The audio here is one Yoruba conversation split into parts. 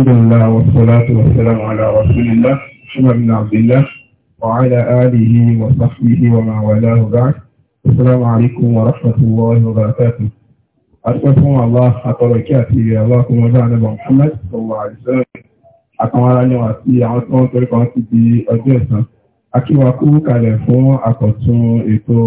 alhamdulillah wassalatu wassalamu ala rasulillah ṣúgbọ́n bin abdullah wa ala alihi wa sahbihi wa ma walahu ba'd assalamu alaikum wa rahmatullahi wa barakatuh àtúkọ̀ fún Allah àtọ̀rọ̀ kí àti ìrẹ̀ Allah kún ọjọ́ àdẹ́bà Muhammad sallallahu alaihi wasallam àtàwọn ará níwà sí àwọn tó ń torí kan sí di ọjọ́ ẹ̀san akíwà kú kalẹ̀ fún àkọ̀tún ètò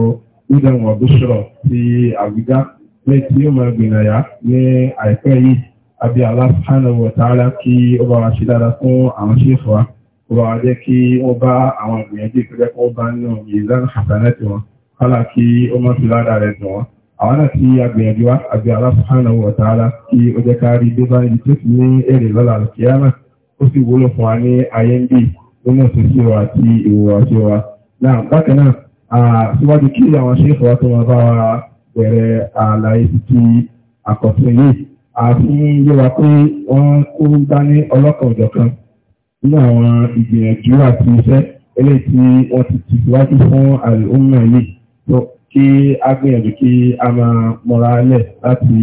ìdẹ̀wọ̀n bíṣọ̀ ti Àbújá lẹ́tí ó máa gbìyànjá ní àìpẹ́ yìí àbí Allah subhanahu wa ta'ala kí ó bá wa ṣe dára fún àwọn ṣéfù wa ó bá wa jẹ́ kí ó bá àwọn ìgbìyànjú ìpínlẹ̀ kan ó bá nínú ìlànà àtàlẹ́tì wọn kálà kí ó mọ́ sí ládàá rẹ̀ dùn wọn àwọn náà tí a gbìyànjú wa àbí Allah subhanahu wa kí ó jẹ́ àti yíwa pé wọ́n kó dá ní ọlọ́kan ọ̀jọ̀kan nínú àwọn ìgbìyànjú àti iṣẹ́ eléyìí tí wọ́n ti ti síwájú fún àlùmọ̀ yìí tó kí a gbìyànjú kí a máa mọ́ra lẹ̀ láti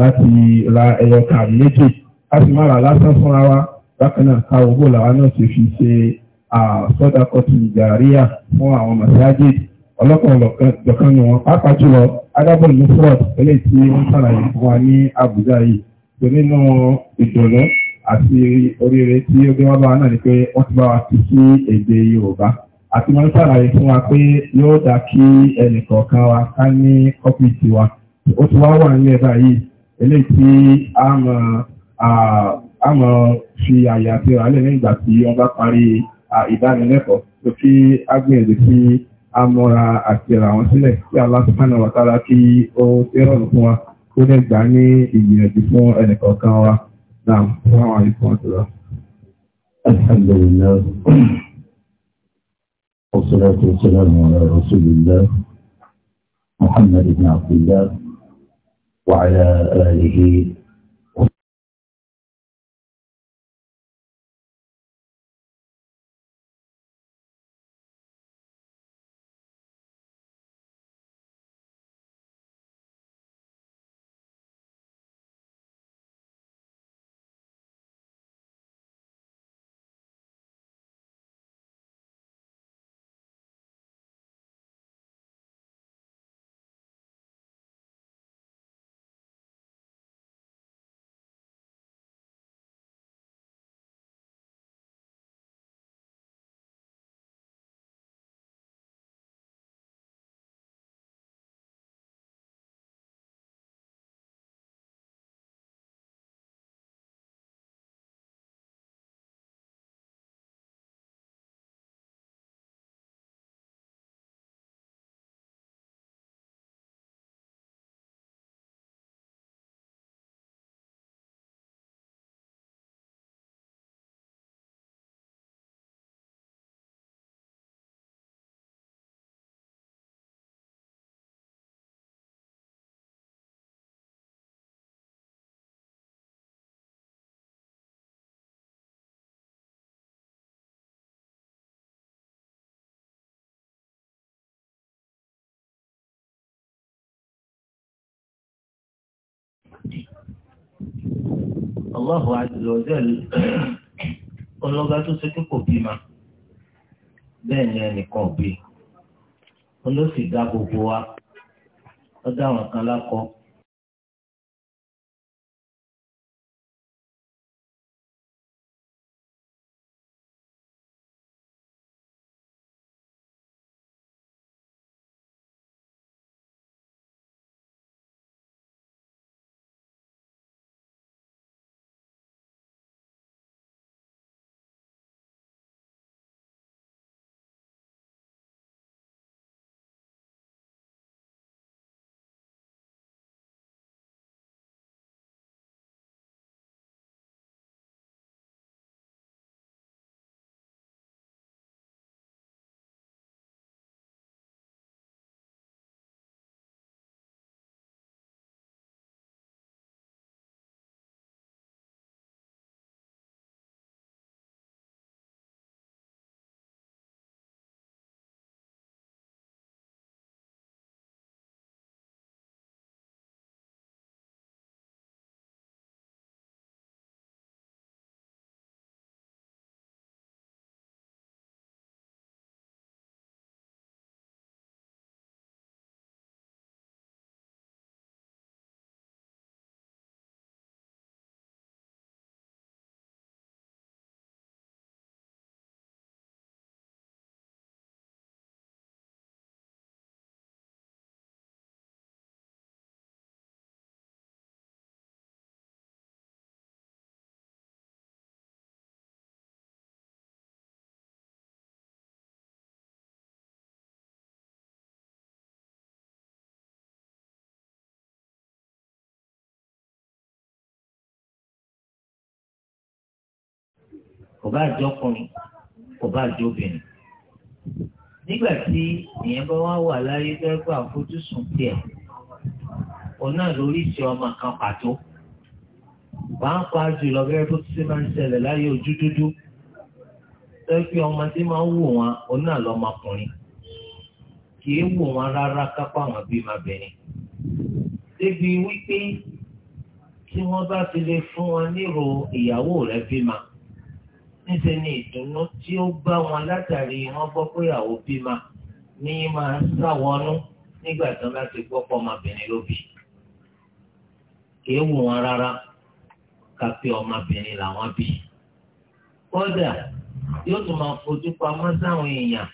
láti ra ẹyọ kà méjì a sì máa rà lásán fúnra wa bákan náà ká owó làwa náà ti fi ṣe àsọdàkọtì ìjàríyà fún àwọn màsáàjì ọlọ́kọ̀ọ̀lọ́kan ni wọ́n pàápàá jùlọ adábọ̀n ní fraud eléyìí tí wọ́n ṣàlàyé fún wa ní Àbújá yìí tó nínú ìdùnnú àti oríire tí ó gbé wá bá wa náà ni pé wọ́n ti bá wa ti sí èdè Yorùbá àti wọ́n ṣàlàyé fún wa pé yóò dá kí ẹnìkọ̀ọ̀kan wa ká ní kọ́pì tiwa ó ti wá wà nílẹ̀ báyìí eléyìí tí a mọ̀ fi àyè àti ìrànlẹ̀ nígbà wọ́n bá parí ìdánilẹ́kọ̀ọ́ tó kí á sí amọ́ra àti ẹ̀rà wọn sílẹ̀ tí aláṣùpánà wàtàrà kí ó tẹ́rọ̀nù fún wa tó lè gbà ní ìgbìyànjú fún ẹnìkọ̀ọ̀kan wa náà fún àwọn àríkùn àtúrà. Alhamdulillah, wassalatu wassalamu ala rasulillah, Allahu azza wa jal ọlọ́gá tó ṣe pé kò bímọ bẹ́ẹ̀ ni gbogbo wa kò bá jọkùnrin kò bá jọbìnrin nígbà tí ìyẹn bá wá wà láyé gbẹgbẹ àfojúsùn tiẹ̀ òun náà lórí ìṣe ọmọ kan pàtó pàápàá jùlọ gẹ́gẹ́ tó ti ṣe máa ń ṣẹlẹ̀ láyé ojú dúdú tẹ́kí ọmọ tí máa ń wò wọn òun náà lọ́mọkùnrin kì í wò wọn rárá kápá wọn bí máa bẹ̀rẹ̀ débi wípé tí wọ́n bá ti lè fún wọn nírò ìyàwó rẹ̀ bímọ níṣẹ́ ni ìdùnnú tí ó bá wọn látàrí wọn gbọ́ pé àwọn òbí ma ní máa sáwọnú nígbà tán láti gbọ́ pọ̀ ọmọbìnrin ló bí kìí wù wọn rárá ká pé ọmọbìnrin làwọn bí kódà yóò tún máa fojú pamọ́ sáwọn èèyàn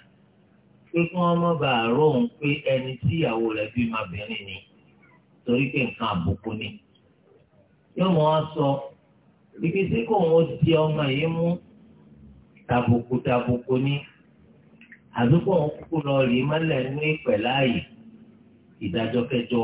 pé kí wọ́n róhùn pé ẹni tí ìyàwó rẹ̀ bí ọmọbìnrin ni torí pé nǹkan ni yóò sọ ibi tí kò ń ọmọ yìí tàbùkù tàbùkù ní àdúgbò wọn kúkú lọ rí mọ́lẹ̀ ní ìpẹ̀láyè ìdájọ́ kẹjọ.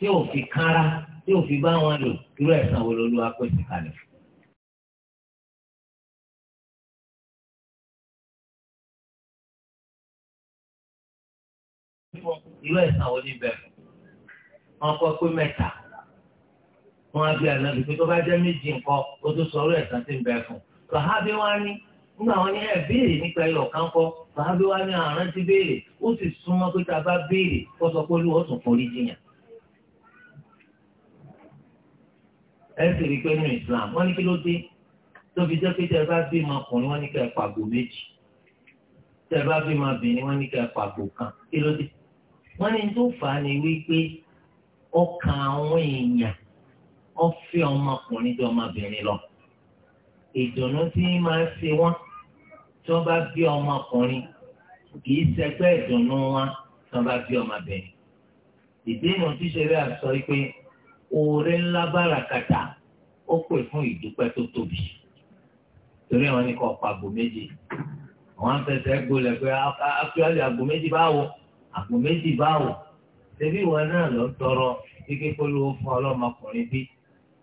tí o fi kára tí o fi bá wọn lò irú ẹ̀sán wo lolúwa pèsè kalẹ̀ irú ẹ̀sán wo ní wọn kọ́ pé mẹ́ta wọn á àná tó bá jẹ́ méjì nǹkan tó sọ ẹ̀sán tí ń bẹ fún. sọ̀hábí wá ní nígbà wọn ní ẹ béèrè nípa ẹyọ kan kọ ní àrántí béèrè ó sì súnmọ́ pé tá a bá béèrè kó sọ pé forí ẹ rí pé nínú Islam wọ́n ní kí ló dé tóbi jẹ́ pé tẹ́ ẹ bá bí ọmọkùnrin wọ́n ní kẹ́ ẹ pàgò méjì tẹ́ ẹ bá bí ọmọbìnrin wọ́n ní kẹ́ ẹ pàgò kan kí ló dé wọ́n ní tó fà á ní wípé ọkàn àwọn èèyàn ọfẹ ọmọkùnrin tó ọmọbìnrin lọ ìdùnnú tí máa ń ṣe wọn tí wọ́n bá bí ọmọkùnrin kì í ṣẹgbẹ́ ìdùnnú wọn tí wọ́n bá bí ọmọbìnrin ìdí ìnù tíṣe rẹ̀ sọ pé oore ńlá bàràkàtà ó pè fún ìdúpẹ́ tó tóbi torí àwọn nìkan ọ̀pọ̀ àgbò méjì àwọn afẹsẹ̀ gbolẹ̀ pé akíọ́lẹ̀ àgbò méjì báwo àgbò méjì báwo ṣebí ìwọ náà lọ tọrọ kíkẹ́ polówó fún ọlọ́mọkùnrin bí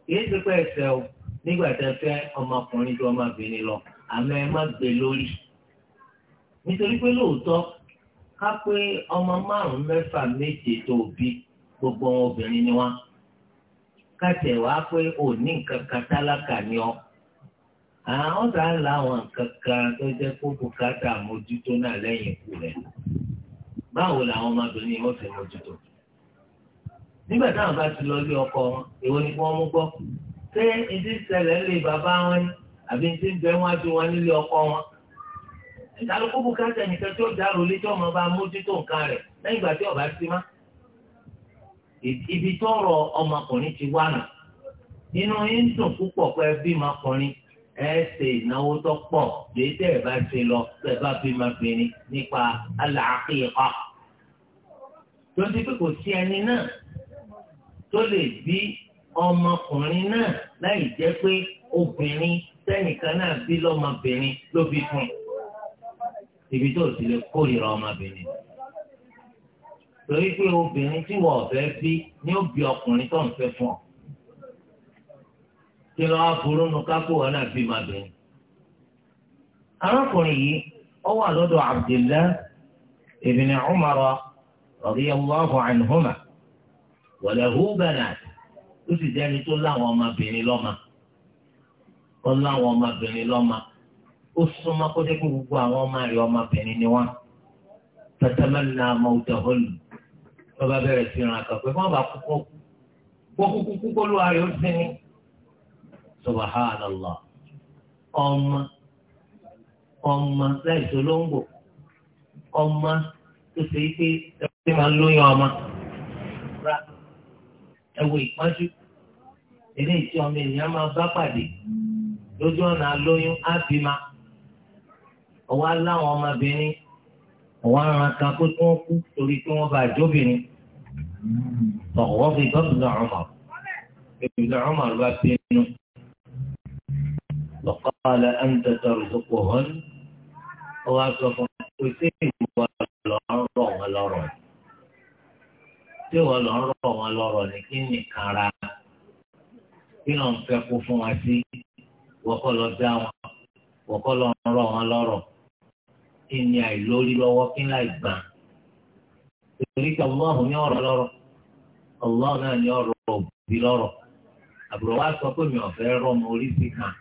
kì í ti pẹ́ ẹsẹ̀ o nígbà tẹ fẹ́ ọmọkùnrin tó ọmọbìnrin lọ àmọ́ ẹ má gbé lórí nítorí pé lóòótọ́ ká pé ọmọ márùn-ún mẹ́fà méje tó bí gbogbo obìnrin ni wọ́n kàtẹ́ wàá pé òní nǹkan kan tálákà ni ọ́ àwọn sá ń la àwọn nǹkan kan tó jẹ́ kó bùkátà mójútó náà lẹ́yìn ikú rẹ̀ báwo làwọn ọmọbìnrin yóò fẹ́ mójútó nígbà táwọn bá ti lọ lé ọkọ wọn ni wọ́n mú gbọ́ ṣé ìdí ìṣẹ̀lẹ̀ lè bàbá wọn ni àbí ti ń bẹ wọn ju wọn nílé ọkọ wọn ìdálókó bùkátà nìkan tí ó dárò lé tí ọmọ bá mójútó nǹkan rẹ̀ lẹ́yìn ìgbà tí ọba ti má ibi tọrọ ọmọkùnrin ti wà nà nínú yín dùn púpọ̀ pé bímọ ọkùnrin ẹ ṣe ìnáwó tó pọ̀ déédéé ẹ bá ṣe lọ pé ẹ bá bímọ obìnrin nípa aláàkíyà tó ti pé kò sí ẹni náà tó lè bí ọmọkùnrin náà láì jẹ́ pé obìnrin sẹ́nìkan náà bí lọ́mọbìnrin ló bí fún un ibi tó sì lè kórìíra ọmọbìnrin. torí pé obìnrin tí wọ́n fẹ́ bí ni ó bí ọkùnrin tó ń fẹ́ fún ọ. kí ló wá burú nu kápò wọn náà bí má arákùnrin yìí ó wà lọ́dọ̀ Umar wa lahu banat ó sì jẹ́ni tó láwọn ọmọbìnrin ó láwọn ọmọbìnrin ó lọ́ba bẹ̀rẹ̀ sí ìran àkàpẹ́ fún ọba kúkọ́ kó kúkú kúkọ́ ló ayọ̀ sí ni subahánàlá ọmọ ọmọ láìsí olóńgbò ọmọ tó ṣe pé ẹgbẹ́ máa ń lóyún ọmọ rà ẹwọ ìpọ́njú eléyìí tí ọmọ ènìyàn máa bá pàdé lójú ọ̀nà alóyún ábìmá ọwọ́ aláwọn ọmọbìnrin ọwọ́ aràn kan kó tí wọ́n kú torí pé wọ́n bá àjọbìnrin tọ̀wọ́ fi gbọ́dọ̀ ọmọ ìbùdó ọmọ ló bá bínú lọ́kọ́lá ẹ̀ńdẹ̀dọ̀ ìdókò hàn ó wá sọ fún mi pé tí ìwọ lọ́rọ̀ wọn lọ́rọ̀ tí ìwọ lọ́rọ̀ wọn lọ́rọ̀ ní kí nìkan ra kí ló ń fẹ́ kó fún wa sí wọ́kọ́ lọ dá wọn wọ́kọ́ lọ wọn lọ́rọ̀ kí ni àìlórí lọ́wọ́ kí ni àìgbọ́n torí pé ọlọ́run ní ọ̀rọ̀ lọ́rọ̀ ọlọ́run náà ní ọ̀rọ̀ òbí lọ́rọ̀ àbúrò wa sọ pé mi ò fẹ́ rọ́ ọmọ orí sí kan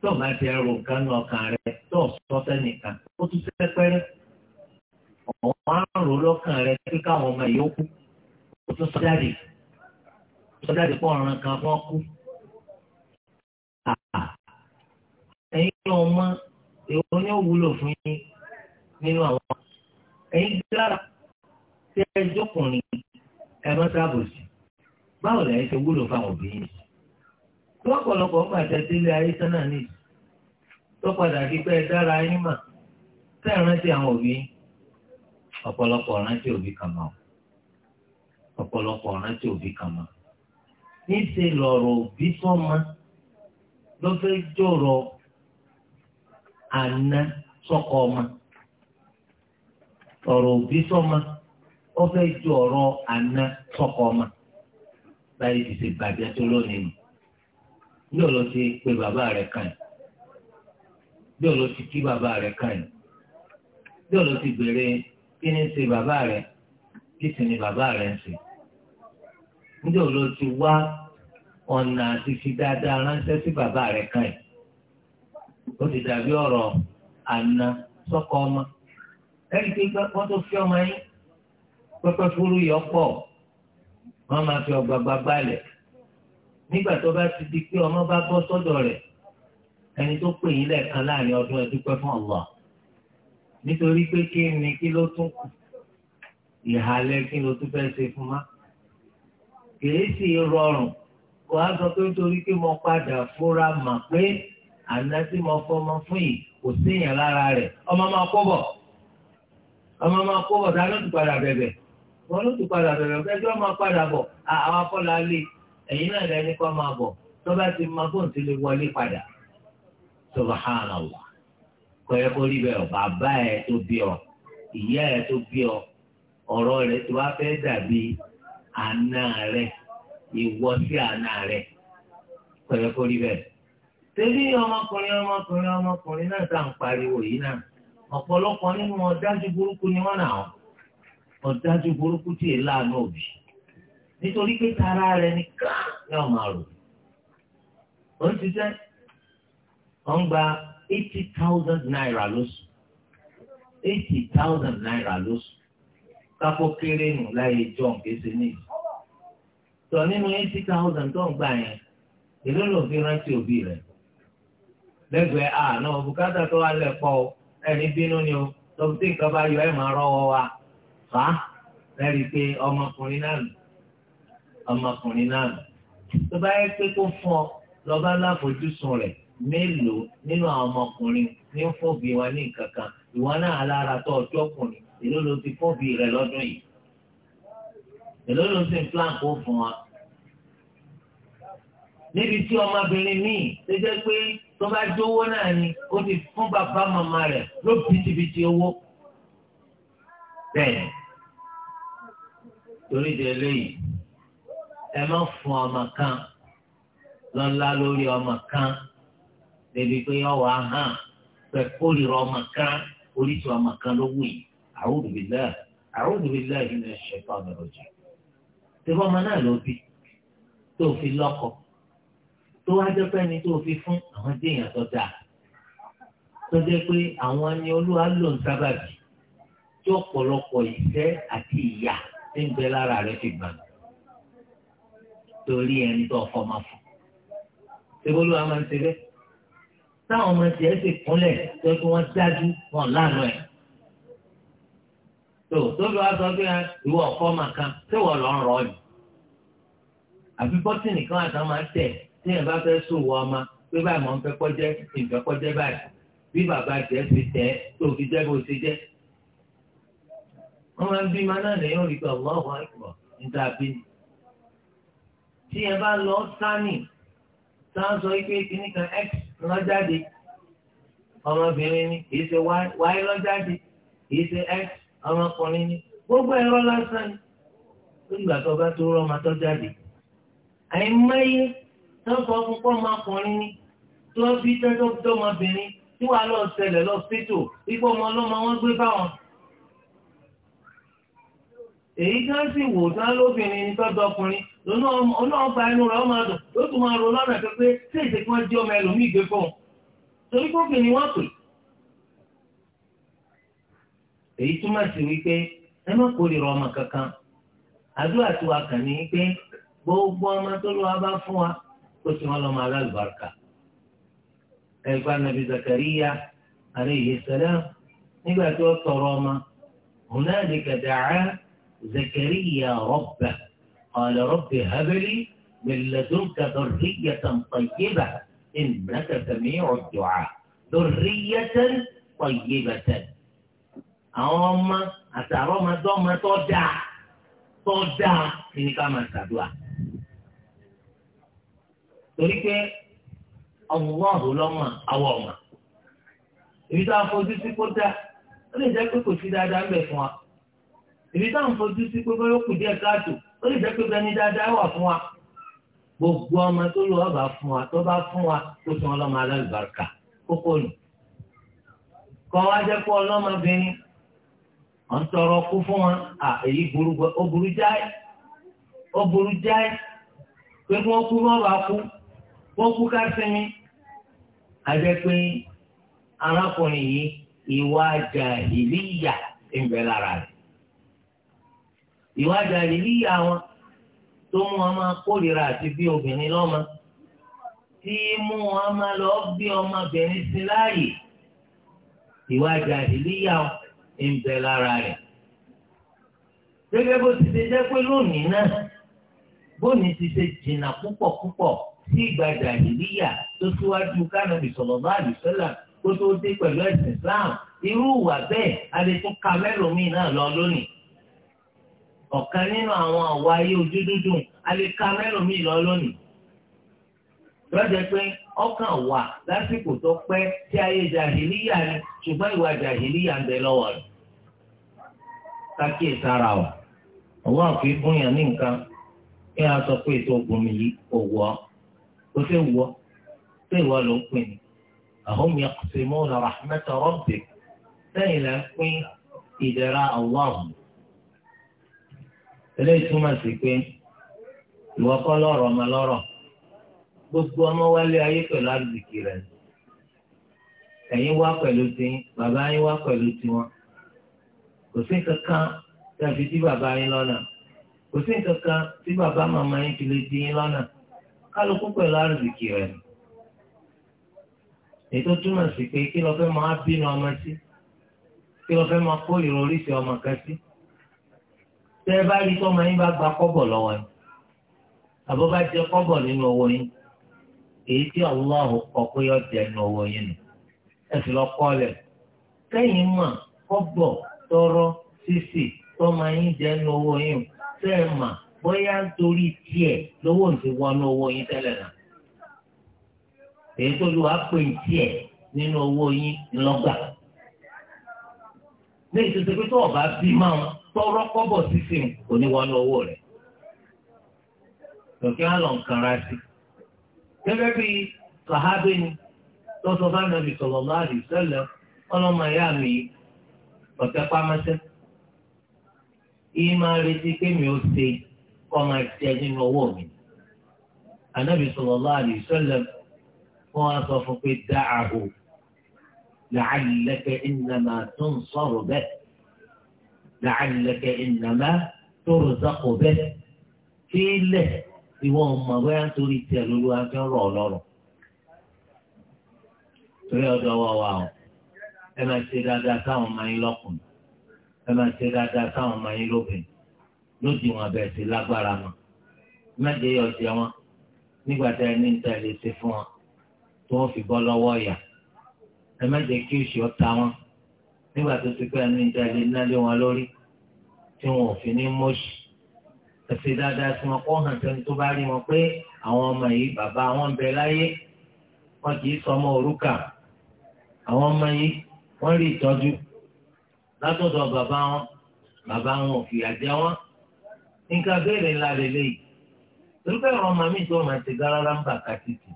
tó o bá ti ẹrù nǹkan ní ọkàn rẹ tó o sọ sẹ́nìkan ó tún sẹ́ pẹ́rẹ́ ọ̀wọ́n àrùn lọ́kàn rẹ pé káwọn ọmọ yòókù ó tún sọ jáde sọ jáde pọ̀ ọ̀ràn kan fún ọkú ẹ̀yin ọmọ èwo ni ó wúlò fún yín nínú àwọn ẹ̀yin gílára tí ẹ jókòrin ẹ má sábòsì báwo lẹ́yìn ṣe wúlò fáwọn òbí yìí lọ́pọ̀lọpọ̀ ń gbàtẹ́ ayé sánà ní tó padà pé ẹ dára ẹni mà tẹ́ ẹ rántí àwọn òbí ọ̀pọ̀lọpọ̀ rántí òbí kan mọ́ ọ̀pọ̀lọpọ̀ ọ̀rọ̀ òbí sọ́mà ó fẹ́ ju ọ̀rọ̀ àná sọ́kọ ma báyìí ti ṣe bàjẹ́ tó lónìí pe bàbá rẹ̀ kàn bí ọ̀lọ́ ti kí bàbá rẹ̀ kàn bí ọ̀lọ́ ti bèrè kí ni ṣe bàbá rẹ̀ kí sì ni bàbá rẹ̀ ń ṣe bí fi dáadáa ránṣẹ́ sí bàbá rẹ̀ kàn ó dàbí ọ̀rọ̀ àná sọ́kọ ẹni pé wọ́n tó fi ọmọ yín pẹ́pẹ́ fúru yọ pọ̀ wọ́n máa fi ọgbàgbà gbalẹ̀ nígbà tó bá ti di pé ọmọ bá bọ́ sọ́dọ̀ rẹ̀ ẹni tó pè yín lẹ́ẹ̀kan láàrin ọdún ẹ dúpẹ́ fún Allah nítorí pé kí ni kí ló tún kù ìhàlẹ̀ kí ló tún fẹ́ ṣe fún wa kìí sì rọrùn kó a sọ pé nítorí pé mo padà fúra mà pé àná tí mo fọmọ fún yìí kò séèyàn lára rẹ̀ ọmọ máa kó bọ̀ ọmọ máa kó bọ̀ dáná tó padà bẹ̀bẹ̀ wọn ló tó padà bẹ̀bẹ̀ fẹ́jọ́ máa padà bọ̀ àwọn akọ́lá lé ẹ̀yin náà lẹ́ni kọ́ máa bọ̀ tó bá ti máa bọ̀ nítorí wọlé padà subhanallah kọ́ ẹ kó rí bẹ́ẹ̀ ọ bàbá ẹ tó bí ọ ìyá ẹ tó bí ọ ọ̀rọ̀ rẹ tó wá fẹ́ dàbí àna rẹ ìwọ sí àna rẹ kọ́ ẹ kó rí bẹ́ẹ̀ tẹ́lẹ̀ ọmọkùnrin ọmọkùnrin ọmọkùnrin náà tá à ń pariwo yìí náà ọ̀pọ̀lọpọ̀ nínú ọ̀dájú burúkú ni wọ́n nà ọ́ ọ̀dájú burúkú tí èé láàánú òbí nítorí pé tara rẹ ní ká ní ọmọ rò ó ń ṣiṣẹ́ ó gba eighty thousand naira lóṣù eighty thousand naira lóṣù kápó kéré nù láyé john kése níyì tọ nínú eighty thousand tó ń gbà yẹn èló ló fi rántí òbí rẹ lẹ́gbẹ̀ẹ́ àná òbúkátà tó wà lẹkọọ ẹni bínú ni o lọ́wọ́ tí nǹkan bá yọ ẹ̀ máa rọ́wọ́ wa fà á lẹ́rí pé ọmọkùnrin náà lò ọmọkùnrin náà lò tó bá yẹ pé kó fún ọ lọ́ba láfojúsùn rẹ̀ mélòó nínú àwọn ọmọkùnrin ní ń fòbí wa ní nǹkan kan ìwọ náà alára tó ọjọ́ ọkùnrin èló ló ti fòbí rẹ̀ lọ́dún yìí èló ló sì ń plan kó fún wa níbi tí ọmọbìnrin míì ṣe jẹ́ pé tó bá jówó náà ni ó ti fún bàbá màmá rẹ̀ ló bìtìbìtì owó. bẹ́ẹ̀ torí di eléyìí ẹ má fún ọmọ kan lọ́lá lórí ọmọ kan débi pé ọwọ́ ahán pẹ̀ kórìíra ọmọ kan oríṣi ọmọ kan ló wù yìí a'udhu billahi a'udhu billahi minash shaitani rajim. tí wọ́n mọ náà ló bí tó fi lọ́kọ̀ọ́ tó wá jẹ́ pé ẹni tó fi fún àwọn déèyàn tó dáa tó jẹ́ pé àwọn ni olúwa lò ń sábàbí tí ọ̀pọ̀lọpọ̀ ìfẹ́ àti ìyà ti ń bẹ lára rẹ̀ fi gbà torí ẹni tó fọmọ fún ṣébólúwa máa ń ṣe bẹ́ẹ̀ táwọn ọmọ tiẹ̀ sì kúnlẹ̀ tó kí wọ́n dájú wọn lánà ẹ̀ tó tóbi wá sọ pé ìwọ ọ̀fọ́ màkà tí wọ́n lọ ń rọ̀ ọ́ yìí àbí bọ́tìnì kan àtàwọn máa ń tẹ̀ tí yẹn bá fẹ́ sùn wọ ọmọ pé báyìí mọ̀ ń fẹ́ kọjẹ́ ìfẹ́ kọjẹ́ báyìí bí bàbá jẹ́ ti tẹ̀ tó fi jẹ́ bó ti jẹ́. wọ́n máa ń bí ma náà lẹ́yìn òrìkọ̀ ọ̀wọ́ àìkọ̀ níta bí tí yẹn bá lọ sani sáà sọ pé kìnnì kan x lọ́jáde ọmọbìnrin ni kì í ṣe y lọ́jáde kì í ṣe x ọmọkùnrin ni gbogbo ẹ̀rọ lásán ni. ó dìgbà tó bá tó rọ́ ọmọ tó jáde. àìmọye tó ń sọ fún pọ́n máa kọrin ní tó ń fi tẹ́tọ́ tó ọmọbìnrin tí wàá lọ ṣẹlẹ̀ lọ sétò ọmọ ọlọ́mọ wọn gbé báwọn. èyí sì wò lóbìnrin ní tọ́jú ọkùnrin inú rẹ̀ tún máa ro lọ́nà pé ṣé kí wọ́n jí ọmọ ẹlòmíì gbé fún un ọmọ kankan àdúrà tí wàá kàn ní pé gbogbo ọmọ tó lọ́wọ́ bá fún قلتم الله ما ذا البركة قلنا زكريا عليه السلام إلى توقف روما هنالك دعا زكريا ربه قال رب هب لي من لدنك ذرية طيبة إنك سميع الدعاء ذرية طيبة أوما أتى روما دوما تودع تودع في كما تدعى torí pé ọlọ́ọ̀hún lọ́mọ àwọn ọ̀mà ibi tá a fojú sí kó dá ó lè jẹ́ pé kò sí dáadáa ń bẹ̀ fún wa ibi tá a fojú sí pé bóyá kù díẹ̀ káàtó ó lè jẹ́ wà fún wa gbogbo ọmọ tó lọ ọba fún wa tó bá fún wa tó sọ ọlọ́mọ alálùbáríkà kókó nù kọ́ wa jẹ́ pé fún wa à èyí burú ó burú jáì ó burú jáì pé kí wọ́n wọ́n kú ká sinmi àjẹ́ pé arákùnrin yìí ìwà jàhìlíyà ń bẹ lára rẹ̀ ìwà jàhìlíyà wọn tó mú wọn máa kórìíra àti bí obìnrin lọ́mọ tí mú wọn máa lọ bí ọmọbìnrin sí láàyè ìwà jàhìlíyà ń bẹ lára rẹ̀ gẹ́gẹ́ bó ti ṣe jẹ́ pé lónìí náà bóni ti ṣe jìnnà púpọ̀ púpọ̀ sí ìgbà jàhìlíyà tó síwájú kánàbì sallallahu alaihi wasallam kó tó dé pẹ̀lú ẹ̀sìn Islam irú ìwà bẹ́ẹ̀ a lè tún ka náà lọ lónìí ọ̀kan nínú àwọn àwa ayé ojú a lè ka lọ lónìí lọ́jọ́ pé ọkàn wà lásìkò tó pẹ́ tí ayé ni ṣùgbọ́n ìwà ń bẹ lọ́wọ́ rẹ̀ wa ọwọ́ àfi fún yàn ní nǹkan kí a sọ pé ètò ògùn kò sí ìwọ sí ìwọ ló ń pè ní ahum yaqsimuna rahmata rabbik sẹ́yìn lẹ́ ń pín ìdẹ̀ra Allah eléyìí túmọ̀ sí pé ìwọ kọ́ lọ́rọ̀ ọmọ lọ́rọ̀ gbogbo ọmọ wálé ayé pẹ̀lú àdìsíkì rẹ̀ ẹ̀yin wá pẹ̀lú ti bàbá yín wá pẹ̀lú tiwọn kò sí kankan tàbí tí bàbá yín lọ́nà kò sí kankan tí bàbá màmá yín fi lè di yín lọ́nà kálukú pẹ̀lú àrùbìkì rẹ̀ ètò túmọ̀ sí pé kí lọ fẹ́ máa bínú ọmọ sí kí lọ fẹ́ máa kó ìròrí sí ọmọ kan sí tẹ́ ẹ bá rí tọ́mọ yín bá gba kọ́bọ̀ lọ́wọ́ yín àbọ̀ bá jẹ kọ́bọ̀ nínú owó yín èyí tí ọlọ́hùn kọ pé yọ jẹ nínú owó yín nù ẹ sì lọ kọ́ lẹ̀ kẹ́yìn mọ̀ kọ́bọ̀ tọrọ sísì tọ́mọ yín jẹ nínú owó yín tẹ́ ẹ mọ̀ bóyá nítorí tiẹ̀ lówó ń ti wọnú owó yín tẹ́lẹ̀ náà èyí tó lu àpè tiẹ̀ nínú owó yín ńlọ́gbà ní ìtòsí pé tó ọba bí máa tọrọ kọ́bọ̀ sísìn kò ní wọnú owó rẹ̀ tòkí á lọ nǹkan ra sí gẹ́gẹ́ bí sàhábẹ́ni tọ́sọ bá nàbì sọ̀rọ̀ láàrin sẹ́lẹ̀ ọlọ́mọ ìyá mi ọ̀tẹ́ ìmọ̀ àrètí kémi ó ṣe kọ́ máa jẹ nínú ọwọ́ mi. Ànábì sallallahu alaihi wasallam wọ́n á sọ fún pé da'ahu la'allaka innama tunsaru bihi la'allaka innama turzaqu bihi sílẹ̀ ìwọ ọmọ bóyá nítorí tiẹ̀ lólu afẹ́ rọ̀ ọlọ́rọ̀ torí ọ̀dọ̀ wa wa o ẹ máa ṣe dáadáa sáwọn ọmọ yín lọ́kùnrin ẹ máa ṣe dáadáa sáwọn ọmọ yín lóbìnrin lódì wọn bẹ̀rẹ̀ sí lágbára mọ́ mẹ́jẹ yọ jẹ wọn nígbà tá ẹni ń tẹ̀lé sí fún wọn tí wọ́n fi bọ́ lọ́wọ́ ìyà ẹ mẹ́jẹ kí òṣì ọ̀ta wọn nígbà tó ti pẹ́ ẹni ń tẹ̀lé nálé wọn lórí tí wọn ò fi ní mọ́ṣì ẹ̀sìn dáadáa sí wọn kó hàn sẹ́ni tó bá rí wọn pé àwọn ọmọ yìí bàbá wọn bẹ láyé wọn kì í sọmọ òrùka àwọn ọmọ yìí wọ́n rí ìtọ́jú látọ̀dọ̀ bàbá wọn bàbá wọn ò fìyà jẹ wọn nǹkan abẹ́rẹ́ ńlá rẹ̀ léyìí torípé ọ̀rọ̀ ọmọ mi tó máa ti gárára ń bà kàtìkì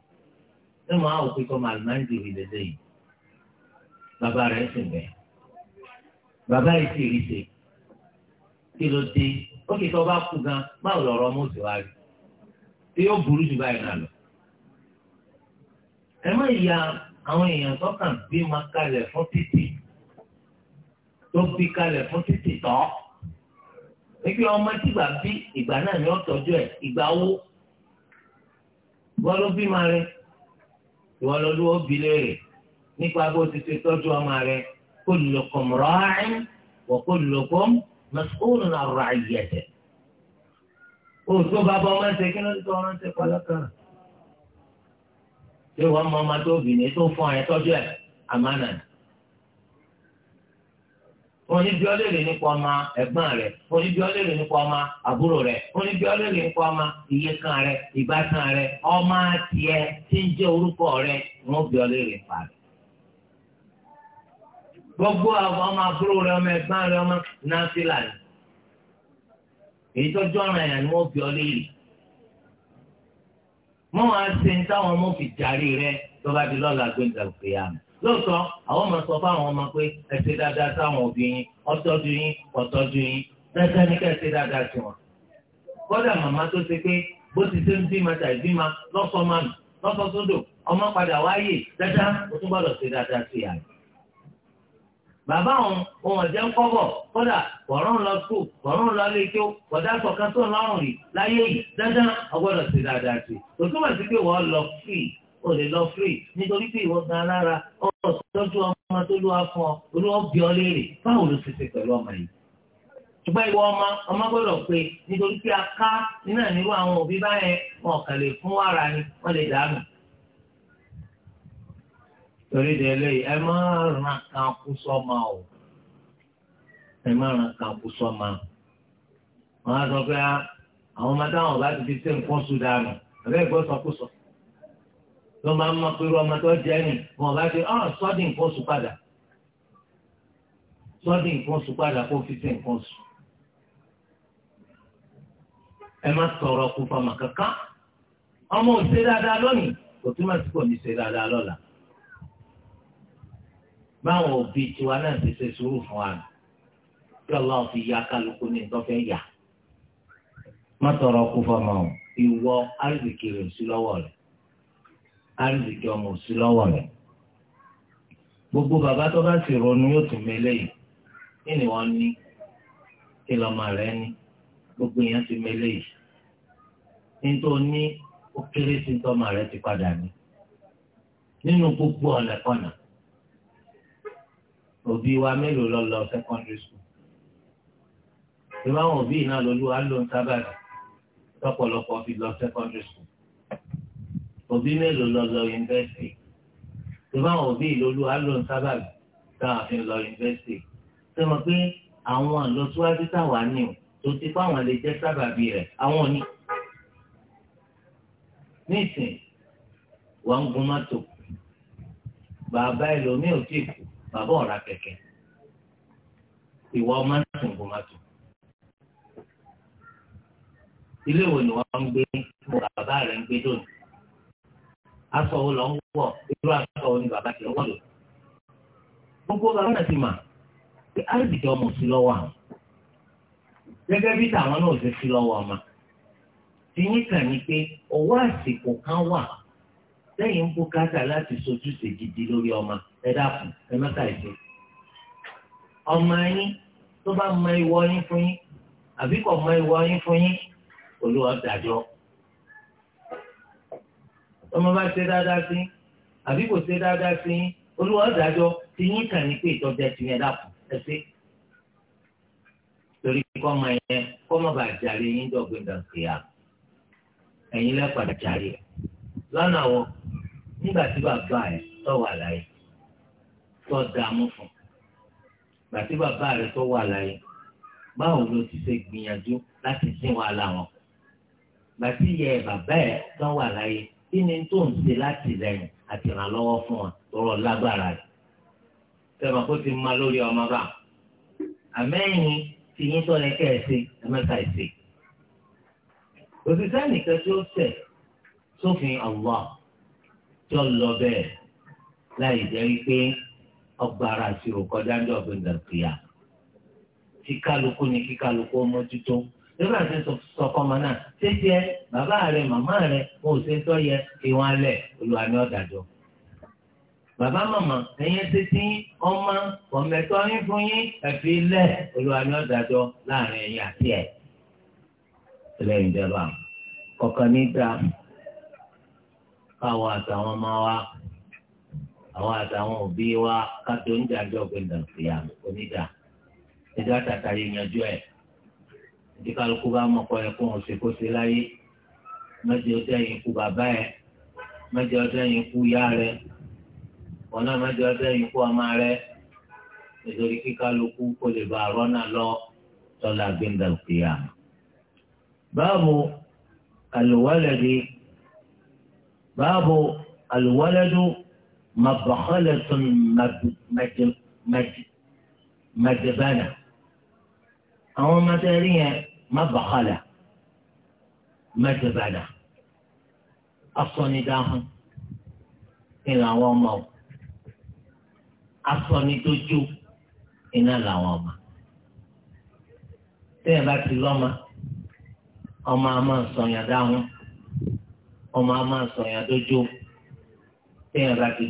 ní mo á òkè tó máa lè máa ń dèrè lélẹ́yìí bàbá rẹ̀ sì mẹ́ bàbá yìí sì rí ṣe kí ló dé ó kì í tó bá kú gan báwo lọ̀rọ̀ ọmọ òsì wá rí tí yóò burú jù báyìí nà lọ. ẹ má ya àwọn èèyàn tó bí máa kalẹ̀ fún títì tó bí kalẹ̀ fún títì tọ́ níbi ọmọ tìgbà bí ìgbà náà ni wọ́n tọ́jú ẹ̀ ìgbà wo wọ́n ló bí ma rẹ ìwọ ló lówó bi léèrè nípa bó ti ṣe tọ́jú ọmọ rẹ kullukum ra'in wa kullukum mas'ulun 'an ra'iyyatihi. oṣù bàbá ọmọ ṣe kí ló ń tọ́ ọmọ ṣe pàlọ́kàn. ṣé wọ́n mọ ọmọ tó bì ní tó fún ẹ tọ́jú ẹ̀ àmánà ni onídìọ́lẹ́rẹ̀ nípa ọmọ ẹ̀gbọ́n rẹ̀ onídìọ́lẹ́rẹ̀ nípa ọmọ àbúrò rẹ̀ onídìọ́lẹ́rẹ̀ nípa ọmọ ìyẹ́kan rẹ̀ ìbátan rẹ̀ ọmọ tiẹ̀ tí ń jẹ́ orúkọ rẹ̀ wọ́n bí ọlẹ́rẹ̀ pa rẹ̀. gbogbo àwọn ọmọ àbúrò rẹ̀ ọmọ ẹ̀gbọ́n rẹ̀ ọmọ náfìlà ni èyí tó jọ́ràn yẹn ni wọ́n bí ọlẹ́rẹ̀ mọ́ wọn á táwọn ọmọ fi jàre rẹ̀ lóòótọ́ àwọn ọmọ sọ fáwọn ọmọ pé ẹ ṣe dáadáa sáwọn òbí yín ọtọ́jú yín ọtọ́jú yín dáadáa ní ká ẹ ṣe dáadáa sí wọn. kọ́dà màmá tó ṣe pé bó ti ṣe ń bímọ tàì bímọ lọ́sọ̀ mánu lọ́sọ̀ sódò ọmọ padà wáyè dáadáa ó tún gbọ́dọ̀ ṣe dáadáa sí yàrá. bàbá òun òun ọ̀jẹ̀ ń kọ́bọ̀ kọ́dà kọ̀ọ̀rún lọ skul kọ̀ọ̀rún lọ ilé tó kọ̀dà sọ̀kan tó o lè lọ free nítorí pé ìwọ gan lára ọ̀rọ̀ tọ́jú ọmọ tó lọ́wọ́ fún ọ olúwọ́ bí ọ léèrè báwo ló ti ṣe pẹ̀lú ọmọ yìí. ṣùgbọ́n ìwọ ọmọ ọmọ gbọ́dọ̀ pé nítorí pé a ká nínú àníwọ̀ àwọn òbí báyẹn wọn kàn lè fún wàrà ni wọ́n lè dànù. torí de eléyìí ẹ má ràn kan kú sọ́mọ o ẹ má ràn kan kú sọ́mọ. wọ́n á sọ pé ah, àwọn ọmọ táwọn bá ti fi ṣe nǹkan sùn dànù àbẹ́ ìgbọ́sọkúsọ ló máa ń mọ pé irú ọmọ tó jẹ́ nì wọn bá ṣe ọ́ sọ́dí nǹkan oṣù padà sọ́dí nǹkan oṣù padà kó fi ṣe nǹkan oṣù. ẹ má tọrọ kú fọmọ kankan ọmọ ò ṣe dáadáa lónìí kò túmọ̀ sí kò ní ṣe dáadáa lọ́la. báwọn òbí tiwa náà ti ṣe sùúrù fún wa kí ọlọ́run fi ya kálukú ní ìtọ́fẹ́ yà má tọrọ kú fọmọ ìwọ àrídìkì sí lọ́wọ́ rẹ̀ àrídìkì ọmọ òsì lọ́wọ́ rẹ̀ gbogbo bàbá tó bá sì ronú yóò tún mi eléyìí kí ni wọ́n ní kí lọ́mọ rẹ̀ ní gbogbo yẹn ti mi eléyìí nítorí ní ó kéré sí tọ́mọ rẹ̀ ti padà ní nínú gbogbo ọ̀nà kọ̀nà òbí wa mélòó lọ lọ secondary school ìbáwọn òbí náà lolúwa ló ń sábà rẹ̀ lọ́pọ̀lọpọ̀ fi lọ secondary school òbí mélòó lọ lọ yunifásitì tó bá àwọn òbí ìlólú alóhùn sábàbí táwọn fi lọ yunifásitì tó mọ̀ pé àwọn àlọsíwájú táwa ní o tó ti fáwọn lè jẹ́ sábàbí rẹ̀ àwọn ní. nísìn wọn gun mọ́tò bàbá ẹlòmíì ò tíì kú bàbá ọ̀rá kẹ̀kẹ́ ìwọ ọmọ náà ń gun mọ́tò. ilé ìwòsàn wọn ń gbé bàbá rẹ̀ ń gbé dòní aṣọ wo lọ ń wọ̀ irú aṣọ wo ni bàbá tiẹ̀ wọ̀ lọ. gbogbo bàbá náà ti mà pé àrùbìtì ọmọ sí lọ́wọ́ àwọn gẹ́gẹ́ bí tàwọn náà ṣe sí lọ́wọ́ ọmọ. tìyín kàn ní pé owó àsìkò kan wà lẹ́yìn ń bùkátà láti sojúṣe gidi lórí ọmọ ẹ dákun ẹ mẹ́ta ìṣe. ọmọ yín tó bá mọ ìwọ yín fún yín àbí mọ ìwọ yín fún yín olúwa dájọ́ ọmọ bá ṣe dáadáa sí àbí kò ṣe dáadáa sí olúwa ọ̀dàjọ́ ti yín kàn ní pé ìtọ́jú ẹ̀ ti yẹn dàpọ̀ ẹ̀ sí torí kọ́ ọmọ yẹn kọ́ ọmọ bá jàre yín dọ̀gbìn dàgbìyà ẹ̀yin lẹ́pàdà jàre lọ́nà wọn nígbà tí bàbá ẹ̀ tó wà láyé tó dààmú fún gbà tí bàbá rẹ̀ tó wà láyé báwo ló ti ṣe gbìyànjú láti dín wàhálà wọn gbà tí yẹ bàbá ẹ̀ tó wà láyé kí ni tó ń ṣe láti lẹ́yìn àti ìrànlọ́wọ́ fún wa tọrọ lágbára rẹ̀ sẹ́wọ̀n kó ti máa lórí ọmọ bá àmẹ́yìn ti yín tó lẹ́kẹ́ ẹ̀ ṣe ẹ̀mẹ́ta ẹ̀ ṣe. òṣìṣẹ́ nìkan tí ó tẹ̀ sófin Allah tí ó lọ bẹ́ẹ̀ láì jẹ́ wípé ọgbàrá àṣírò kọjá ní ọ̀gbìn dàkìyà kíkálukú ni kíkálukú mójútó nígbà tí sọkọ ọmọ náà ṣé jẹ bàbá rẹ màmá rẹ ò ṣe tọ́ yẹ ìwọ̀n alẹ̀ olùwà ni ọ̀dàjọ́ bàbá màmá ẹ̀yin ti ti ọmọ ọ̀mẹ̀tọ́ yín fún yín ẹ̀fí lẹ̀ olùwà ni ọ̀dàjọ́ láàrin ẹ̀yin àti ẹ̀ lẹ́yìn ìjọba kọ̀ọ̀kan ní dáa káwọn àtàwọn ọmọ wa àwọn àtàwọn òbí wa ká tó ń jàjọ́ pé nàìjíríà onídàá ìjọba tàtàrí yanjú ẹ̀ bí kálukú bá mọ̀kọ́ yẹ kó hàn ṣèkó ṣe láyé mẹ́jẹ ọjọ́ yẹn kú bàbá yẹ mẹ́jẹ ọjọ́ yẹn kú yá rẹ wọn náà ọjọ́ yẹn kú ọmọ rẹ nítorí kí kálukú lè bá rọ́nà lọ tọ́lá gbẹ̀ndàkúyà. báwo àlùwálẹ̀dì báwo àlùwálẹ̀dù mabàkọ́lẹ̀tún màjẹ̀bánà àwọn ọmọdé rí yẹn. mabàkàlà mẹjọbàdà asọnidáhùn ìlà àwọn ọmọ o asọnidójú iná làwọn ọmọ tẹ́yìn bá ti lọ́mọ ọmọ a máa sọyàn dáhùn ọmọ a máa sọyàn dójú tẹ́yìn bá ti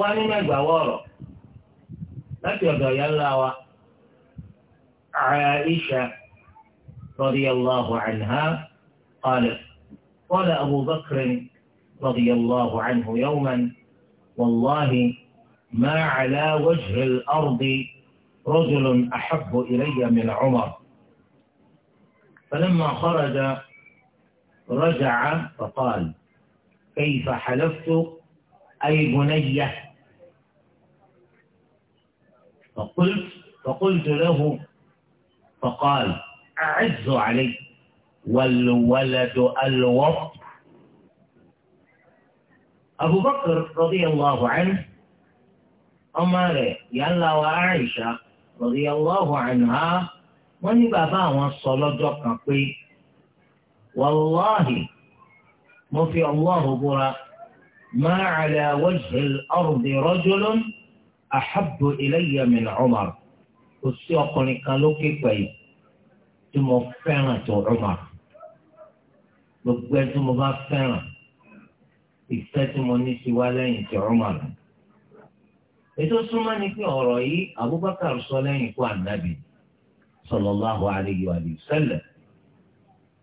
wá nínú ẹgbàá láti wa. عائشة رضي الله عنها قالت قال أبو بكر رضي الله عنه يوما والله ما على وجه الأرض رجل أحب إلي من عمر فلما خرج رجع فقال كيف حلفت أي بنية فقلت فقلت له فقال أعز علي والولد الوقت أبو بكر رضي الله عنه أمر يلا وعائشة رضي الله عنها من بابا وصل دقق والله ما في الله برا ما على وجه الأرض رجل أحب إلي من عمر kò sí ọkùnrin kan lókè pẹ̀lú tí mo fẹ́ràn tó Umar gbogbo ẹ mo bá fẹ́ràn ìfẹ́ tí mo ní sí lẹ́yìn tí ni pé ọ̀rọ̀ Abubakar sọ lẹ́yìn ikú ànábì sallallahu alayhi wa sallam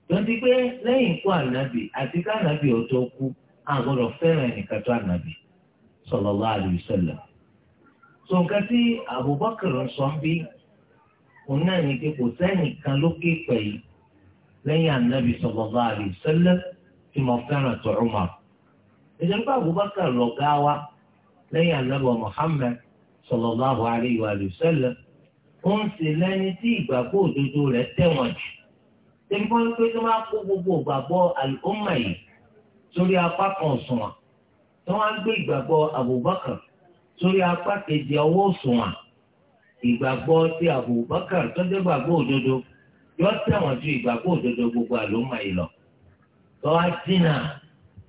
tonti pé lẹ́yìn ikú ànábì àti ká ànábì ò tó kú àgọ́dọ̀ fẹ́ràn sallallahu alayhi wa tó nǹkan tí Abubakar sọ ń bí òun náà ní pé kò sẹ́nìkan lókè pẹ̀yì lẹ́yìn anabi sallallahu alaihi wasallam tí mo fẹ́ràn tó Umar. ìjọba Abubakar lọ̀gá wa lẹ́yìn anabi Muhammad sallallahu alaihi wasallam ó ń ṣe lẹ́ni tí ìgbàgbọ́ òdodo rẹ̀ tẹ̀wọ̀n jù. tẹ̀gbọ́n pé tó máa kó gbogbo ìgbàgbọ́ al-umma yìí sórí apá kan òṣùwọ̀n tó wá ń gbé ìgbàgbọ́ Abubakar sórí apá kejì ọwọ́ òṣùwọ̀n ìgbàgbọ́ tí Abubakar tọ́jú ìgbàgbọ́ òdodo yọ tẹ̀wọ̀n ju ìgbàgbọ́ òdodo gbogbo àlómà yìí lọ. tọ́wá dínà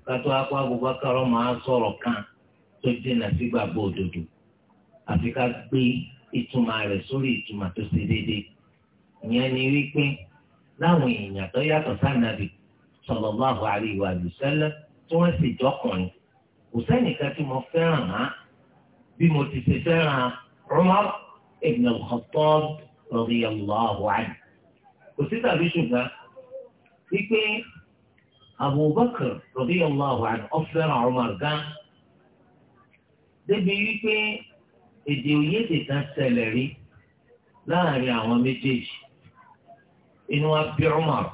kátó apá Abubakar máa sọ̀rọ̀ kan tó dínà sí ìgbàgbọ́ òdodo àfi ká gbé ìtumọ̀ rẹ̀ sórí ìtumọ̀ tó ṣe déédéé. ìyẹn ni wípé láwọn èèyàn tó yàtọ̀ sànàbì sallallahu alaihi wa sallam tí wọ́n sì jọkùnrin kò sẹ́nìkan tí mo fẹ́ràn máa bí mo ti ṣe fẹ́ràn Umar ibn al-Khattab radiyallahu anhu. kò sí tàbí ṣùgbọ́n wípé Abubakar radiyallahu anhu ó fẹ́ràn Umar gan. débi wípé èdè òyédè kan ṣẹlẹ̀ rí láàrin àwọn méjèèjì inú wa bí Umar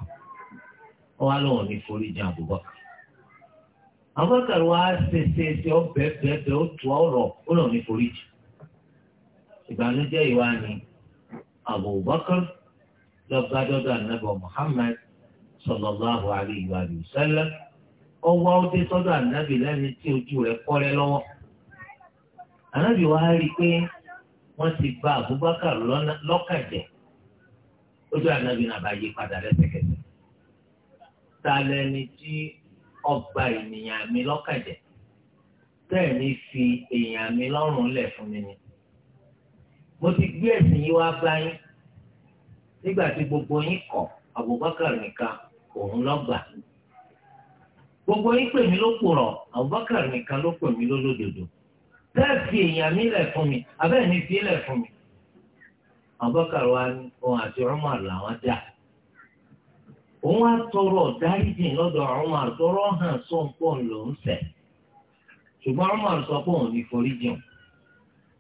ó wá lóun ní foríjì Abubakar abubakar wa ṣe ṣe ṣe ọ bẹ́ẹ̀ bẹ́ẹ̀ bẹ́ẹ̀ ó tu ọ̀rọ̀ ó lọ ní foríjì ìbànújẹ́ ìwà ni abubakar lọ bá dọdọ anabi muhammad sallallahu alayhi wa sallam ọwọ́ ọdẹ sọ́dọ̀ anabi lẹ́ni tí ojú rẹ̀ kọ́rẹ́ lọ́wọ́ anabi wa rí i pé wọ́n ti gba abubakar lọ́kàjẹ́ ojú anabi náà bá yí padà lẹ́sẹ̀kẹsẹ̀ tá a lẹ́ni tí ọgbà ènìyàn mi lọ́kàn bẹ́ẹ̀ ni fi èèyàn mi lọ́rùn lẹ̀ fún mi ni. mo ti gbé ẹ̀sìn yìí wá báyìí. yín nígbà tí gbogbo yín kọ̀ Abubakar nìkan òun lọ́gbà. gbogbo yín pè mí ló pòrọ̀ Abubakar nìkan ló pè mí lólódodo. bẹ́ẹ̀ fi èèyàn mi lẹ̀ fún mi abẹ́ẹ̀ ni fi lẹ̀ fún mi. Abubakar wa ni òun àti Umar làwọn dáa. òun á tọrọ dáríjì lọ́dọ̀ Umar tọrọ hàn sóńpọ̀ lòún ṣẹ̀ ṣùgbọ́n Umar sọ pé òun ní foríjì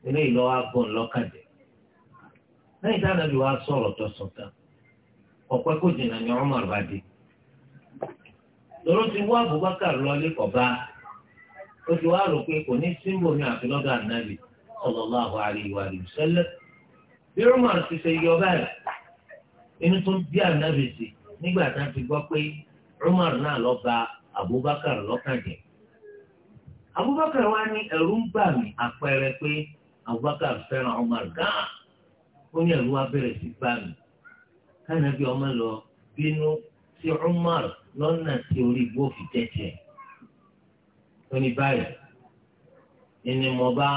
eléyìí lọ́wọ́ agbọ̀n lọ́kàdé lẹ́yìn tí Ànábì wa sọ̀rọ̀ tó sùn tán ọ̀pẹ́ kò jìnnà ni Umar bá ti wá Abubakar lọ́lé kọ̀ọ̀bá ó ti wá rò pé kò ní símbò ní bí ti ṣe yọ báyìí nígbà tá a ti gbọ́ pé Umar náà lọ ba Abubakar lọ́kàn jẹ́ Abubakar wa ní ẹ̀rù ń bà mí àpẹẹrẹ pé Abubakar fẹ́ràn Umar gan-an ó ní ẹ̀rù wa bẹ̀rẹ̀ sí bà mí kánàbí ọmọ lọ bínú sí Umar lọ́nà tí orí igbó fi tẹ̀tẹ̀ ó ní báyìí ẹni mo bá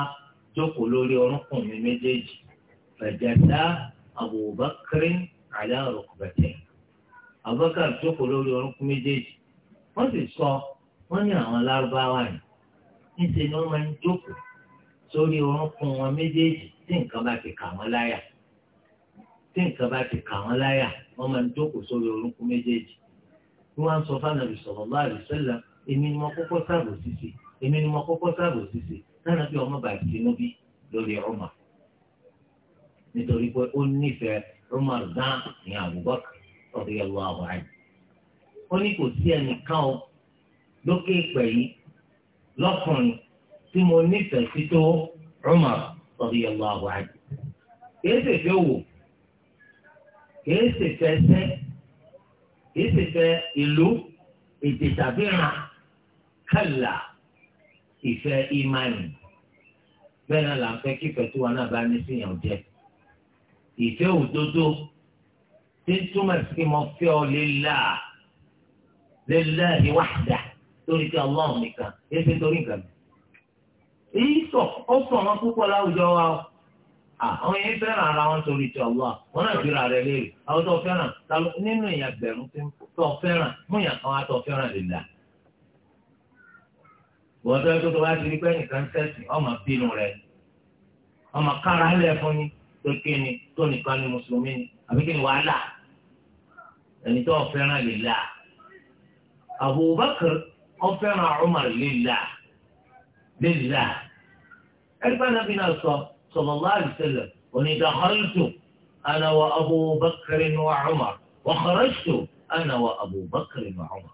jókòó lórí orúnkún mi méjèèjì fẹ̀jẹ̀ dá Abubakar ala rukbatayn. Abubakar jókòó lórí orúnkún méjèèjì wọ́n sì sọ wọ́n ní àwọn lárúbáwá yìí níṣẹ́ ni wọ́n máa ń jókòó sórí orúnkún wọn méjèèjì tí nǹkan bá ti kà wọ́n láyà tí nǹkan bá ti kà wọ́n láyà wọ́n máa ń jókòó sórí orúnkún méjèèjì bí wọ́n sọ fún Ànábì sallallahu alaihi wasallam èmi ni mo kọ́kọ́ sáàbò sísè èmi ni mo kọ́kọ́ sáàbò sísè náà bí ọmọ bàbá tinú bí lórí Umar nítorí pé ó nífẹ̀ẹ́ Umar gan ní Abubakar radiyallahu anhu ó ní kò sí ẹnìkan o lókè ìpè yìí lọ́kùnrin tí mo nífẹ̀ẹ́ sí tó Umar radiyallahu anhu kìí ṣèfẹ́ wò kìí ṣèfẹ́ sẹ́ kìí ṣèfẹ́ ìlú ètè tàbí ràn kàlà ìfẹ́ ìmánì bẹ́ẹ̀ náà là ń fẹ́ kíkẹ́ tí wọn náà bá ní síyàn jẹ ìfẹ́ òdodo tí ń túmọ̀ sí pé mo fẹ́ ọ lillah lillahi wahdah torí pé Allah nìkan yé ṣe torí nǹkan mi. èyí sọ ó sọ wọn púpọ̀ láwùjọ wa o àwọn yẹn fẹ́ràn ara wọn torí ti Allah wọn náà fi ra rẹ léèrè àwọn tó fẹ́ràn nínú èèyàn gbẹ̀rún tó fẹ́ràn mú èèyàn kan wá tó fẹ́ràn lillah wọ́n tó yẹ kó tó bá ti rí pé nìkan sẹ́sìn ọmọ bínú rẹ̀ ọmọ kára lẹ̀ ni pé kí tó nìkan ni mùsùlùmí ni àbí ni wàhálà ẹni tó fẹ́ràn lillah Abubakar ó fẹ́ràn Umar lillah lillah ẹgbẹ́ nàbí náà sọ sallallahu alaihi wasallam onídàkọ́lùtù ana wa Abubakar wa Umar wa kharajtu ana wa Abubakar wa Umar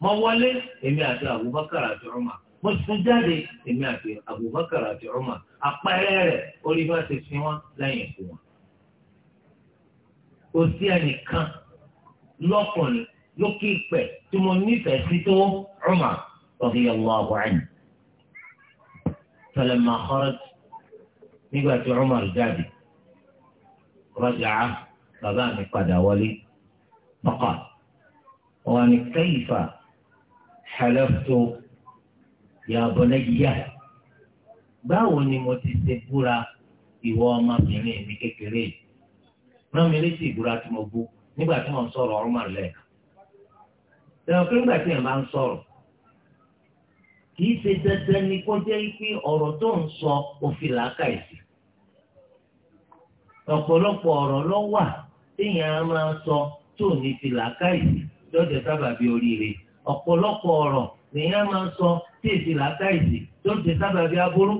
mo wọlé èmi àti Abubakar àti Umar mo tún jáde èmi àti Abubakar àti Umar àpẹẹrẹ rẹ orí bá ti fi wọn lẹ́yìn fún wọn. kò sí ẹnìkan lọ́kùnrin lókè ìpẹ́ tí mo nífẹ̀ẹ́ sí tó Umar radiyallahu anhu. falamma kharaj nígbà tí Umar jáde raja'a bàbá mi padà wọlé pàkà wọn ni kayfa halaftu ya bunayya báwo ni mo ti ṣe búra ìwọ ọmọbìnrin mi kékeré rán mi létí ìbúra tí mo bú nígbà tí wọ́n ń sọ̀rọ̀ ọ̀rùn máa lẹ́ẹ̀kan. Ìyàwó pé nígbà tí yẹn bá ń sọ̀rọ̀ kì í ṣe dandan ni kó jẹ́ pé ọ̀rọ̀ tó ń sọ òfin làákàyèsí. Ọ̀pọ̀lọpọ̀ ọ̀rọ̀ ló wà téèyàn á máa sọ tó ní fi làákàyèsí lọ́jọ́ sábàbí oríire. Ọ̀pọ̀lọpọ̀ ọ̀rọ̀ lèèyàn máa sọ tí èsì làákàyèsí lọ́jọ́ sábàbí aburú.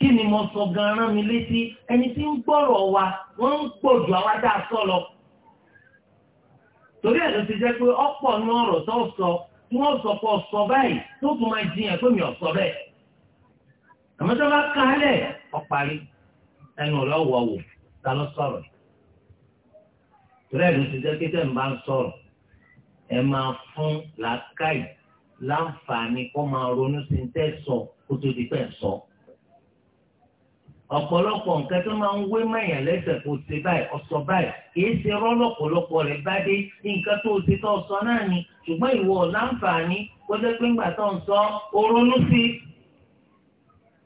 kí ni mo sọ gan rán mi létí ẹni tí ń gbọ́rọ̀ wa wọ́n ń pọ̀ ju àwa dá sọ lọ. torí ẹ̀ ló ti jẹ́ pé ọ̀pọ̀ nú ọ̀rọ̀ tó sọ tí wọ́n sọ pé ọ̀sọ̀ báyìí tó tún máa jiyàn pé mi ọ̀sọ̀ bẹ́ẹ̀. àmọ́ tó bá kálẹ̀ ọ̀parí ẹnu ọ̀lọ́wọ̀ wò ta ló sọ̀rọ̀ torí ẹ̀ ti jẹ́ pé tẹ̀ ń bá ń sọ̀rọ̀ ẹ máa fún làákàyè láǹfààní kó máa ronú sí ń tẹ́ sọ kó tó di pẹ́ sọ. So ọ̀pọ̀lọpọ̀ nǹkan tó máa ń wé mẹ́yàn lẹ́sẹ̀ kò ṣe báyìí ọ̀sọ̀ báyìí kìí ṣe rọ́lọ́pọ̀lọpọ̀ rẹ̀ bá dé nǹkan tó ṣe tó sọ náà ni ṣùgbọ́n ìwọ láǹfààní kó jẹ́ pé ńgbà tó ń sọ oronú sí i.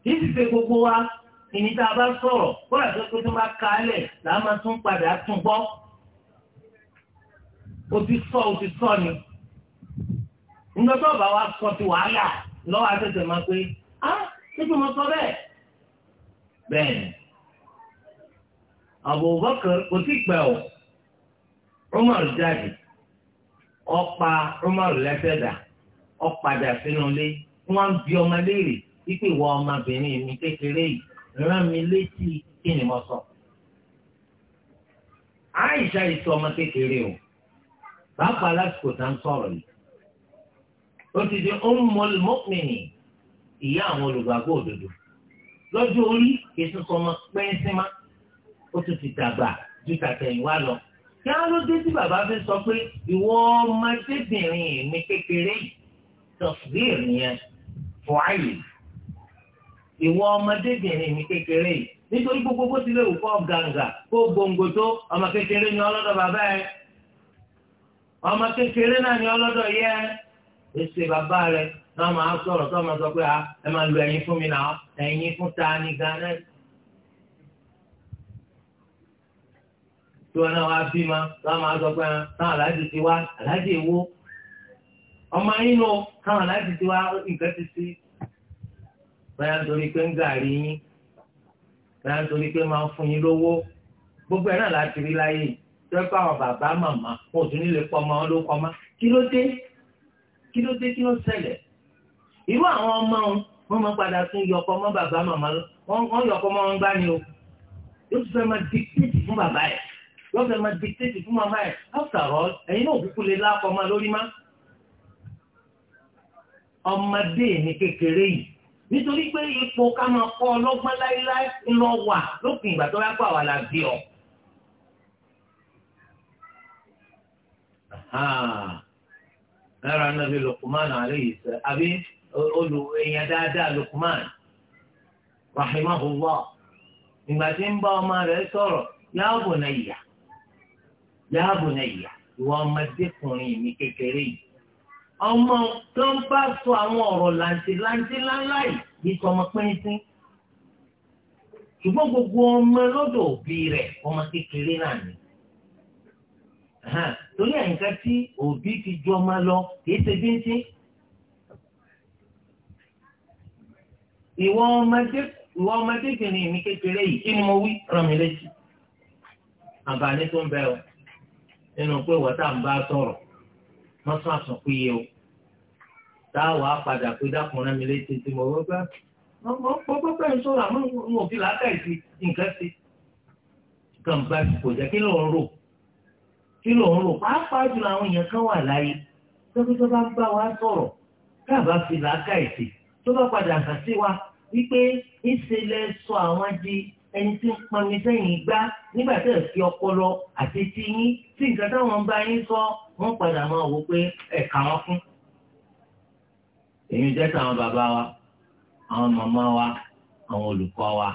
kìí sì ṣe gbogbo wa ìní tá a bá sọ̀rọ̀ kó lè jẹ́ pé tó bá kalẹ̀ là á máa tún padà tún gbọ́. o ti sọ o ti sọ ni. nígbà tó bá wa sọ ti wàhálà lọ́wọ́ bẹ́ẹ̀ ni Abubakar kò sí pẹ́ o Umar jáde ọ̀pá Umar lẹ́sẹ̀ dà ọ̀padà sínú ilé wọ́n bí ọmọ léèrè wípé ìwọ ọmọbìnrin mi kékeré yìí rán mi létí kí ni mo sọ. Àìṣà ìṣọ ọmọ kékeré o bàbá alásìkò tá ń sọ̀rọ̀ yìí ó ti di Ummul Mu'minin ìyá àwọn olùgbàgbọ́ òdodo lọ́jọ́ orí kìí sọmọ pẹ́ẹ́sìmá ó tún ti dàgbà ju tàtẹ̀yìnwá lọ. kí á ló dé tí bàbá fi sọ pé ìwọ ọmọdébìnrin mi kékeré tọ̀fìlìr yẹn fọ àyè ìwọ ọmọdébìnrin mi kékeré yìí nítorí gbogbo bó ti lè wù kọ́ gàǹgà kó gbòǹgò tó ọmọ kékeré ni ọlọ́dọ̀ bàbá ẹ ọmọ kékeré náà ni ọlọ́dọ̀ yẹ ẹ èsè bàbá rẹ náà máa sọ̀rọ̀ tó máa sọ pé ah, ẹ máa lo ẹyin fún mi náà ẹyin fún ta ni ganan. tí wọn náà wá bí ma náà máa sọ pé náà aláàjì ti wá aláàjì èwo ọmọ yín nù náà aláàjì ti wá nǹkan ti sí. báyà nítorí pé ń gàrí yín báyà nítorí pé máa ń fún yín lówó gbogbo ẹ̀ náà láti rí láyé tẹ́pẹ́ àwọn bàbá màmá wọn ò tún nílé pọ́ ọmọ wọn ló kí ló dé kí ló dé kí ló ṣẹlẹ̀ irú àwọn ọmọ wọn máa padà tún yọkọ mọ́ bàbá màmá wọn yọkọ mọ́ wọn gbá ni o yóò tún fẹ́ máa dictate fún bàbá yẹn yóò fẹ́ máa dictate fún màmá yẹn after all ẹ̀yin náà kúkú lè lákọ ọmọ lórí má. ọmọdé ní kékeré yìí nítorí pé ipò ká máa kọ́ ọlọ́gbọ́n láéláé lọ wà lópin ìgbà tó bá pa wà là bí ọ. ẹ̀rọ anábì Luqman alayhi àbí olù èèyàn dáadáa Lukman rahimahullah ìgbà tí ń bá ọmọ rẹ̀ sọ̀rọ̀ ya bunayya ya bunayya ìwọ ọmọdékùnrin mi kékeré yìí ọmọ tó ń bá sọ àwọn ọ̀rọ̀ làǹtìláǹtì ńláńlá yìí bíi tọmọ pínpín ṣùgbọ́n gbogbo ọmọ lọ́dọ̀ òbí rẹ̀ ọmọ kékeré náà ni torí àyíká tí òbí ti jọ ọmọ lọ kìí ṣe bíntín ìwọ ọmọdé ìwọ ọmọdébìnrin mi kékeré yìí kí ni mo wí rán mi létí àǹfààní tó ń bẹ o nínú pé wọ́tá ń bá sọ̀rọ̀ mọ́tún àsọ̀kúyè o táwa padà pé dákun rán mi létí tí mo rọ́gbà gbogbo pẹ̀lú sọ̀rọ̀ àmọ́ n ò fi làákàyè sí nǹkan sí nǹkan bá kò jẹ́ kí ló rò kí ló rò pàápàá jùlọ àwọn èèyàn kan wà láyé tó bá bá wa sọ̀rọ̀ káàbá fi làákàyè sí tó bá padà hàn sí wa wípé ìṣẹ̀lẹ̀ sọ àwọn di ẹni tí ń pọnmi sẹ́yìn gbá nígbà tẹ̀ fi ọpọlọ àti ti yín sí nǹkan táwọn bá yín sọ wọ́n padà máa wò pé ẹ̀ka wọn fún. èyí jẹ́ tàwọn bàbá wa àwọn màmá wa àwọn olùkọ́ wa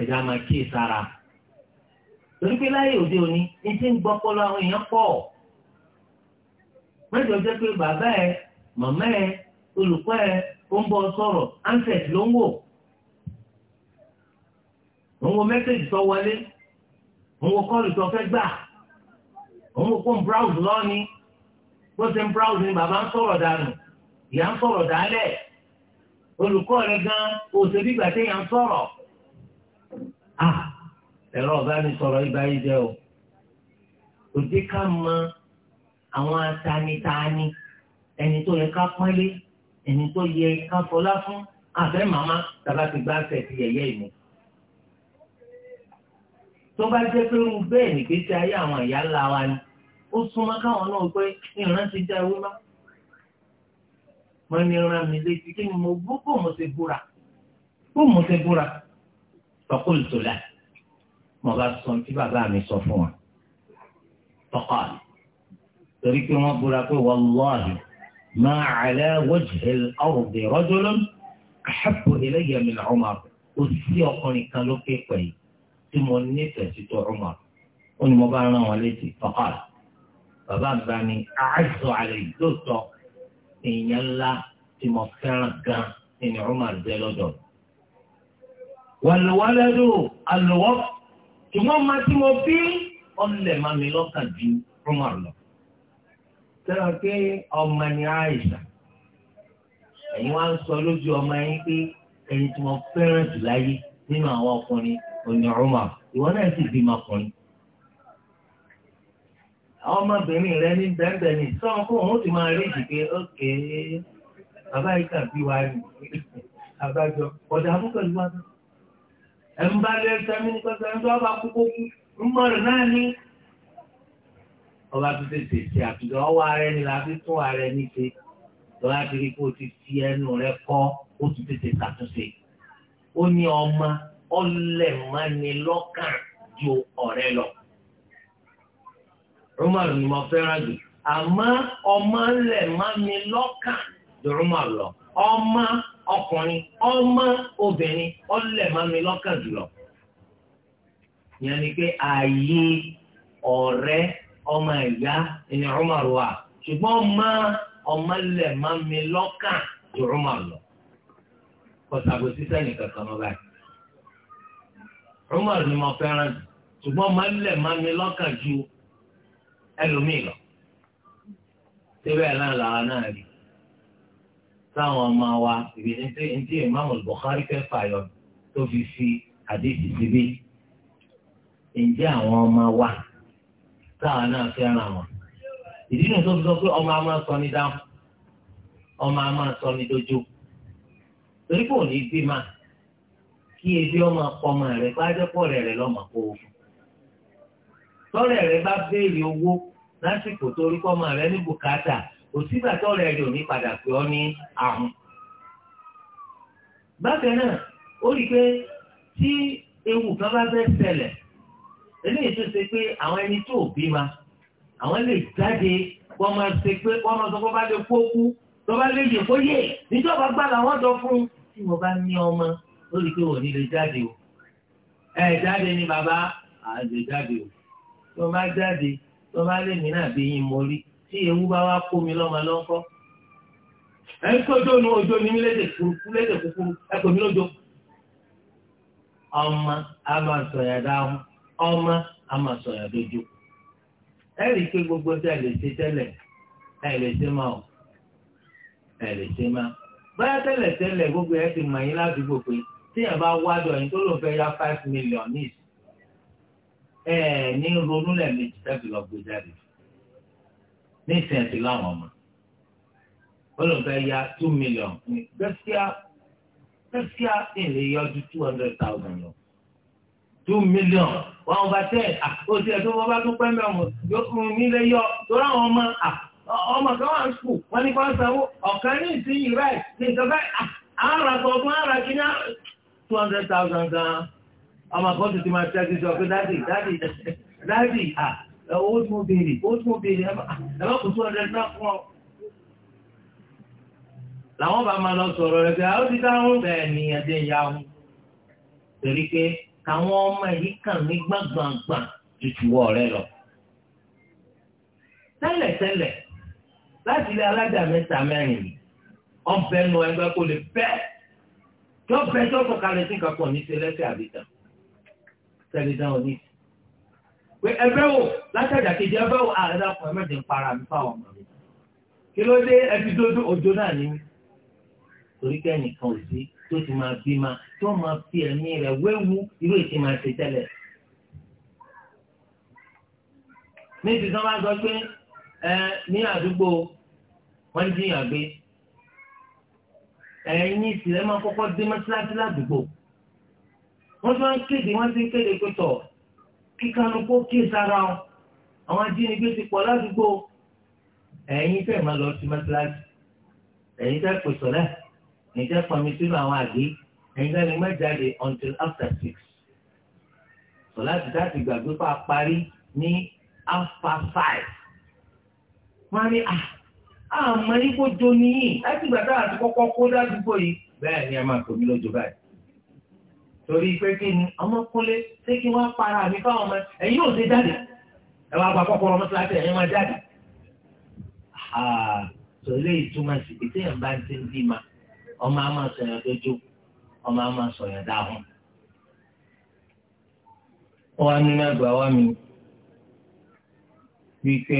ẹ̀dá máa kíyè sára. torí pé láyé òde òní ní ti ń gbọ́pọ̀lọ́ àwọn èèyàn pọ̀. mẹ́jọ jẹ́ pé bàbá ẹ̀ màmá ẹ̀ olùkọ́ ẹ ó ń bọ́ sọ̀rọ̀ ansẹ̀t ló ń wò òun wo mẹ́sẹ̀jì tó wọlé òun wo kọ́ọ̀lù tó fẹ́ gbà òun wo kó ń browse lọ́ọ̀ni bó ṣe ń browse ni bàbá ń sọ̀rọ̀ dànù ìyá ń sọ̀rọ̀ dálẹ̀ olùkọ́ rẹ gan òṣèlú ìgbà téèyàn ń sọ̀rọ̀ ah ẹ̀rọ ọ̀bánisọ̀rọ̀ ibà yìí jẹ́ o òjì ká mọ àwọn atani tani ẹni tó yẹ ká pọ́nlé ẹni tó yẹ ká fọlá fún àfẹ́ màmá tàbá ti gbá ṣẹ̀ ti yẹ̀yẹ́ ìmú. tó bá jẹ́ pé irú bẹ́ẹ̀ nìgbésí ayé àwọn ìyá ńlá wa ni ó súnmọ́ káwọn náà pé ìrántí já ewé má. mo ní ran mi létí kí ni mo bó bó mo ṣe búra bó mo ṣe búra tọkùlù tó láì mo bá sọ tí bàbá mi sọ fún wa tọkọ àlè torí pé wọ́n búra pé wọ́n lọ́ọ̀lù. ما على وجه الأرض رجل أحب إلي من عمر أسيقني كالوكي كوي تمني تسيتو عمر أن مبارنا والتي فقال بابا باني أعز علي دوتو إن يلا تمفكرنا كان إن عمر زيلو دون والولد الوقت ثم ما تمو فيه أن لما ملوكا جو عمر لك sẹ́wọ̀n pé ọmọ ni àìsàn ẹ̀yin wá ń sọ lójú ọmọ yín pé ẹni tí wọ́n fẹ́ràn jù láyé nínú àwọn ọkùnrin òní ọ̀rùnmà ìwọ náà sì bímọ ọkùnrin. ọmọbìnrin rẹ ní bẹ́ẹ̀bẹ́ẹ̀ ni sọ́wọ́n kó òun ti máa rí ìdìgbé ókè bàbá yìí kàn bí wàá rí àbájọ ọ̀dà àbúkọ̀lù wà. ẹ̀ ń bá lẹ́sẹ̀ mi ní pẹ́sẹ̀ ń bá kúkú ń mọ̀ràn náà ní ọba tó tètè ṣe àtúndọ̀ ọwọ́ ara ẹni la fi tún ara ẹni ṣe lọ́la ti kó o ti fi ẹnu rẹ kọ́ ó ti tètè ṣàtúnṣe ó ní ọmọ ọlẹ́mánilọ́kàn ju ọ̀rẹ́ lọ. Rúmọ̀lù ni mo fẹ́ràn jù àmọ́ ọmọ ọlẹ́mánilọ́kàn ju rúmọ̀lù lọ ọmọ ọkùnrin ọmọ obìnrin ọlẹ́mánilọ́kàn jùlọ. Ìyẹn ni pé ààyè ọ̀rẹ́ ọmọ ìyá ẹni Umar wà ṣùgbọ́n ọmọ ọmọlẹ̀ má mi lọ́kàn ju Umar lọ kọsàbò sísẹ́ nìkan kan ọba yìí Umar ni mo fẹ́ràn jù ṣùgbọ́n ọmọlẹ̀ má mi lọ́kàn ju ẹlòmíì lọ síbẹ̀ náà làwọn náà rí sáwọn ọmọ wa ìbí ní ti Imam Bukhari fẹ́ fàyọ tó fi fi àdéhìí síbí ǹjẹ́ àwọn ọmọ wa táwọn náà fẹ́ràn wọn ìdí nìyẹn tó fi sọ pé ọmọ a máa sọ ní dáhùn ọmọ a máa sọ ní dojú torí kò ní bí máa kí ebi ọmọ ọmọ rẹ bá jẹ́ pọ̀ rẹ̀ rẹ̀ lọ́mọ kó o fún tọ́rẹ̀ rẹ bá béèrè owó lásìkò tó rí kọ́mọ rẹ ní bùkátà òsígbà tọ́rẹ̀ rẹ ò ní padà pé ọ ní àrùn. bákan náà ó rí i pé tí ewu kan bá fẹ́ ṣẹlẹ̀ eléyìí tó ṣe pé àwọn ẹni tó bí ma àwọn lè jáde wọ́n máa ṣe pé wọ́n máa sọ pé bá lè kó kú tó bá lè yè kó níjọba gbà làwọn dọ̀ fún tí mo bá ní ọmọ ó rí i pé wọ́n ní lè jáde o ẹ jáde ni bàbá àlè jáde o tó bá jáde tó bá lè mí náà bí yín mo rí tí ewu bá wá kó mi lọ́mọ lọ́kọ́ ẹ ń kọjọ́ nu ojú ni mí lédè kúrú lédè kúkúrú ẹ kò ní lójó ọmọ a máa sọ̀yà dáhùn ọmọ a máa sọ̀yà dojú ẹ rí i pé gbogbo tẹ lè ṣe tẹ́lẹ̀ ẹ lè ṣe máa ọ̀ ẹ lè ṣe máa báyà tẹ́lẹ̀ tẹ́lẹ̀ gbogbo ẹ ti mọ̀ yín ládùúgbò pé tíyẹn bá wádọ̀ ẹ̀yìn tó lò fẹ́ yá five million ní ìsìn ẹ ní ronú lẹ́ẹ̀mejì tẹ́bi lọ gbé jáde ní ìsìn ẹ̀sìn láwọn ọmọ ó lò fẹ́ yá two million ní gbẹ́síà gbẹ́síà ìlè yọjú two hundred thousand lọ two million one over ten àkóso ẹ̀ tó wọ́n bá tún pẹ́ mẹ́wọ̀n yóò fún mi yọ torí àwọn ọmọ ọmọ kan wà ní sùkúù wọ́n ní kí sanwó ọ̀kan ní ìsinyìí rẹ̀ ní ìjọba àárà kọ̀ọ̀kan àárà kìíní two hundred thousand gan ọmọ kan tó ti máa ṣe àti sọ pé dáàdì dáàdì Old owó tí mo béèrè owó tí mo béèrè ẹ má two hundred náà fún ọ làwọn bá máa lọ sọ̀rọ̀ rẹ̀ pé àwọn ti dáhùn bẹ́ẹ̀ ni ẹ̀jẹ̀ ìyá wọn torí pé tàwọn ọmọ yìí kàn mí gbàngbàngbà tutù wọ rẹ lọ. tẹ́lẹ̀tẹ́lẹ̀ láti ilé alájà mẹ́ta mẹ́rin ni ọbẹ̀ nu ẹgbẹ́ kò lè bẹ́ tó bẹ́ tó tó kalẹ̀ sí kankan ní sẹlẹ́sẹ̀ àbíta sẹ́lẹ̀dá òní. pé ẹgbẹ́ wo látàjà kejì ẹgbẹ́ wo àrẹ́dá kan ẹ̀mẹ́jì ń para mi fáwọn ọmọ mi. kí ló dé ẹbí dódó òjò náà ní torí kẹ́nìkan ò sí tó ti máa bí ma tó máa fi ẹ̀mí rẹ̀ wéwu irú èsì máa ṣe tẹ́lẹ̀. níbi tí wọ́n bá sọ pé ẹ ní àdúgbò wọ́n jiyàn gbé ẹ̀yin ìsìlẹ̀ máa kọ́kọ́ dé mọ́síláṣí ládùúgbò wọ́n ti máa ń kéde wọ́n ti ń kéde pé tọ̀ kíkanukó kí sára ọ àwọn ajínigbé ti pọ̀ ládùúgbò ẹ̀yin tẹ̀ máa lọ sí mọ́síláṣí ẹ̀yin tẹ̀ pèsè lẹ́ẹ̀ nìjẹ́ pọnmi sínú àwọn àgé ẹ̀yin náà má jáde until after six sọ láti dáàbì gbàgbé pa parí ní after five wọ́n á ní àmọ́ ipò jo nìyí láti gbàgbé àti kọ́kọ́ kó dádúgbò yìí bẹ́ẹ̀ ni a máa tòmí lójú báyìí torí pé kí ni ọmọkúnlé ṣé kí wọ́n para mi fáwọn ọmọ ẹ̀yin ò ṣe jáde ẹ wá gba kọ́kọ́rọ́ mọ́ṣáláṣí ẹ̀yin máa jáde. Ah, sọ ilé ìtumọ̀ sí pé téèyàn ti ń bí ọmọ a máa sọ̀yàn dojú ọmọ a máa sọ̀yàn dáhùn. ó wá nínú ẹgbàá wá mi wípé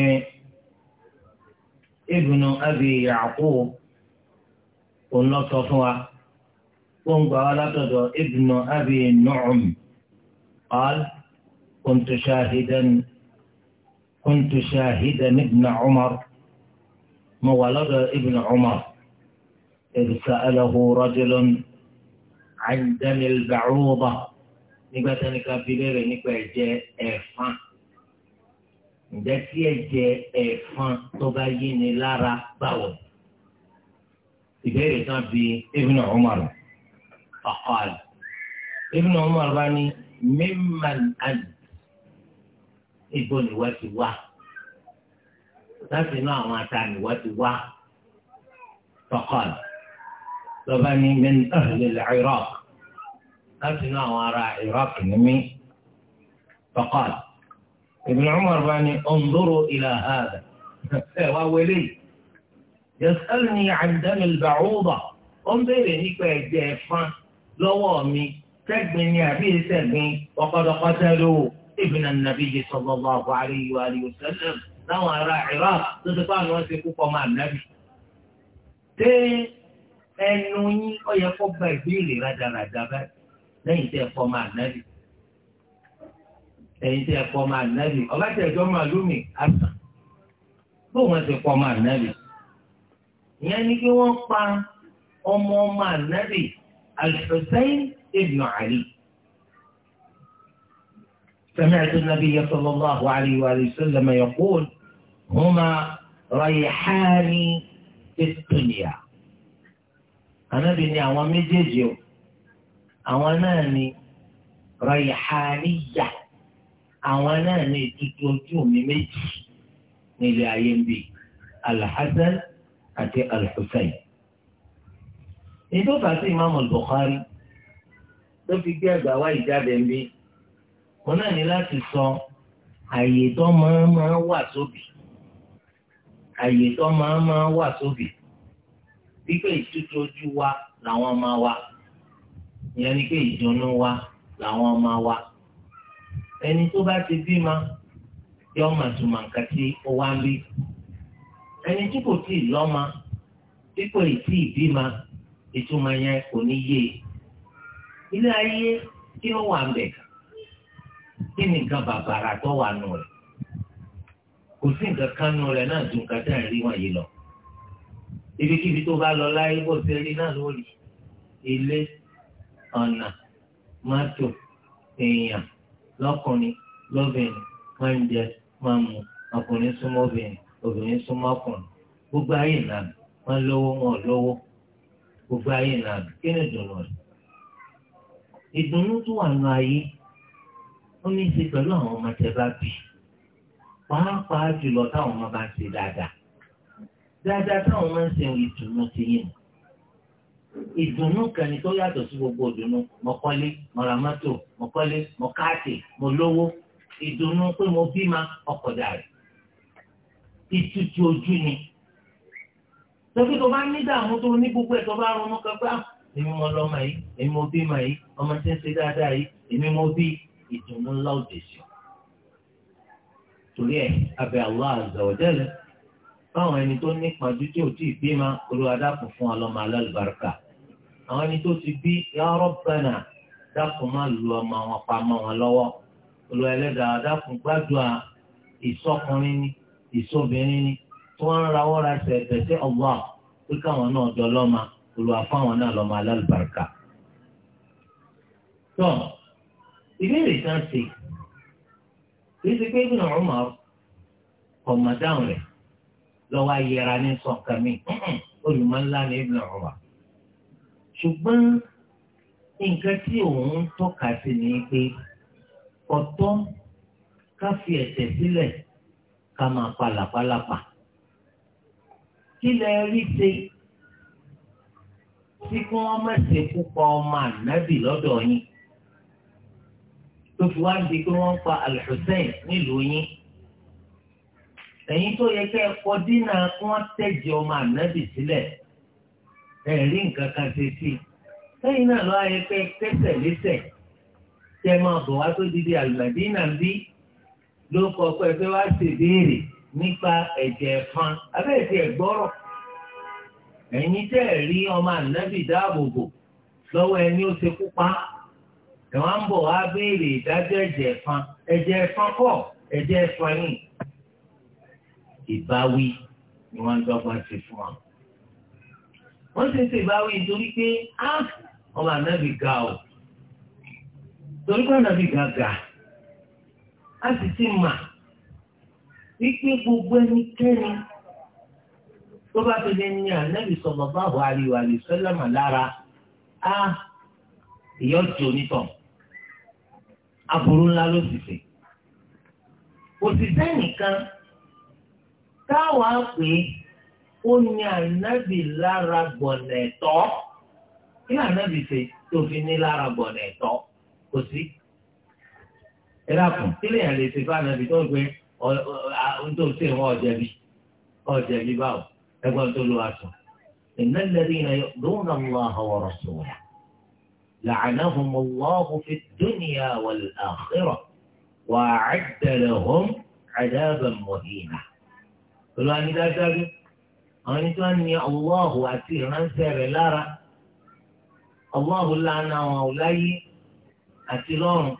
ibùnú abi Ya'qub òun lọ sọ fún wa ó gbà wá látọ̀dọ̀ ibùnú abi Nu'm qal kuntu shahidan kuntu shahidan ibn Umar mo wà lọ́dọ̀ ibn Umar. إذ سأله رجل عن دم البعوضة نقاتا نكابيلير نكا جاء إفان ǹjẹ́ tí ẹ̀jẹ̀ ẹ̀fọn tó bá yí ni lára báwo? ìbéèrè kan bí Ibn Umar ọ̀kọ́l Ibn Umar bá ní mímàn àn ibo nìwọ́ ti wá láti inú àwọn ata nìwọ́ ti wá ọ̀kọ́l. تغني من أهل العراق أبنى وراء عراق نمي فقال ابن عمر باني انظروا إلى هذا وولي يسألني عن دم البعوضة انظري نكوى الجيفة لوامي تجمن يا أبي سلمي وقد قتلوا ابن النبي صلى الله عليه وآله وسلم نوى عراق راه واسي كوكو مع النبي تي ẹnu yín ó yẹ kó gba ìbéèrè rádaràda báyìí lẹ́yìn tẹ́ ẹ fọ́ máa nábì lẹ́yìn tẹ́ ẹ fọ́ máa nábì ọ̀làjẹ̀jọ́ máa lómi àtàn bó wọn ti fọ́ máa nábì ìyẹn ni kí wọ́n pa ọmọ ọmọ ànábì Al-Husayn ibn Ali. سمعت النبي صلى الله عليه وآله وسلم يقول هما ريحان في الدنيا ànábì ni àwọn méjèèjì o àwọn náà ni rayihaniya àwọn náà ni ìtutù ojú mi méjì nílé ayé ń bì alhassan àti alhussein. ìdókà sí imaamu bukhari tó fi gbé ẹgbà wá ìjáde ń bí wọn náà ní láti sọ àyè tó máa máa wà sóbì àyè tó máa máa wà sóbì wípé ìtútù ojú wa làwọn ọmọ wa ìyẹn ni pé ìdùnnú wa làwọn ọmọ wa ẹni tó bá ti bímọ yọ máa tún máa nǹkan tí ó wá ń bí ẹni tí kò tí ì lọ́mọ tí kò tí ì ìtumọ̀ yẹn kò ní yé ilé ayé tí ó wà ń kí ni bàbàrà tó wà nù rẹ̀ kò sí nǹkan kan nù rẹ̀ náà ju nǹkan tẹ̀ ń rí lọ ibikíbi tó bá lọ láyé bó ṣe rí náà lórí ilé ọ̀nà mọ́tò èèyàn lọ́kùnrin lóbìnrin máa ń jẹ máa mu ọkùnrin súnmọ́ obìnrin obìnrin súnmọ́ ọkùnrin gbogbo ayé ìlànà wọn lówó wọn lówó gbogbo ayé ìlànà kí ni ìdùnnú rẹ ìdùnnú tó wà nù ayé ó ní í ṣe pẹ̀lú àwọn ọmọ tẹ bá bí pàápàá jùlọ táwọn ọmọ bá ń dáadáa dáadáa táwọn máa ń ṣe ìdùnnú ti yẹn ìdùnnú kan ni tó yàtọ̀ sí gbogbo ìdùnnú mọ̀kọ́lé mọ̀ràmọ́tò mọ̀kọ́lé mọ̀káàtì mọ̀lówó ìdùnnú pé mo bímọ ọkọ̀ dàrí ìtutù ojú ni tọ́jú tó bá ní dààmú tó ní gbogbo ẹ̀ tó bá ronú kápá ah, èmi mo lọ́mọ yìí èmi mo bímọ yìí ọmọ tí ń ṣe dáadáa yìí èmi mo bí ìdùnnú ńlá òdèṣì torí ẹ̀ abẹ́ Allah azza wa jalla báwọn ẹni tó ní pàdú tí ò tí ì bí ma olúwa dákun fún ọlọ́mọ alálùbáríkà àwọn ẹni tó ti bí ya Rabbana dákun má lu ọmọ wọn pa mọ́ wọn lọ́wọ́ olúwa ẹlẹ́dàá dákun gbàdúrà ìsọkùnrin ni ìsọbìnrin ni tí wọ́n ń rawọ́ ra ẹsẹ̀ ẹ̀bẹ̀ sí Allah pé káwọn náà jọ lọ́mọ olúwa fáwọn náà lọ́mọ alálùbáríkà. tó ìbéèrè sáà ṣe kì í ṣe pé Ibn ọmọ dáhùn rẹ̀ lọ́wọ́ ayẹra ní sọ̀kan mi olùmọ̀ńlá ní Ibn Umar. ṣùgbọ́n nǹkan tí òun tọ́ka sí ni pé ọ̀tọ́ ká fi ẹ̀sẹ̀ sílẹ̀ ká máa palàpalàpà. kí lẹ rí ṣe tí kí wọ́n má ṣe púpọ̀ ọmọ ànábì lọ́dọ̀ yín tó fi wá di pé wọ́n pa Al-Hussein nílùú yín ẹ̀yin tó yẹ kẹ́ ẹ kọ dínà kí wọ́n tẹ̀jẹ̀ ọmọ ànábì sílẹ̀ ẹ̀ rí nǹkan kan ṣe sí i lẹ́yìn náà lọ́wọ́ ayẹ kẹ́ kẹ́sẹ̀ lẹ́sẹ̀ tẹ́ máa bọ̀ wá tó didi àlùmọ̀dínà ń bí ló kọ pé pé wá sì béèrè nípa ẹ̀jẹ̀ ẹ̀fọn abẹ́ẹ̀ ti ẹ̀gbọ́rọ̀ ẹ̀yin tẹ́ ẹ̀ rí ọmọ ànábì dáàbòbò lọ́wọ́ ẹni ó ṣe kú pa ẹ̀ bọ̀ wá béèrè ìdájọ́ ẹ̀jẹ̀ ẹ̀fọn ẹ̀jẹ̀ ẹ̀fọn kọ́ ẹ̀jẹ̀ ẹ̀fọn yìí ìbáwí ni wọ́n ń dọ́gbọ́n ṣe fún wa. wọ́n ṣe ṣe ìbáwí torí pé á ọmọ ànábì ga o torí pé ànábì ga ga á sì ti mà wípé gbogbo ẹnikẹ́ni tó bá fi lé ní ànábì sallallahu alaihi wa sallam lára á ìyọ́jú onítọ̀ aburú ńlá ló sì ṣe. kò sì sẹ́nìkan táwa pè ó ní ànábì lára gbọ̀nà ẹ̀tọ́ kí ànábì ṣe tó fi ní lára gbọ̀nà ẹ̀tọ́ kò sí. ẹ dàkún kí lèèyàn lè ṣe fún ànábì tó ń pè ohun tó ń ṣe wọn ọ̀jẹ̀bi ọ̀jẹ̀bi báwo ẹgbọ́n tó ló wá sùn. إن الذين يؤذون الله ورسوله لعنهم الله في الدنيا والآخرة وأعد لهم عذابا مهينا pẹ̀lú anidájáde àwọn ẹni tí wọ́n ní Allahu àti ìránṣẹ́ rẹ̀ lára Allahu lànà àwọn ọ̀láyé àti lọ́run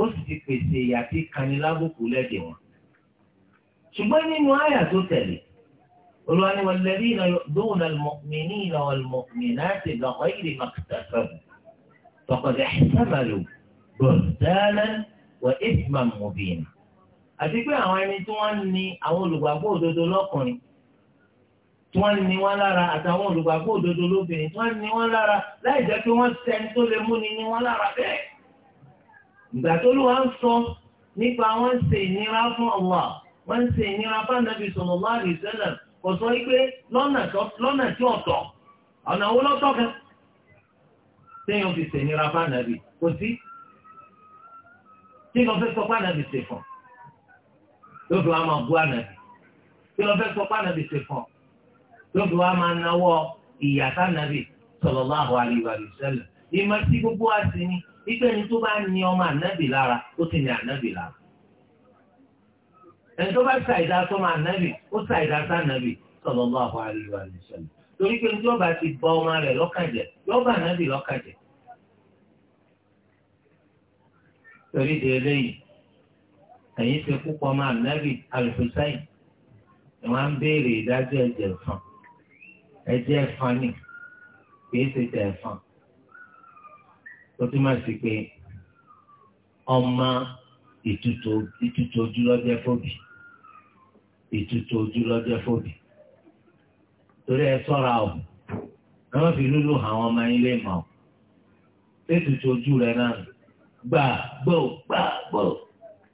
ó sì ti pèsè ìyà tí kanilábùkù lẹ́dẹ̀ wọn. ṣùgbọ́n nínú àyà tó tẹ̀lé olùwàní walladhina yu'dhuna al-mu'minina wal-mu'minati bighayri maktasabu faqad ihtamalu buhtanan wa àti pé àwọn ẹni tí wọ́n ní àwọn olùgbàgbọ́ òdodo lọ́kùnrin tí wọ́n ní wọ́n lára àtàwọn olùgbàgbọ́ òdodo lóbìnrin tí wọ́n ní wọ́n lára láì jẹ́ pé wọ́n sẹ́ni tó lè múni ní wọ́n lára bẹ́ẹ̀. ìgbà tó ló wá ń sọ nípa wọ́n ń ṣe ìnira fún Allah wọ́n ń ṣe ìnira fún Ànábì sallallahu alaihi wasallam kò sọ pé lọ́nà tí ọ̀tọ̀ ọ̀nà owó lọ́tọ̀ kan téèyàn fi ṣe ìnira fún Ànábì kò yóò fi wá máa bú ànàbì kí ló fẹ́ sọ pé ànàbì ṣe fọ́ yóò fi wá máa náwó ìyá sànàbì sallallahu alaihi wa sallam ìmọ̀ tí gbogbo wa sì ní ipe ẹni tó bá ní ọmọ ànàbì lára ó ti ní ànàbì lára ẹni tó bá ṣàìdá sọmọ ànàbì ó ṣàìdá sànàbì sallallahu alaihi wa sallam torí pé tí ọba ti bọ ọmọ rẹ̀ lọ́kàn jẹ́ yọba ànàbì lọ́kàn torí di eléyìí ẹ̀yin ṣe púpọ̀ máa nẹ́bì alùpùsáì ẹ̀ wọ́n á ń béèrè ìdájọ́ ẹ̀jẹ̀ ẹ̀fọn ẹ̀jẹ̀ ẹ̀fọn ni kìí ṣe tẹ̀ ẹ̀fọn tó túmọ̀ sí pé ọmọ ìtutù ojú lọ́jẹ́ fòbì ìtutù ojú lọ́jẹ́ fòbì torí ẹ sọ́ra ọ̀ ẹ má fi lúlù àwọn ọmọ ilé mọ̀ ọ́ ètùtù ojú rẹ̀ náà gbà gbọ́ gbà gbọ́.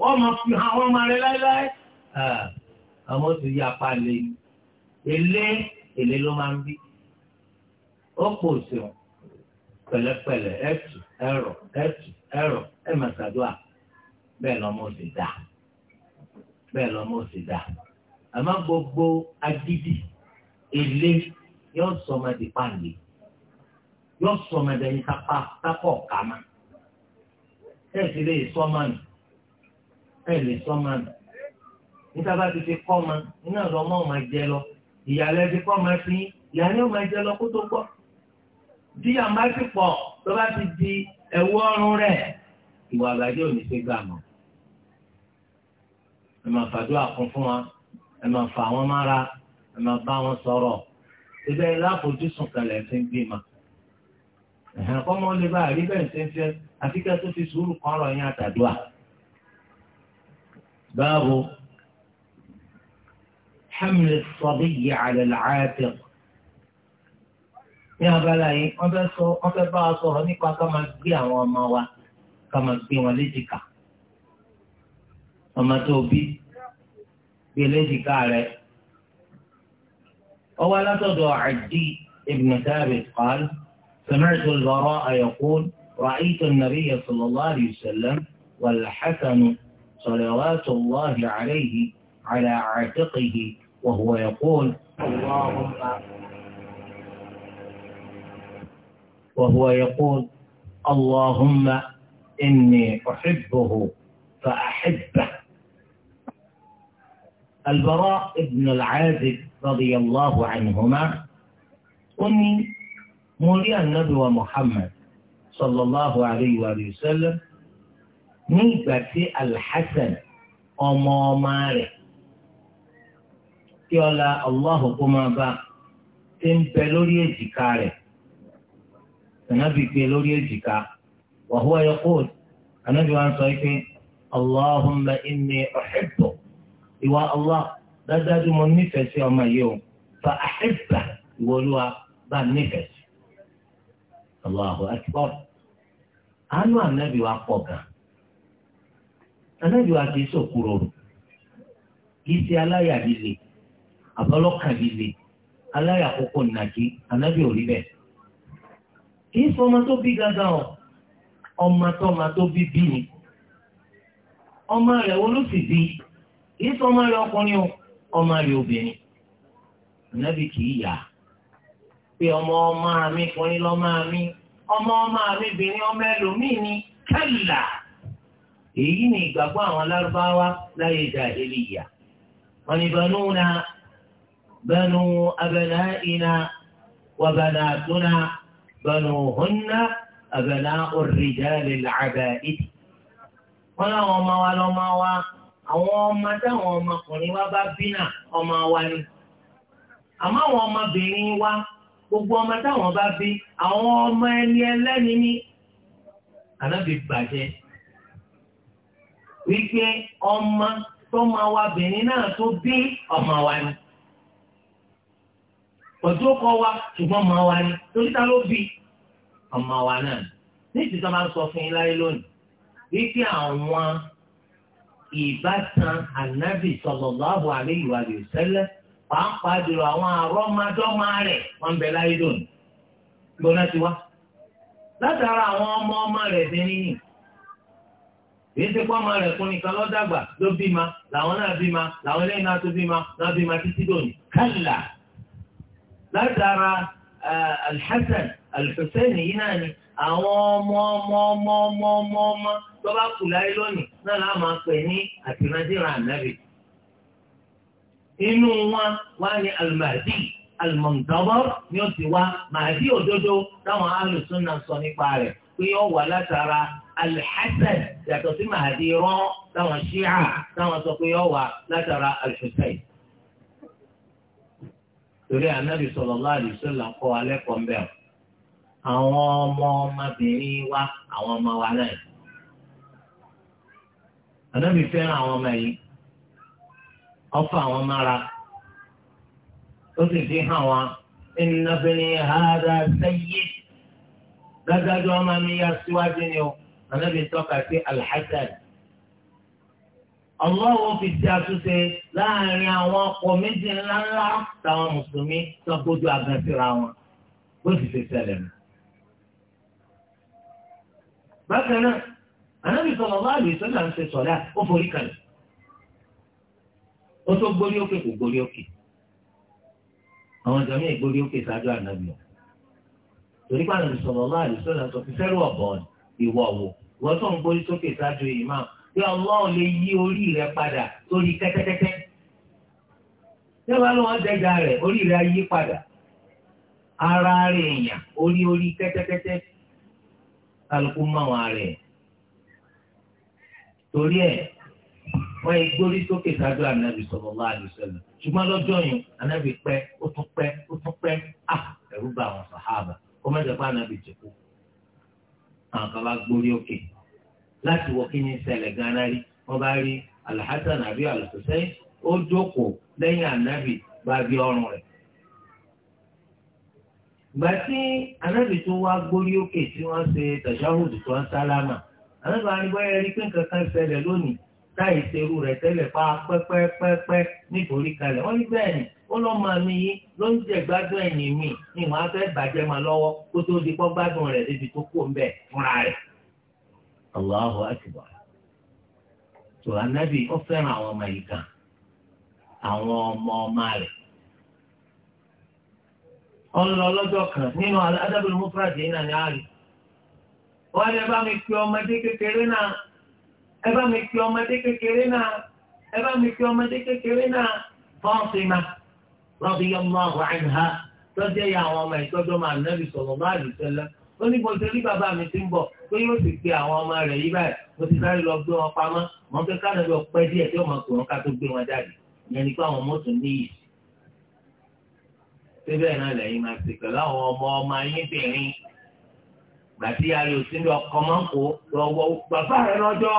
wọ́n máa fi hàn wọ́n máa rẹ láéláé. àwọn oṣù yìí apá lè èlé èlé ló máa ń bí ó pò sèwọ̀n pẹ̀lẹ́pẹ̀lẹ́ ẹ̀tù ẹ̀rọ ẹ̀tù ẹ̀rọ ẹ̀ máa ṣàdúrà bẹ́ẹ̀ lọ́mọ òsì dá bẹ́ẹ̀ lọ́mọ òsì dá àmọ́ gbogbo agídí èlé yóò sọ ọmọdé pàǹdé yóò sọ ọmọdé ní kápá kápọ̀ kàmá ẹ̀ sì nù ẹ̀ lè sọ máa nù níta bá ti fi kọ́ ma iná lọ mọ́ máa jẹ lọ ìyàlẹ́ ti kọ́ ma sí ìyàlẹ́ ò jẹ lọ kó tó gbọ́ bí àmà ti pọ̀ tó ti di ẹ̀wú ọrùn rẹ̀ ìwà àgbàjẹ́ ò ní ṣe gbà mọ́ ẹ máa fàdúrà kún fún wa ẹ máa fà wọ́n mára ẹ máa bá wọn sọ̀rọ̀ ibẹ̀ ilé àfojúsùn kan ń gbé ma ẹ̀hàn kọ́mọ́ lè bá àrí àfikẹ́ tó fi sùúrù kọ́ ọ̀rọ̀ yẹn àtàdúrà. باب حمل الصبي على العاتق يا بلاي ابسو ابا سو هني كما بي او ما وا كما بي وليتيكا اما توبي بيليتيكا له هو لا تدعو عدي ابن ثابت قال سمعت البراء يقول رأيت النبي صلى الله عليه وسلم والحسن صلوات الله عليه على عاتقه وهو يقول اللهم وهو يقول اللهم إني أحبه فأحبه البراء بن العازب رضي الله عنهما أني مولي النبي محمد صلى الله عليه وآله وسلم ní ìgbà tí alhassan ọmọ ọmọ rẹ̀ tí ọlá allahu kó máa bá ti ń bẹ lórí èjìká rẹ̀ sànàbì gbé lórí èjìká wa huwa yaqul ànábì wa ń sọ pé allahumma inni uhibbu ìwà allah dájájú mo nífẹ̀ẹ́ sí ọmọ yìí o fa ahibba ìwọ bá nífẹ̀ẹ́ sí allahu akbar àánú ànábì wa pọ̀ gan-an. anábì wa kì í sòkú isi alaya í ṣe aláyà líle àbọ́lọ́kà líle aláyà kókó nàkí anábì o ọmọ tó ọmọ tó bi bi ni ọmọ rẹ̀ wo bi sì bí kì í o ọmọ obìnrin ọmọ ọmọ mi kùnrin mi ọmọ ọmọ mi ni èyí ni ìgbàgbọ́ àwọn lárúbáwá láyé jàhílíyà wọn ni banúna banu abanaina wa banatuna banuhunna abana'u rijali al-aba'id wọn làwọn ọmọ wa lọ́mọ wa àwọn ọmọ táwọn ọmọkùnrin wa bá bí náà ọmọ wa ni àmọ́ àwọn ọmọbìnrin wa gbogbo ọmọ táwọn bá bí àwọn ọmọ ẹni ẹlẹ́ni ní ànábì bàjẹ́ wípé ọmọ tọ́mọ wa bìnrin náà tó bí ọmọ wa ni ọjọ́ kọ wa ṣùgbọ́n ọmọ wa ni torí ta ló bí ọmọ wa náà ní ìtìsọ́ máa ń sọ fún yín láyé lónìí wípé àwọn ìbátan ànábì sallallahu alayhi wa sallam pàápàá jùlọ àwọn àrọ́mọdọ́mọ rẹ̀ wọ́n ń bẹ láyé lónìí gbọ́dọ̀ ti wá látara àwọn ọmọ ọmọ rẹ̀ bìnrin yìí èyí ti pọ́ ọmọ rẹ̀ fún nìkan lọ́dàgbà ló bímọ làwọn náà bímọ làwọn eléyìí náà tó bímọ náà bímọ títí dòní. kálá látara alḥasan alḥusain yìí náà ni àwọn ọmọ ọmọ ọmọ ọmọ ọmọ ọmọ tó bá kù láyé lónìí náà láà máa pè ní àtìrántìrán ànábì. inú wọn wá ní almahdi almọ̀ntọ́bọ̀ ni ó ti wá màdí òdodo táwọn alùsùn náà sọ nípa rẹ̀ pé ó wà látara alḥasan yàtọ̀ sí màdí rán táwọn ṣíà táwọn sọ pé ó wà látara alḥusayn. torí anábì sallallahu alaihi wasallam kọ́ alẹ́ kọ́ mbẹ́ o àwọn ọmọ ọmọbìnrin wa àwọn ọmọ wa náà anábì fẹ́ràn àwọn ọmọ yìí ọfọ àwọn mára ó sì fi hàn wá ẹnìnàbìnrin hàdà sẹ́yìn dájúdájú ọmọ mi yá síwájú ni o ànábì tọ́ka sí alhassan ọlọ́wọ́ fi ti àtúnṣe láàrin àwọn ọkọ̀ méjì ńláńlá táwọn mùsùlùmí tó gbójú agan síra wọn bó sì ti ṣẹlẹ̀ nù. bákan náà ànábì sọ̀rọ̀ bá àlùyé sọ́dà ń ṣe sọ̀dà ó forí kalẹ̀ ó tó gbórí òkè kò gbórí òkè àwọn jàmí ìgbórí òkè ṣáájú ànábì wọn torí pàlọ́ ìṣọ̀rọ̀ máa lè sọ̀rọ̀ sọ fi fẹ́rù ọ̀bọ̀ ìwọ wò wọ́n tó ń gbórí sókè ṣáájú ìmáà pé ọlọ́run lè yí orí rẹ padà sórí kẹ́tẹ́kẹ́tẹ́ yẹ́nbà ló wọ́n dẹ́jà rẹ̀ orí rẹ̀ yí padà ara rẹ̀ èèyàn orí orí kẹ́tẹ́kẹ́tẹ́ kálukú máwọn rẹ̀ torí ẹ̀ wọ́n yẹ gbórí sókè sáájú ànábì sallallahu alaihi wasallam ṣùgbọ́n lọ́jọ́ yìí ànábì pẹ́ ó tún pẹ́ ó tún pẹ́ à ah, ẹ̀rú bà wọn sàhábà ó mẹ́jọ pa ànábì tó kú àwọn kan bá gbórí òkè láti wọ kí ni ṣẹlẹ̀ gan-an rí wọ́n bá rí alhassan àbí alhussein ó jókòó lẹ́yìn ànábì bá bí ọrùn rẹ̀ ìgbà tí ànábì tó wá gbórí òkè tí wọ́n ṣe tàṣáhùdù tó ń sálámà ànábì wọn ni rí pé nǹkan kan ṣẹlẹ̀ lónìí láì ṣerú rẹ̀ tẹ́lẹ̀ pa pẹ́pẹ́pẹ́pẹ́ nítorí kalẹ̀ wọ́n ní bẹ́ẹ̀ ni ó lọ́ máa mi yín ló ń jẹ gbádùn mi ni wọ́n á fẹ́ bàjẹ́ máa lọ́wọ́ kó tó di pọ́ gbádùn rẹ̀ débi tó kó ń bẹ̀ fúnra rẹ̀. Allahu akbar. tó anábì ọmọ yìí kan àwọn ọmọ ọmọ kan nínú adábìlú náà ẹ bá mi fi ọmọdé kékeré náà ẹ bá mi fi ọmọdé kékeré náà Fátímà radiyallahu anha lọ́jọ́ ya àwọn ọmọ ìtọ́jọ́ máa nẹ́bí sọ̀rọ̀ bá lù tẹ́lẹ̀ ó ní bó ṣe rí bàbá mi ti ń bọ̀ pé yóò sì pe àwọn ọmọ rẹ̀ yí báyìí mo ti sáré lọ gbé wọn pamọ́ mọ́ fẹ́ ká lọ́ọ́ pẹ́ díẹ̀ tí ọmọ kò wọn ká tó gbé wọn jáde ìyẹn ni pé àwọn ọmọ tún níyì. síbẹ̀ náà lẹ́yìn máa ṣe pẹ̀lú àwọn ọmọ ọmọ ayé gbàtí ayò sínú ọkọ̀ mọ́kò lọ́wọ́ bàbá rẹ̀ lọ́jọ́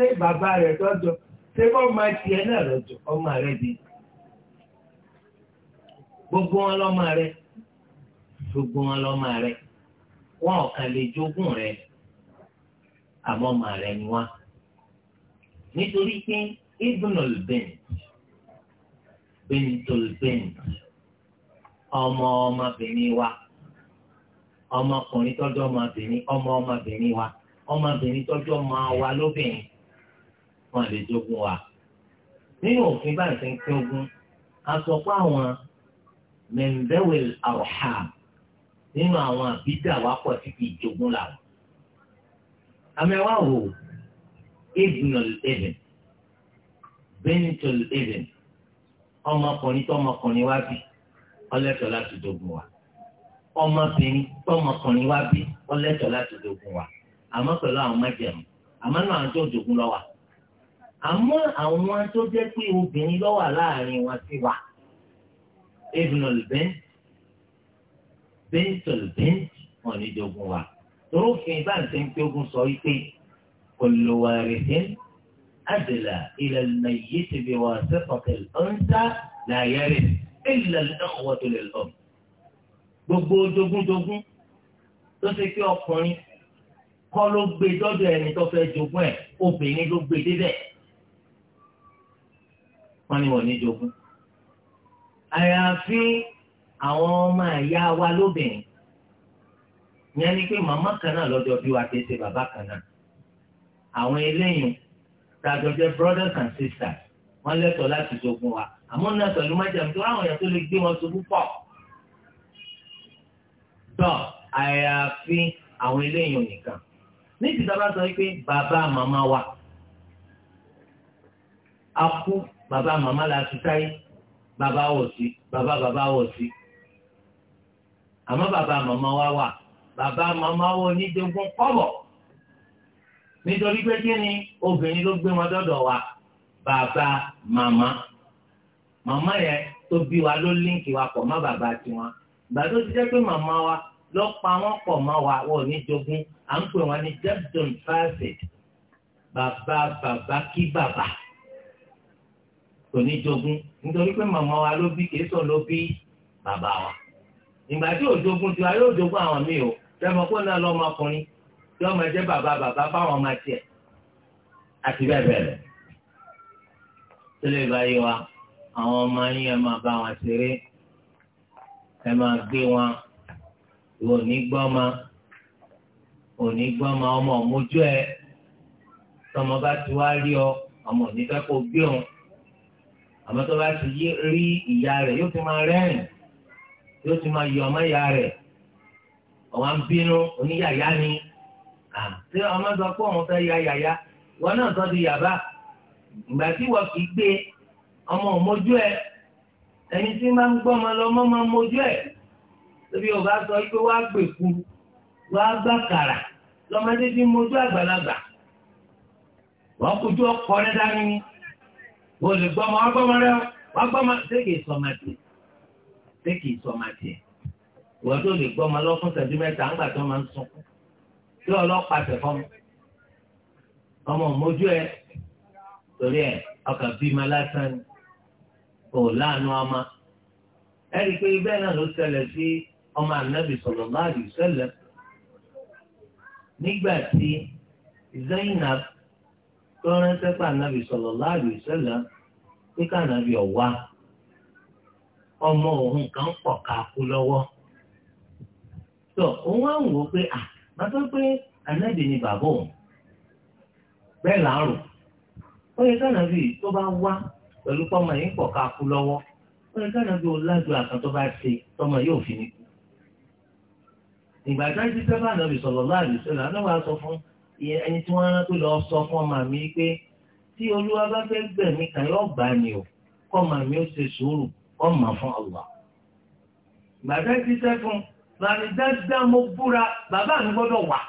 ṣé bàbá rẹ̀ lọ́jọ́ ṣé bọ́ máa tiẹ̀ náà lọ́jọ́ ọmọ rẹ̀ bí gbogbo wọn lọ́mọ rẹ̀ gbogbo wọn lọ́mọ rẹ̀ wọn ò kàn lè jogún rẹ̀ àmọ́ ọmọ rẹ̀ ni wọ́n nítorí pé ibnul bint bintul bint ọmọ ọmọbìnrin wa ọmọkùnrin tọ́jú ọmọbìnrin ọmọ ọmọbìnrin wa ọmọbìnrin tọ́jú ọmọ wa lóbìnrin wọn lè jogún wa nínú òfin bá ìsìn pín ogún a sọ pé àwọn mẹ̀ǹbẹ́wẹ̀l arham nínú àwọn àbídà wa pọ̀ sí kì í jogún làwọn. àmẹ́wá wò ibnul ibn benitul ibn ọmọkùnrin tọmọkùnrin wá bí ọlẹ́tọ̀ láti jogún wa ọmọbìnrin tọmọkùnrin wá bí ọlẹ́tọ̀ láti jogún wa àmọ́ pẹ̀lú àwọn májẹ̀mú àmọ́ náà àjọ jogún lọ́wọ́ àmọ́ àwọn tó jẹ́ pé obìnrin ló wà láàrin wọn ti wà ebùnà lùbẹ́ǹtì bẹ́ǹtì lùbẹ́ǹtì wọn ní jogun wa torófin bá ń sẹ́ń pé ogun sọ wípé olùwàrẹ̀dẹ́n àdìlà ilẹ̀ nàìjí ti bí wà sẹ́fọ̀kẹ̀lì ọ̀ǹtà làyẹ̀rẹ̀ ilẹ̀ lọ́wọ́ tó lè lọ. gbogbo jogúnjogún tó ṣe pé ọkùnrin kọ́ ló gbé dọ́dọ̀ ẹni tó fẹ́ jogún ẹ̀ obìnrin ló gbé débẹ̀ wọ́n ní wọ́n ní jogún. àyàfi àwọn ọmọ ìyá wa lóbìnrin yẹn ni pé màmá kan náà lọ́jọ́ bí wa kìí ṣe bàbá kan náà àwọn eléyìí tàjọ jẹ́ brothers and sisters wọ́n lẹ́tọ̀ọ́ láti jogún wa àmọ́ náà pẹ̀lú májàmú tó ráwọn èèyàn tó lè gbé wọn ṣubú pọ̀ tọ́ àyàfi àwọn eléyìí nìkan ní ti sábà sọ pé bàbá màmá wa a kú Baba mama la fi táyé bàbá wọ̀ sí bàbá bàbá wọ̀ sí àmọ́ baba mama wa wà bàbá màmá wa onídégún kọ́bọ̀ nítorí pé kí ni obìnrin ló gbé wọn dọ́dọ̀ wa baba mama. Mama yẹn tó bí wa ló líǹkì wa pọ̀ mọ́ bàbá tiwọn ìgbà tó ti jẹ́ pé màmá wa lọ pa wọ́n pọ̀ mọ́ wa wọ́n ní jogún à ń pè wọ́n ní jẹ́bùtọ̀n fásitì bàbá bàbá kí bàbá. bàbá kò ní jogún nítorí pé màmá wa ló bí kìí sọ̀rọ̀ ló bí bàbá wa ìgbà tí ò jogún tiwa yóò jogún àwọn míì o lẹ́mọ̀ kó náà lọ́mọkùnrin tí ọmọ jẹ́ bàbá bàbá báwọn máa tiẹ̀ àti bẹ́ẹ̀ bẹ́ẹ̀ lọ. tó lè báyìí wa àwọn ọmọ yín ẹ máa bá wọn ṣeré ẹ máa gbé wọn ìwọ ní gbọ́mọ òní gbọ́mọ ọmọ ọmọjú ẹ tọmọ bá ti wá rí ọ ọmọ òní fẹ́ kó gbé òun. àmọ́ tó bá ti rí ìyá rẹ̀ yóò ti máa rẹ́rìn yóò ti máa yọ ọmọ ìyá rẹ̀ ọ̀wọ́n bínú oníyàyá ni ṣé ọmọ sọ pé òun fẹ́ ya yàyá wọn náà tọ́ di yàbá ìgbà tí wọ́n kì gbé ọmọ ẹ ẹni tí máa ń gbọ́ ọmọ ẹ tóbi ọba sọ pé àgbàlagbà wọ́n o lè gbọ́mọ ọgbọ́mọ rẹ wọ́n gbọ́mọ sékè sọmatì sékè tó lè gbọ́mọ lọ́fún sẹ́jú ńgbà tó máa ń sunkún tí ọlọ́pàá tẹ̀ fọ́mọ ọmọ mójú ẹ torí ẹ ọkàn bímọ lásán ò láàánú ọmọ ẹ̀rí pé bẹ́ẹ̀ náà ló ṣẹlẹ̀ sí ọmọ ànábì sallallahu alaihi wasallam nígbà tí Zainab tó ránṣẹ́ pé ànábì sallallahu alaihi wasallam pé kànábì ọmọ òun kan pọ̀ káàkú lọ́wọ́. tó òun wá ń ma pé à bàtà pé ànábì ni bàbá òun bẹ́ẹ̀ làárò ó yẹ kànábì tó bá wá pẹ̀lú pọ́mọ yìí pọ̀ káàkú lọ́wọ́ ó yẹ kànábì àkàn tó bá ṣe tọmọ yóò fi ní a ti ànábì ẹni tí wọ́n rán pé lọ sọ fún ọmọ mi pé tí olúwa bá fẹ́ gbẹ̀mí kan yóò gbà ní o kọ́ ọmọ mi ó ṣe sùúrù kọ́ ọmọ fún ọlọ́wà. gbàdá ti sẹ́ fún lànà dáadáa mo búra bàbá mi gbọ́dọ̀ wà.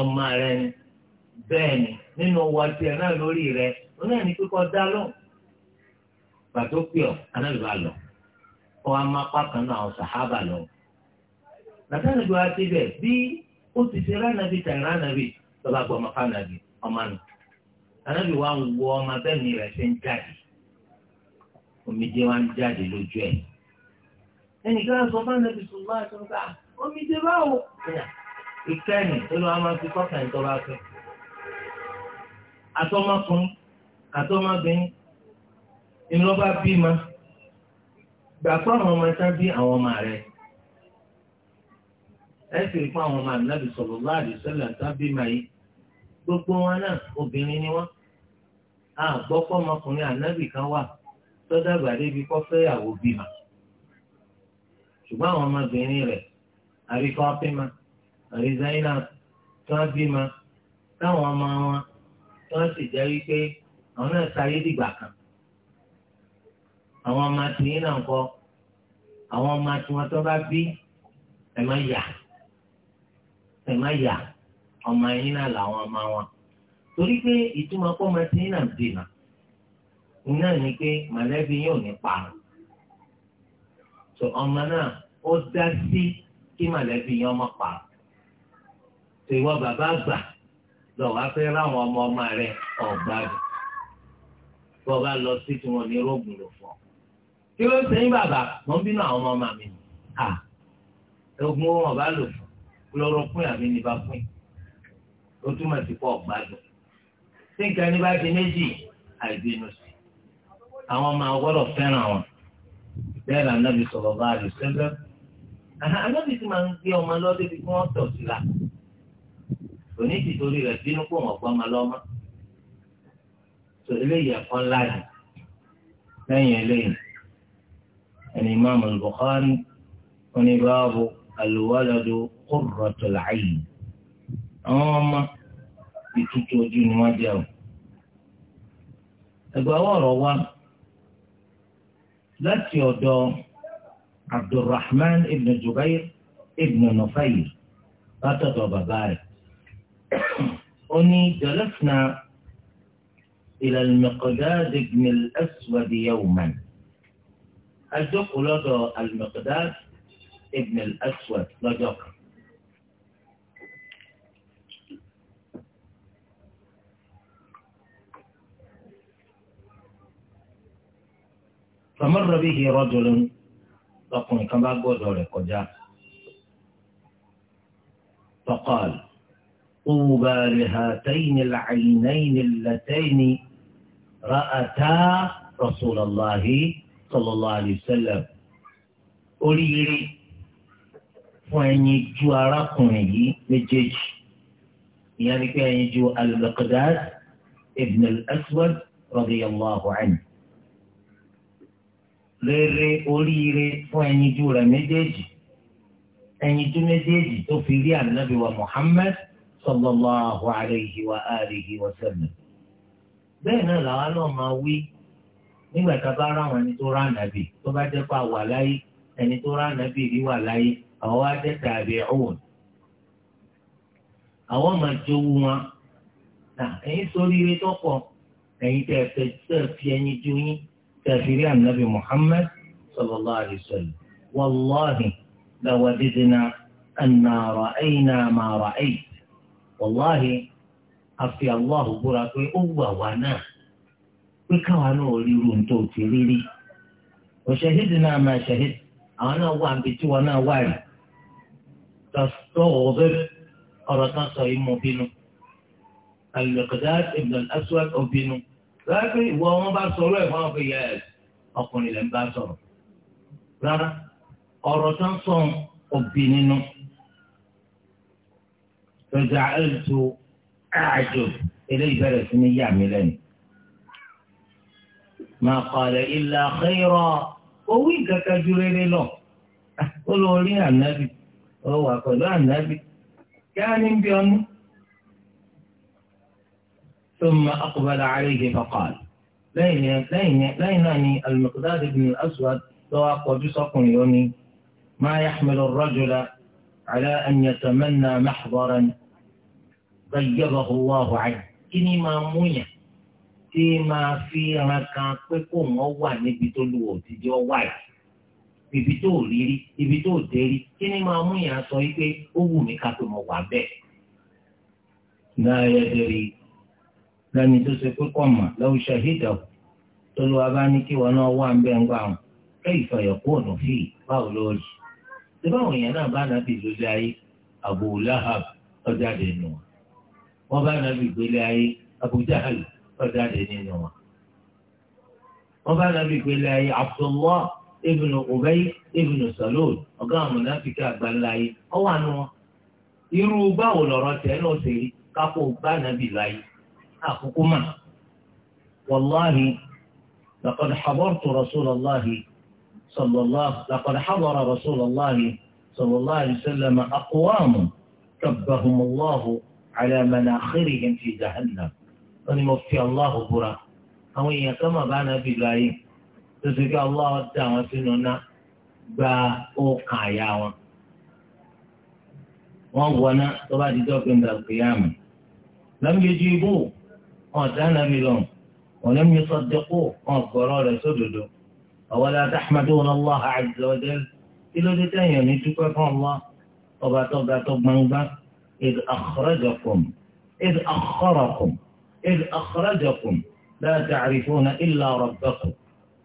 ọmọ rẹ ni bẹ́ẹ̀ ni nínú ọwọ́ tiẹ̀ náà lórí rẹ ó náà ní kíkọ́ dá lóhùn. pàtó pè ọ́ anáàlú àlọ́ ọ amápá kan náà ọ̀sàhábà lọ. bàtà nígbà wa ti bẹ̀ bí ó ti ṣe ránàbí tẹ̀ ránàbí lọ́ba gbọmọ fánàbí ọmọ nù wa ń wọ ọmọ bẹ́ẹ̀ ni rẹ̀ ṣe ń jáde wa ń jáde lójú ẹ̀ ẹnìkan sọ fánàbí ah, báwo ìkẹ́ni fẹ́ bímọ gbàgbọ́ àwọn ọmọ bí àwọn ọmọ rẹ̀ ẹ sì rí fún àwọn ọmọ ànábì sallallahu alaihi wasallam tábí màyí gbogbo wọn náà obìnrin ni wọn a gbọ́ pọ́ ọmọkùnrin ànábì kan wà tó dàgbà débi kọ́ fẹ́yàwó bímọ ṣùgbọ́n àwọn ọmọbìnrin rẹ̀ àríkọ́ pímọ àríṣáínà tó ń bímọ táwọn ọmọ wọn tó ń sì jẹ́ wípé àwọn náà sáyé dìgbà kan àwọn ọmọ tìyín náà ń àwọn ọmọ tí wọn tó bá bí ẹ máa yà á ẹ má yà ọmọ yín náà làwọn ọmọ wọn torí pé ìtumọ̀ pọ́ máa ti náà dènà iná ni pé mọ̀lẹ́bí yóò ní parun tó ọmọ náà ó dá sí kí mọ̀lẹ́bí yóò má parun tó ìwọ bàbá àgbà lọ wá fẹ́ ráwọn ọmọ ọmọ rẹ ọ̀gbá rẹ bọ́ bá lọ sí tí wọ́n ní rọ́ọ̀gùn lò fọ́ kí ló ń sẹ́yìn bàbá mọ́ bínú àwọn ọmọ mi ogun wọn bá lò fún chloroquine àbí nibaquine ó túmọ̀ sí pọ̀ gbádùn tí nǹkan ní bá di méjì àìbínú sí àwọn ọmọ àwọ̀rọ̀ fẹ́ràn wọn bẹ́ẹ̀ náà nàbì sọ̀rọ̀ bá a lè sẹ́lẹ̀ anábì tí máa ń gbé ọmọ lọ́dẹ bí wọ́n tọ̀ sí la òní ti torí rẹ̀ bínú kó wọ́n gbọ́ ọmọ lọ́mọ tó eléyìí ẹ̀kọ́ ńlá yìí lẹ́yìn eléyìí ẹni Imam al-Bukhari oníbàábò al-waladu qurratul ayn àwọn ọmọ ìtutù ojú ni wọ́n jẹ́ o. ẹgbẹ́ ọ̀rọ̀ wa láti ọ̀dọ̀ Abdulrahman ibn Jubair ibn Nufayr látọ̀dọ̀ bàbá rẹ̀. ó ní jalasna ila al-Miqdad ibn al-Aswad yawman. lọ́dọ̀ al-Miqdad ibn lọ́jọ́ kan. فمر به رجل رقم كما قلت لك فقال طوبى لهاتين العينين اللتين رأتا رسول الله صلى الله عليه وسلم أريري فأني جوا رقمي لجيج يعني كأني جوا المقداد ابن الأسود رضي الله عنه rere oríire fún ẹyinjú rẹ̀ méjèèjì ẹyinjú méjèèjì tó fi rí ànábì wa Muhammad sallallahu alayhi wa alihi wa sallam bẹ́ẹ̀ náà làwa náà máa wí nígbà tá a bá ráwọn ẹni tó rá ànábì tó bá jẹ́ pa wà láyé ẹni tó rá ànábì rí wà láyé àwọn wá jẹ́ tabi'un àwọn máa jowú wọn ẹ̀yin sórí ire tó ẹ̀yin tẹ̀ fẹ́ fi ẹyin jó yín. تاشيري النبي محمد صلى الله عليه وسلم والله لوجدنا أن رأينا ما رأيت والله أفي الله براك أوه وانا وكانوا توتي ليلي وشهدنا ما شهد أنا وان بيتي وانا وان تستغضب أرتاصي مبينه المقداد ابن الأسود أبينه lọ́wọ́ pé ìwọ wọn bá sọ̀rọ̀ ẹ̀ fún ọkùnrin yẹn ọkùnrin lẹ́ ń bá sọ̀rọ̀ rárá ọ̀rọ̀ tó ń sọ òbí nínú lọ́jà ẹ̀ẹ́dù àjò eléyìí bẹ̀rẹ̀ sí ní yà mí lẹ́nu. máa kọ̀ọ̀lẹ̀ ilà xeyrọ̀ owó ìkàkà ju rere lọ ó ànábì ó wà ànábì kí á ní bí ọ́nú. ثم أقبل عليه فقال بينني المقداد بن الأسود فواق بصق يوني ما يحمل الرجل على أن يتمنى محضرا طيبه الله عنه كني ما موية تيما في مكان كوكو موالي بتولو تجيو واي ibito riri ibito deri kini ma mu ya so ipe owu mi لا to mo wa be na ya deri na tó ṣe pé kọ́ mà lọ́wọ́ ṣàhídọ̀ tó lọ́wọ́ bá ní kí wọn náà wà ń bẹ́ẹ̀ ń gbà wọn kó Abu Lahab ọ̀jáde nù wọn wọn bá nàbì ayé Abu Jahl ọ̀jáde nínú wọn wọn bá nàbì ayé Abdullah ibùnú ibùnú àwọn ayé ọwọ́ irú báwo lọ̀rọ̀ أخوكما والله لقد حضرت رسول الله صلى الله لقد حضر رسول الله صلى الله عليه وسلم أقوام كبهم الله على مناخرهم في جهنم يوفي الله برا أو إن كما بانا في لاين تزكى الله تعالى سننا با أو قاياوا وهو أنا طبعا تتوقع عند القيامة لم يجيبوه wọn dá nàbí lọ́n wọn lẹ́mú yẹn sọ́dọ̀ kó wọn gbọ́rọ̀ rẹ̀ sódodo àwọn aláta ahmadu wọn lọ́wọ́ àjọ ọdẹ kí ló dé tẹ̀yàn ní dúpẹ́ fún ọlọ́ ọba tó ga tó gbangba إذ أخرجكم إذ أخركم إذ أخرجكم لا تعرفون إلا ربكم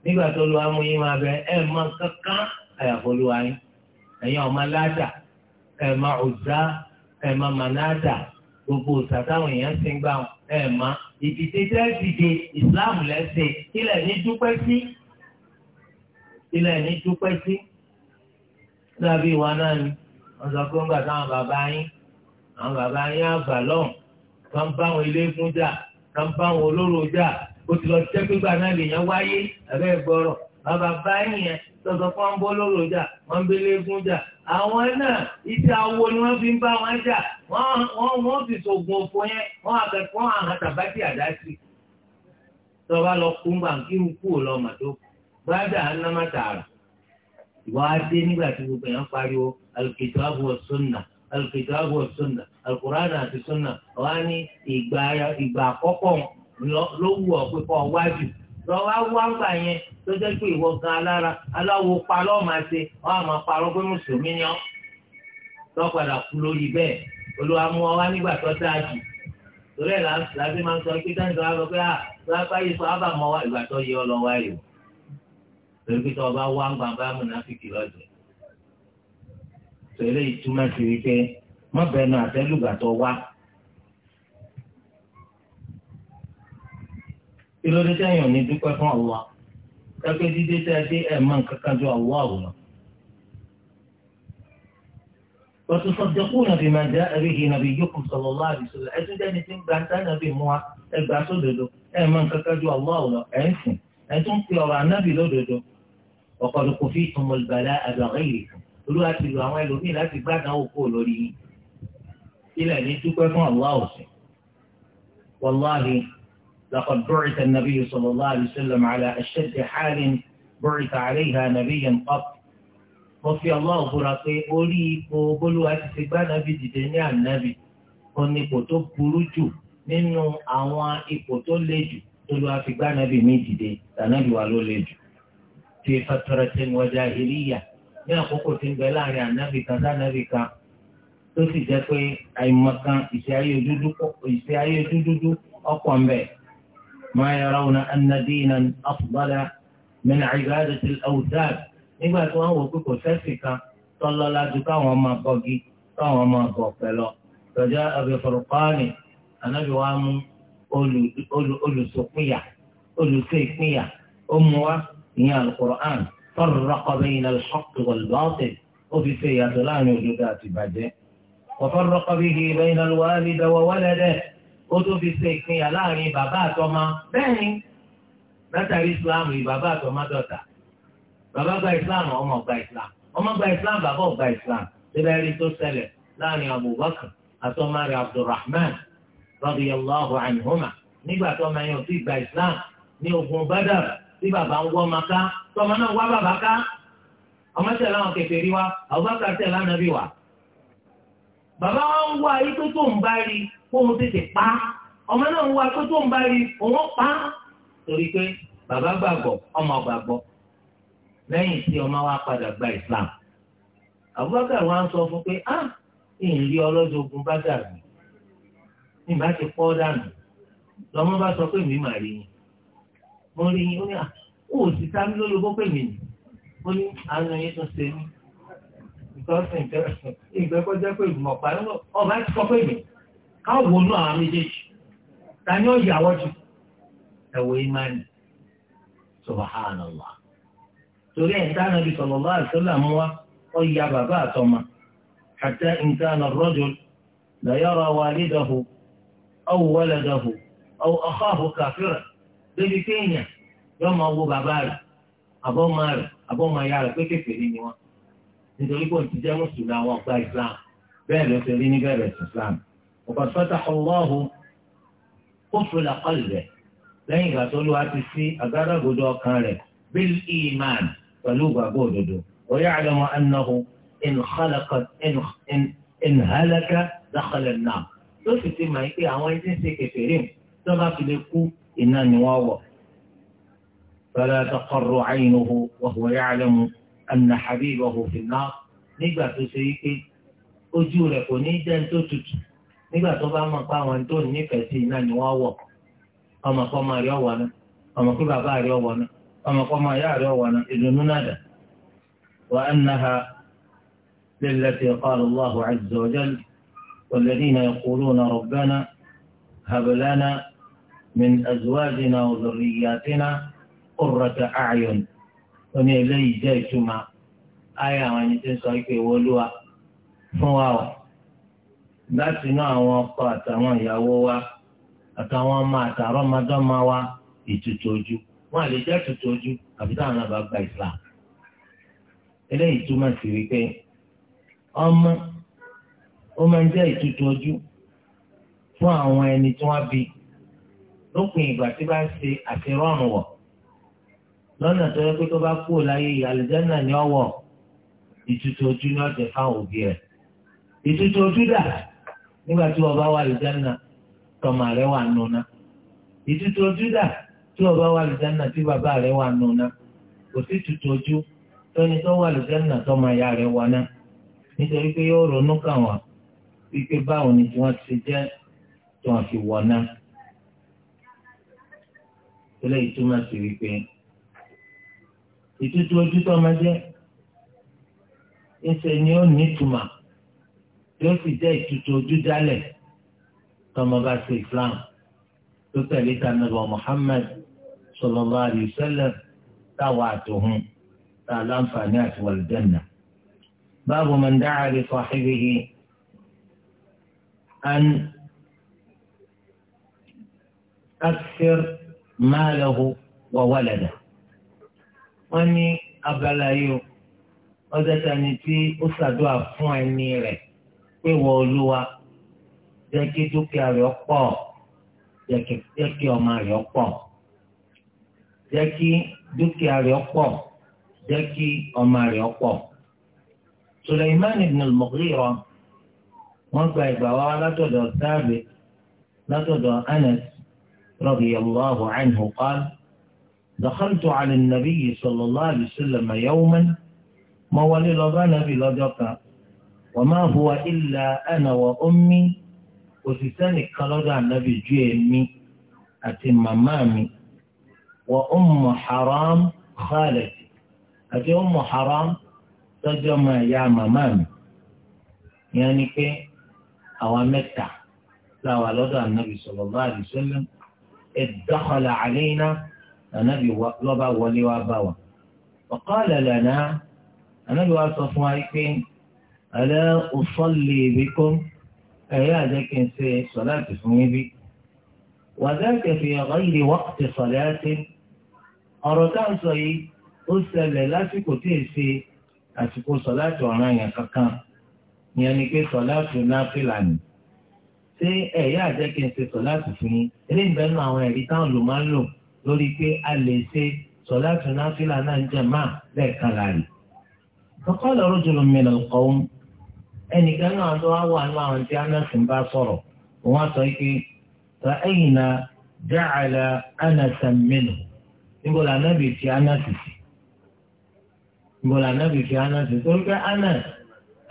nígbà tó lu amúyí máa bẹ ẹ mọ kankan àyàfolúwa yín ẹ̀yin ọmọ aláàtà ẹ má ọ̀zá ẹ má manáàtà gbogbo sàtáwọn èèyàn ti ń gbà wọn ẹ mọ ìdìde tẹ́ dìde ìsìláàmù lẹ́sẹ̀ ilẹ̀ ní dúpẹ́ sí ilẹ̀ ní dúpẹ́ sí dàbí ìwà náà ni wọ́n sọ pé ńgbà táwọn bàbá yín àwọn bàbá yín àgbà lọ́hùn tó ń bá àwọn eléégún jà tó ń bá àwọn olóró jà ó ti lọ jẹ́ pé gbà náà lèèyàn wáyé ẹ̀rẹ́ gbọ́rọ̀ bàbá báyìí yẹn tọ̀sọ̀ fún wọn bọ́ lóró jà wọn bẹ́lẹ̀ egun jà àwọn náà iṣẹ́ awo ni wọ́n fi ń bá wọn jà wọ́n wọ́n fi sògùn òfò yẹn wọ́n akẹ́kọ̀ọ́ àwọn tàbátì àdásí tọ́ba lọ kú ń bà ń kírun kú ò lọ mà tó gbádà ánámà tààrà ìwà adé nígbà tí gbogbo yẹn pariwo al-kitabu wa sunnah al-kitabu wa sunnah al-Qur'an àti sunnah wọ́n á ní ìgbà àkọ́kọ́ ló wù ọ́ pé kọ́ wájú lọ wá wá gbà yẹn tó jẹ́ pé ìwọ gan alára aláwo pa ṣe ọ́ àmọ́ parọ́ pé mùsùlùmí ni ọ́ kú lórí bẹ́ẹ̀ olúwa mú ọ wá nígbà tó dáa jù torí ẹ̀ láti máa ń sọ pé pé à ábà mọ́ wá ìgbà tó torí pé wá lọ́jọ́ ìtumọ̀ sí wípé mọ́bẹ̀ẹ́nu àtẹ́lùgbà tó kí ló dé sẹ́yìn ò ní dúpẹ́ fún Allah kápẹ́ dídé tẹ́ ẹ máa ń kankan ju Allah ọ̀hún lọ. وتصدقون بما جاء به نبيكم صلى الله عليه وسلم ẹtún jẹni tí ń gba sànàbì mú wa ẹgbà sódodo ẹ máa ń kankan ju aláwọ lọ ẹ ń sìn ẹtún ń pe ọ̀rọ̀ anábì lódodo ọkọọdún kò fi tún mọlùbàlà لقد بعث النبي صلى الله عليه وسلم على أشد حال بعث عليها نبي قط وفي الله فرقي أوليك وقلوا أتسبان بدنيا النبي أني كتب بلوجو nínú àwọn ipò tó le jù tó lọ àfigbá nàbì mí dìde tànàbì wà ló le jù ti fataratin wa jahiliya ní àkókò tí ń bẹ láàrin ànábì kan sànábì kan tó sì jẹ pé àìmọ̀kan ìṣe ayé dúdú ọkọ ń bẹ ما يرون أن دينا أفضل من عبادة الاوثان إذا هو كتو سفك صلى لا تكاو ما بقي كاو ما فجاء بفرقان أنا جوام أولو أولو سقية أولو سيكية أمها هي القرآن فرق بين الحق والباطل وفي سيئة لا بعده وفرق به بين الوالد وولده ó tún fi ṣe ìpínyà láàrin bàbá àtọmọ bẹ́ẹ̀ ni látàrí islam rí bàbá àtọmọ dọ̀tà bàbá gba islam ọmọ gba islam ọmọ gba islam bàbá ò gba islam síbẹ̀ rí tó ṣẹlẹ̀ láàrin abubakar àtọmọ rẹ̀ abdulrahman radiyallahu anhuma nígbà tó ọmọ yẹn ò sì gba islam ní ogun badar tí bàbá ń wọ́ ọmọ ká tọmọ náà wá bàbá ká ọmọ tẹ̀lé àwọn kèfèrí wa abubakar tẹ̀lé ànábì wa bàbá wa ń wá ayé tó tó ń bá rí kóun tètè pa ọmọ náà ń wá pé tó ń bá rí òun pa torí pé bàbá gbàgbọ́ ọmọ gbàgbọ́ lẹ́yìn tí ọmọ wa padà gba Islam Abubakar wa ń sọ fún pé ah ìrìn ọlọ́jọ́ ogun bá dàrú nígbà tí pọ́ dànù lọ́mọ bá sọ pé mi mà rí yín mo rí yín ó ní à ó sì ta mí lórí ogún pè mí nì ó ní àánú yín tó ṣe mí ìtọ́sìn ìgbẹ́kọ̀jẹ́ pé ìgbìmọ̀ pa ọba ti sọ pé mi káwọ̀ náà àwọn méjèèjì ta ni ó yàwọ́ jù ẹ̀wọ̀ ìmánì subhanallah torí ẹ̀ dáná bí sallallahu alaihi wasallam wa ó ya bàbá àtọmọ hatta in kana ar-rajul la yara walidahu aw waladahu aw akhahu kafiran débi kéèyàn yóò máa wo bàbá rẹ̀ àbọ̀mọ rẹ̀ àbọ̀mọ ya rẹ̀ pékèké ni wọn nítorí pé òun ti jẹ́ mùsùlùmí àwọn ọgbà islam bẹ́ẹ̀ ló rí ní bẹ̀rẹ̀ islam. وقد فتح الله قفل قلبه lẹ́yìn ìgbà tó lóa ti sí àgádágodo ọkàn rẹ̀ bil iman pẹ̀lú ìgbàgbọ́ òdodo ويعلم أنه إن خلق إن هلك دخل النار tó sì ti mọ̀ pé àwọn ẹni tí ń ṣe kẹfẹ́rìn tó bá fi lè kú iná ni wọ́n wọ̀. فلا تقر عينه وهو يعلم أن حبيبه في النار nígbà tó ṣe yí pé ojú rẹ̀ kò ní jẹ́ tó tutù nígbà tó bá mọ̀ pé àwọn tó nífẹ̀ẹ́ sí iná ni wọ́n wọ̀ ọmọ kọ́ máa rí ọ̀wọ́ náà ọmọ kí bàbá rí ọ̀wọ́ náà ọmọ kọ́ máa yá rí ọ̀wọ́ náà ìdùnnú náà dà wà á nà ha lillati qala Allahu azza wa jalla walladhina yaquluna rabbana hab lana min azwajina wa dhurriyyatina qurrata a'yun oní eléyìí jẹ́ ìtumọ̀ ayé àwọn ẹni tí ń sọ ìpè wọlúwa fún wa ọ̀ láti inú àwọn ọkọ àtàwọn ìyàwó wa àtàwọn ọmọ àtàrọ ọmọdọ́mọ wa ìtutù ojú wọn àlè jẹ́ tutù ojú àbí táwọn náà bá gba Islam eléyìí túmọ̀ sí wípé ọmọ ó máa ń jẹ́ ìtutù ojú fún àwọn ẹni tí wọ́n bí lópin ìgbà tí bá ń ṣe àtirọ́rùn wọ̀ lọ́nà tó yẹ pé tó bá kú láyé àlùjánnà ni ọ̀wọ̀ ìtutù ojú ni ọ̀jẹ̀ fáwọn òbí rẹ̀ ìtutù ojú dà nígbà tí wọ́n bá wà lùjánà tọmọ rẹ wà nùnà ìtutù ojú dà tí wọ́n bá wà lùjánà tí bàbá rẹ wà nùnà kò sí tutù ojú tóní tó wà lùjánà tọmọ ìyá rẹ wà náà nítorí pé yóò ronú kàn wá wípé báwo ni tí wọ́n ti jẹ́ tí wọ́n fi wọ̀ náà eléyìí túmọ̀ sí wípé ìtutù ojú tó máa jẹ́ ni ó ní ìtumọ̀ yóò sì jẹ́ ìtutù ojú jálẹ̀ tọmọ bá ṣe Islam tó tẹ̀lé kanabọ̀ Muhammad sallallahu alaihi wasallam táwa àtòhún tá a láǹfààní àti wàlùjẹ́nà. باب من دعا لصاحبه أن أكثر ماله وولده wọ́n ní abala yìí ọjọ́ tani tí ó ṣàdúrà fún ẹni rẹ̀ pé wọ olúwa jẹ́ kí dúkìá rẹ̀ pọ̀ jẹ́ kí ọmọ rẹ̀ pọ̀ jẹ́ kí dúkìá rẹ̀ pọ̀ jẹ́ kí ọmọ rẹ̀ pọ̀. Suleiman ibn al-Mughira wọ́n gba ìgbà wa látọ̀dọ̀ Thabit látọ̀dọ̀ Anas rọbì radiyallahu anhu qala دخلت على النبي صلى الله عليه وسلم يوما ما ولي لغا نبي لغا wa ma huwa illa ana wa ummi òṣìṣẹ́ nìkan lọ́dọ̀ ànábì ju èmi àti màmá mi wa ummu haram khalati àti ummu haram tọ́jú ọmọ ẹ̀yà màmá mi ìyẹn ni pé àwa mẹ́ta láwa lọ́dọ̀ ànábì sallallahu alaihi wasallam idakhala alaina ànábì lọ́ba wọlé wa bá wa wa qala lana ànábì wa sọ fún ala usalli bikum ẹ̀yà àjẹkẹ́ ṣe sọ̀láàtì fún yín bí. wàdáàkẹ́ fi ghayri waqti salati ọ̀rọ̀ tá à ń sọ yìí ó ṣẹlẹ̀ lásìkò tí è ṣe àsìkò sọ̀láàtì ọ̀ràn yẹn kankan ìyẹn ni pé sọ̀láàtì náfìlà ni ṣé ẹ̀yà àjẹkẹ́ ṣe sọ̀láàtì fún yín eléyìí bẹ́ẹ̀ àwọn ẹ̀rí táwọn lò máa ń lò lórí pé a lè ṣe sọ̀láàtì náfìlà náà máa lẹ́ẹ̀kan láàrin. فقال رجل من القوم ẹnìkan náà ló wá wà nínú àwọn tí Anas ń bá sọrọ wọ́n sọ pé fa náà ja'ala Anas minhu níbo la Ànábì fi Anas sí níbo la Ànábì fi Anas sí mama pé Anas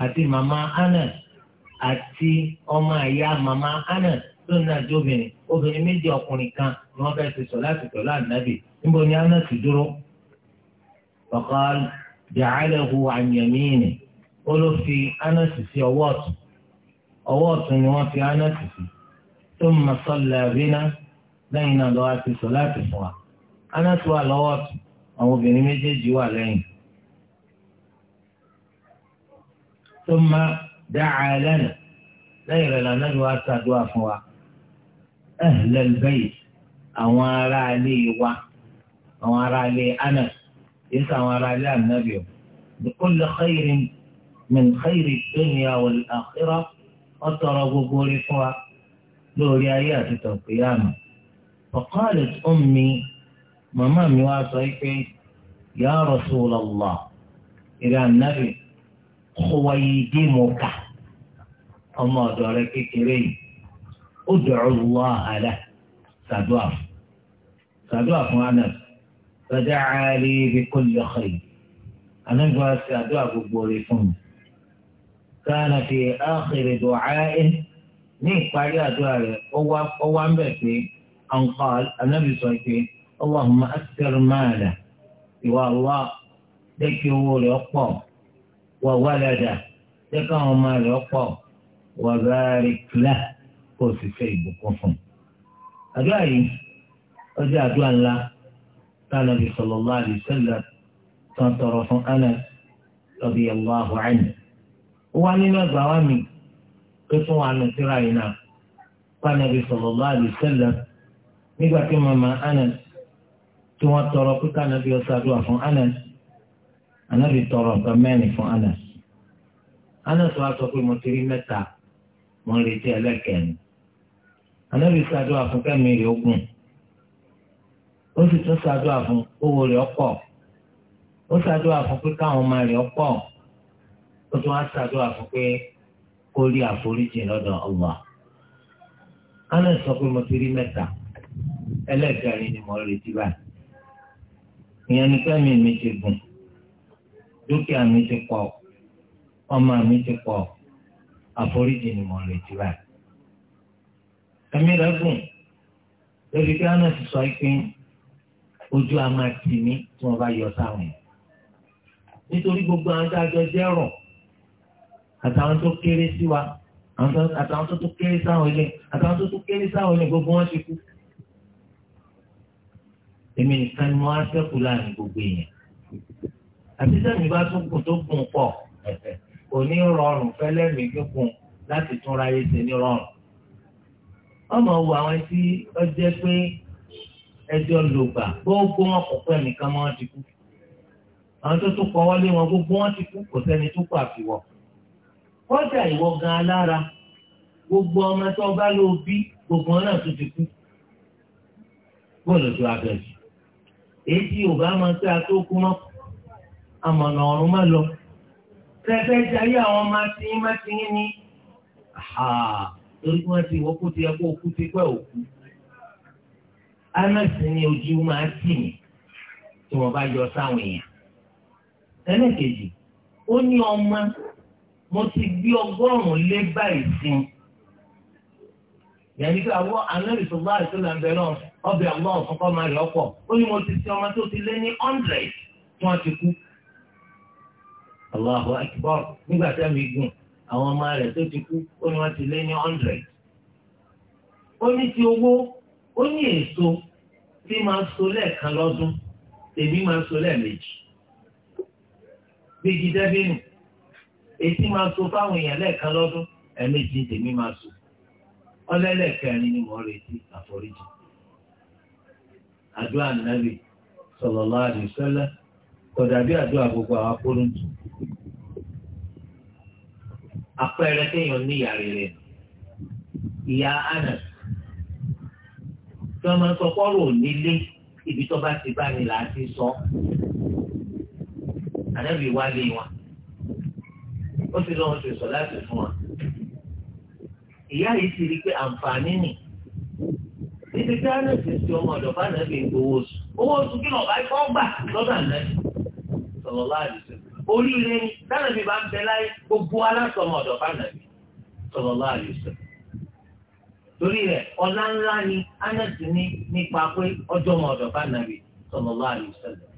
àti màmá Anas àti ọmọ àyà màmá tó obìnrin obìnrin méjì ọkùnrin kan ni wọ́n fẹ́ẹ́ ti sọ láti pẹ̀lú Ànábì níbo ni dúró. ó ló fi ánàsì sí ọwọ́ ọ̀tún ọwọ́ ọ̀tún ni wọ́n fi ánàsì sí tó ń masọ́lá bínà lẹ́yìn náà lọ́wọ́ ti sọ láti fún wa ánàsì wà lọ́wọ́ ọ̀tún àwọn obìnrin méjèèjì wà lẹ́yìn. tó ń ma dáa lẹ́nu lẹ́yìn rẹ̀ lànà ló wá sàdúrà fún wa ẹ̀hìnlẹ́lẹ́bẹ̀yì àwọn ará ilé wa àwọn ará ilé ánàsì yìí sọ àwọn ará ilé ànábìọ̀ ní kó xeyìrín. من خير الدنيا والآخرة أترى بقول فوا لوري آيات القيامة فقالت أمي ماما مواصيك يا رسول الله إلى النبي خويدمك أما دارك كريم ادعو الله له سادواف سادواف معنا فدعا لي بكل خير أنا جوا سادوا بقول كان في آخر دعائه نيك بعد أدواره هو عم بيتي أن قال النبي صلى الله عليه وسلم اللهم أكثر ماله سوى الله ديك يقول يقوم وولده ديك هو مال يقوم وبارك له kó o sì fẹ́ ìbùkún fún un. àdúrà yìí ó jẹ́ àdúrà ńlá tánàbí sallallahu alaihi wasallam tán tọrọ fún Anas radiyallahu anhu. wá nínú ẹgbà wá mi pé fún wa nù síra yìí náà pànàbí sallallahu alaihi nígbà tí màmá tí wọ́n tọrọ pé kànàbí ó ṣàdúrà fún Anas Ànábì tọrọ nǹkan mẹ́rin fún Anas Anas wá sọ pé mo ti rí mẹ́ta mo ń retí ẹlẹ́kẹ̀ẹ́ni Ànábì fún kẹ́mi rẹ̀ ogun ó sì tún ṣàdúrà fún owó ó pé káwọn ó tún wá ṣàdúrà fún pé kó rí àforíjì lọ́dọ̀ Allah. Kánà sọ pé mo ti rí mẹ́ta ẹlẹ́gbẹ̀rin ni mo retí báyìí. Ìyẹn ni kẹ́mi mi ti gùn, dúkìá mi ti pọ̀, ọmọ mi ti pọ̀, àforíjì ni mo retí báyìí. Ẹ̀mí rẹ̀ gùn lórí kí Kánà ti sọ pé ojú a máa tì mí tí wọ́n bá yọ sáwọn Nítorí gbogbo àwọn tá jẹ́ rọ̀ àtàwọn tó kéré sí wa àtàwọn tó tó kéré sáwọn ilé àtàwọn tó tó kéré sáwọn ilé gbogbo wọn ti kú. èmi nìkan ni mo á sẹ́kù láàrin gbogbo èèyàn àti sẹ́mi bá tún kù tó gùn pọ̀ kò ní rọrùn fẹ́lẹ́ mi gígùn láti tún ráyé ṣe ní rọrùn. ọmọ wo àwọn tí ó jẹ́ pé ẹjọ́ lògbà gbogbo wọn kò pẹ́ nìkan mọ́ ti kú àwọn tó tún kọ́ wọlé wọn gbogbo wọn ti kú kò sẹ́ni tó kọ́ àfiwọ́. kọjá ìwọ gan alára gbogbo ọmọ tó bá ló bí gbogbo ọ tó ti kú bọ́ọ̀lù tó abẹ́rẹ́ èyí ọba máa ń pẹ́ àmọ̀nà ọ̀run lọ tẹ́tẹ́ jayé àwọn ọmọ ní torí wọ́n ti wọ́pọ̀ kó kú òkú ni ojú máa tì mí tí wọ́n bá yọ sáwọn èèyàn ó ní mo ti gbé ọgọ́rùn-ún lé báyìí sí i. yẹ́nì kí àwọn anẹ́rìsọ bá àìsàn náà bẹ̀rẹ̀ náà ọbẹ̀ àwọn ọ̀kọ́kọ́ máa rẹ̀ ọ̀pọ̀ ó ní mo ti sin ọmọ tó ti lé ní hundred tí wọ́n ti kú. Allahu Akbar nígbà tí àmì gùn àwọn ọmọ rẹ̀ tó ti kú ó ní wọ́n ti lé ní hundred. ó ní ti owó ó ní èso tí máa so lẹ́ẹ̀kan lọ́dún èmi máa so lẹ́ẹ̀mejì. bí gidẹ́bínú ètí máa so fáwọn èèyàn lẹ́ẹ̀kan lọ́dún ẹ̀ẹ̀mejì tèmi máa so ọlẹ́lẹ́kẹrin ni mo retí àforíjì àdúrà nàbì sallallahu alaihi wasallam kò àdúrà gbogbo àwọn akóróntù àpẹẹrẹ téèyàn níyà rere ìyá Anas tí wọn máa sọ kọrọ onílé ibi tó bá sọ ó ti lọ́wọ́ ṣe sọ láti fún wa. ìyá yìí ti rí i pé àǹfààní nì níbi tí a náà ti ṣe ọmọ ọ̀dọ̀ bá náà fi gbowó oṣù owó oṣù kí lọ́ba ikọ́ gbà lọ́dọ̀ àná sọ̀rọ̀ láàrin sọ oríire ni dáná mi bá ń bẹ láyé gbogbo aláṣọ ọmọ ọ̀dọ̀ bá náà sọ̀rọ̀ láàrin sọ torí rẹ̀ ọlá ńlá ni anasi ní nípa pé ọjọ́ ọmọ ọ̀dọ̀ bá náà sọ̀rọ̀ láàrin sọ̀rọ̀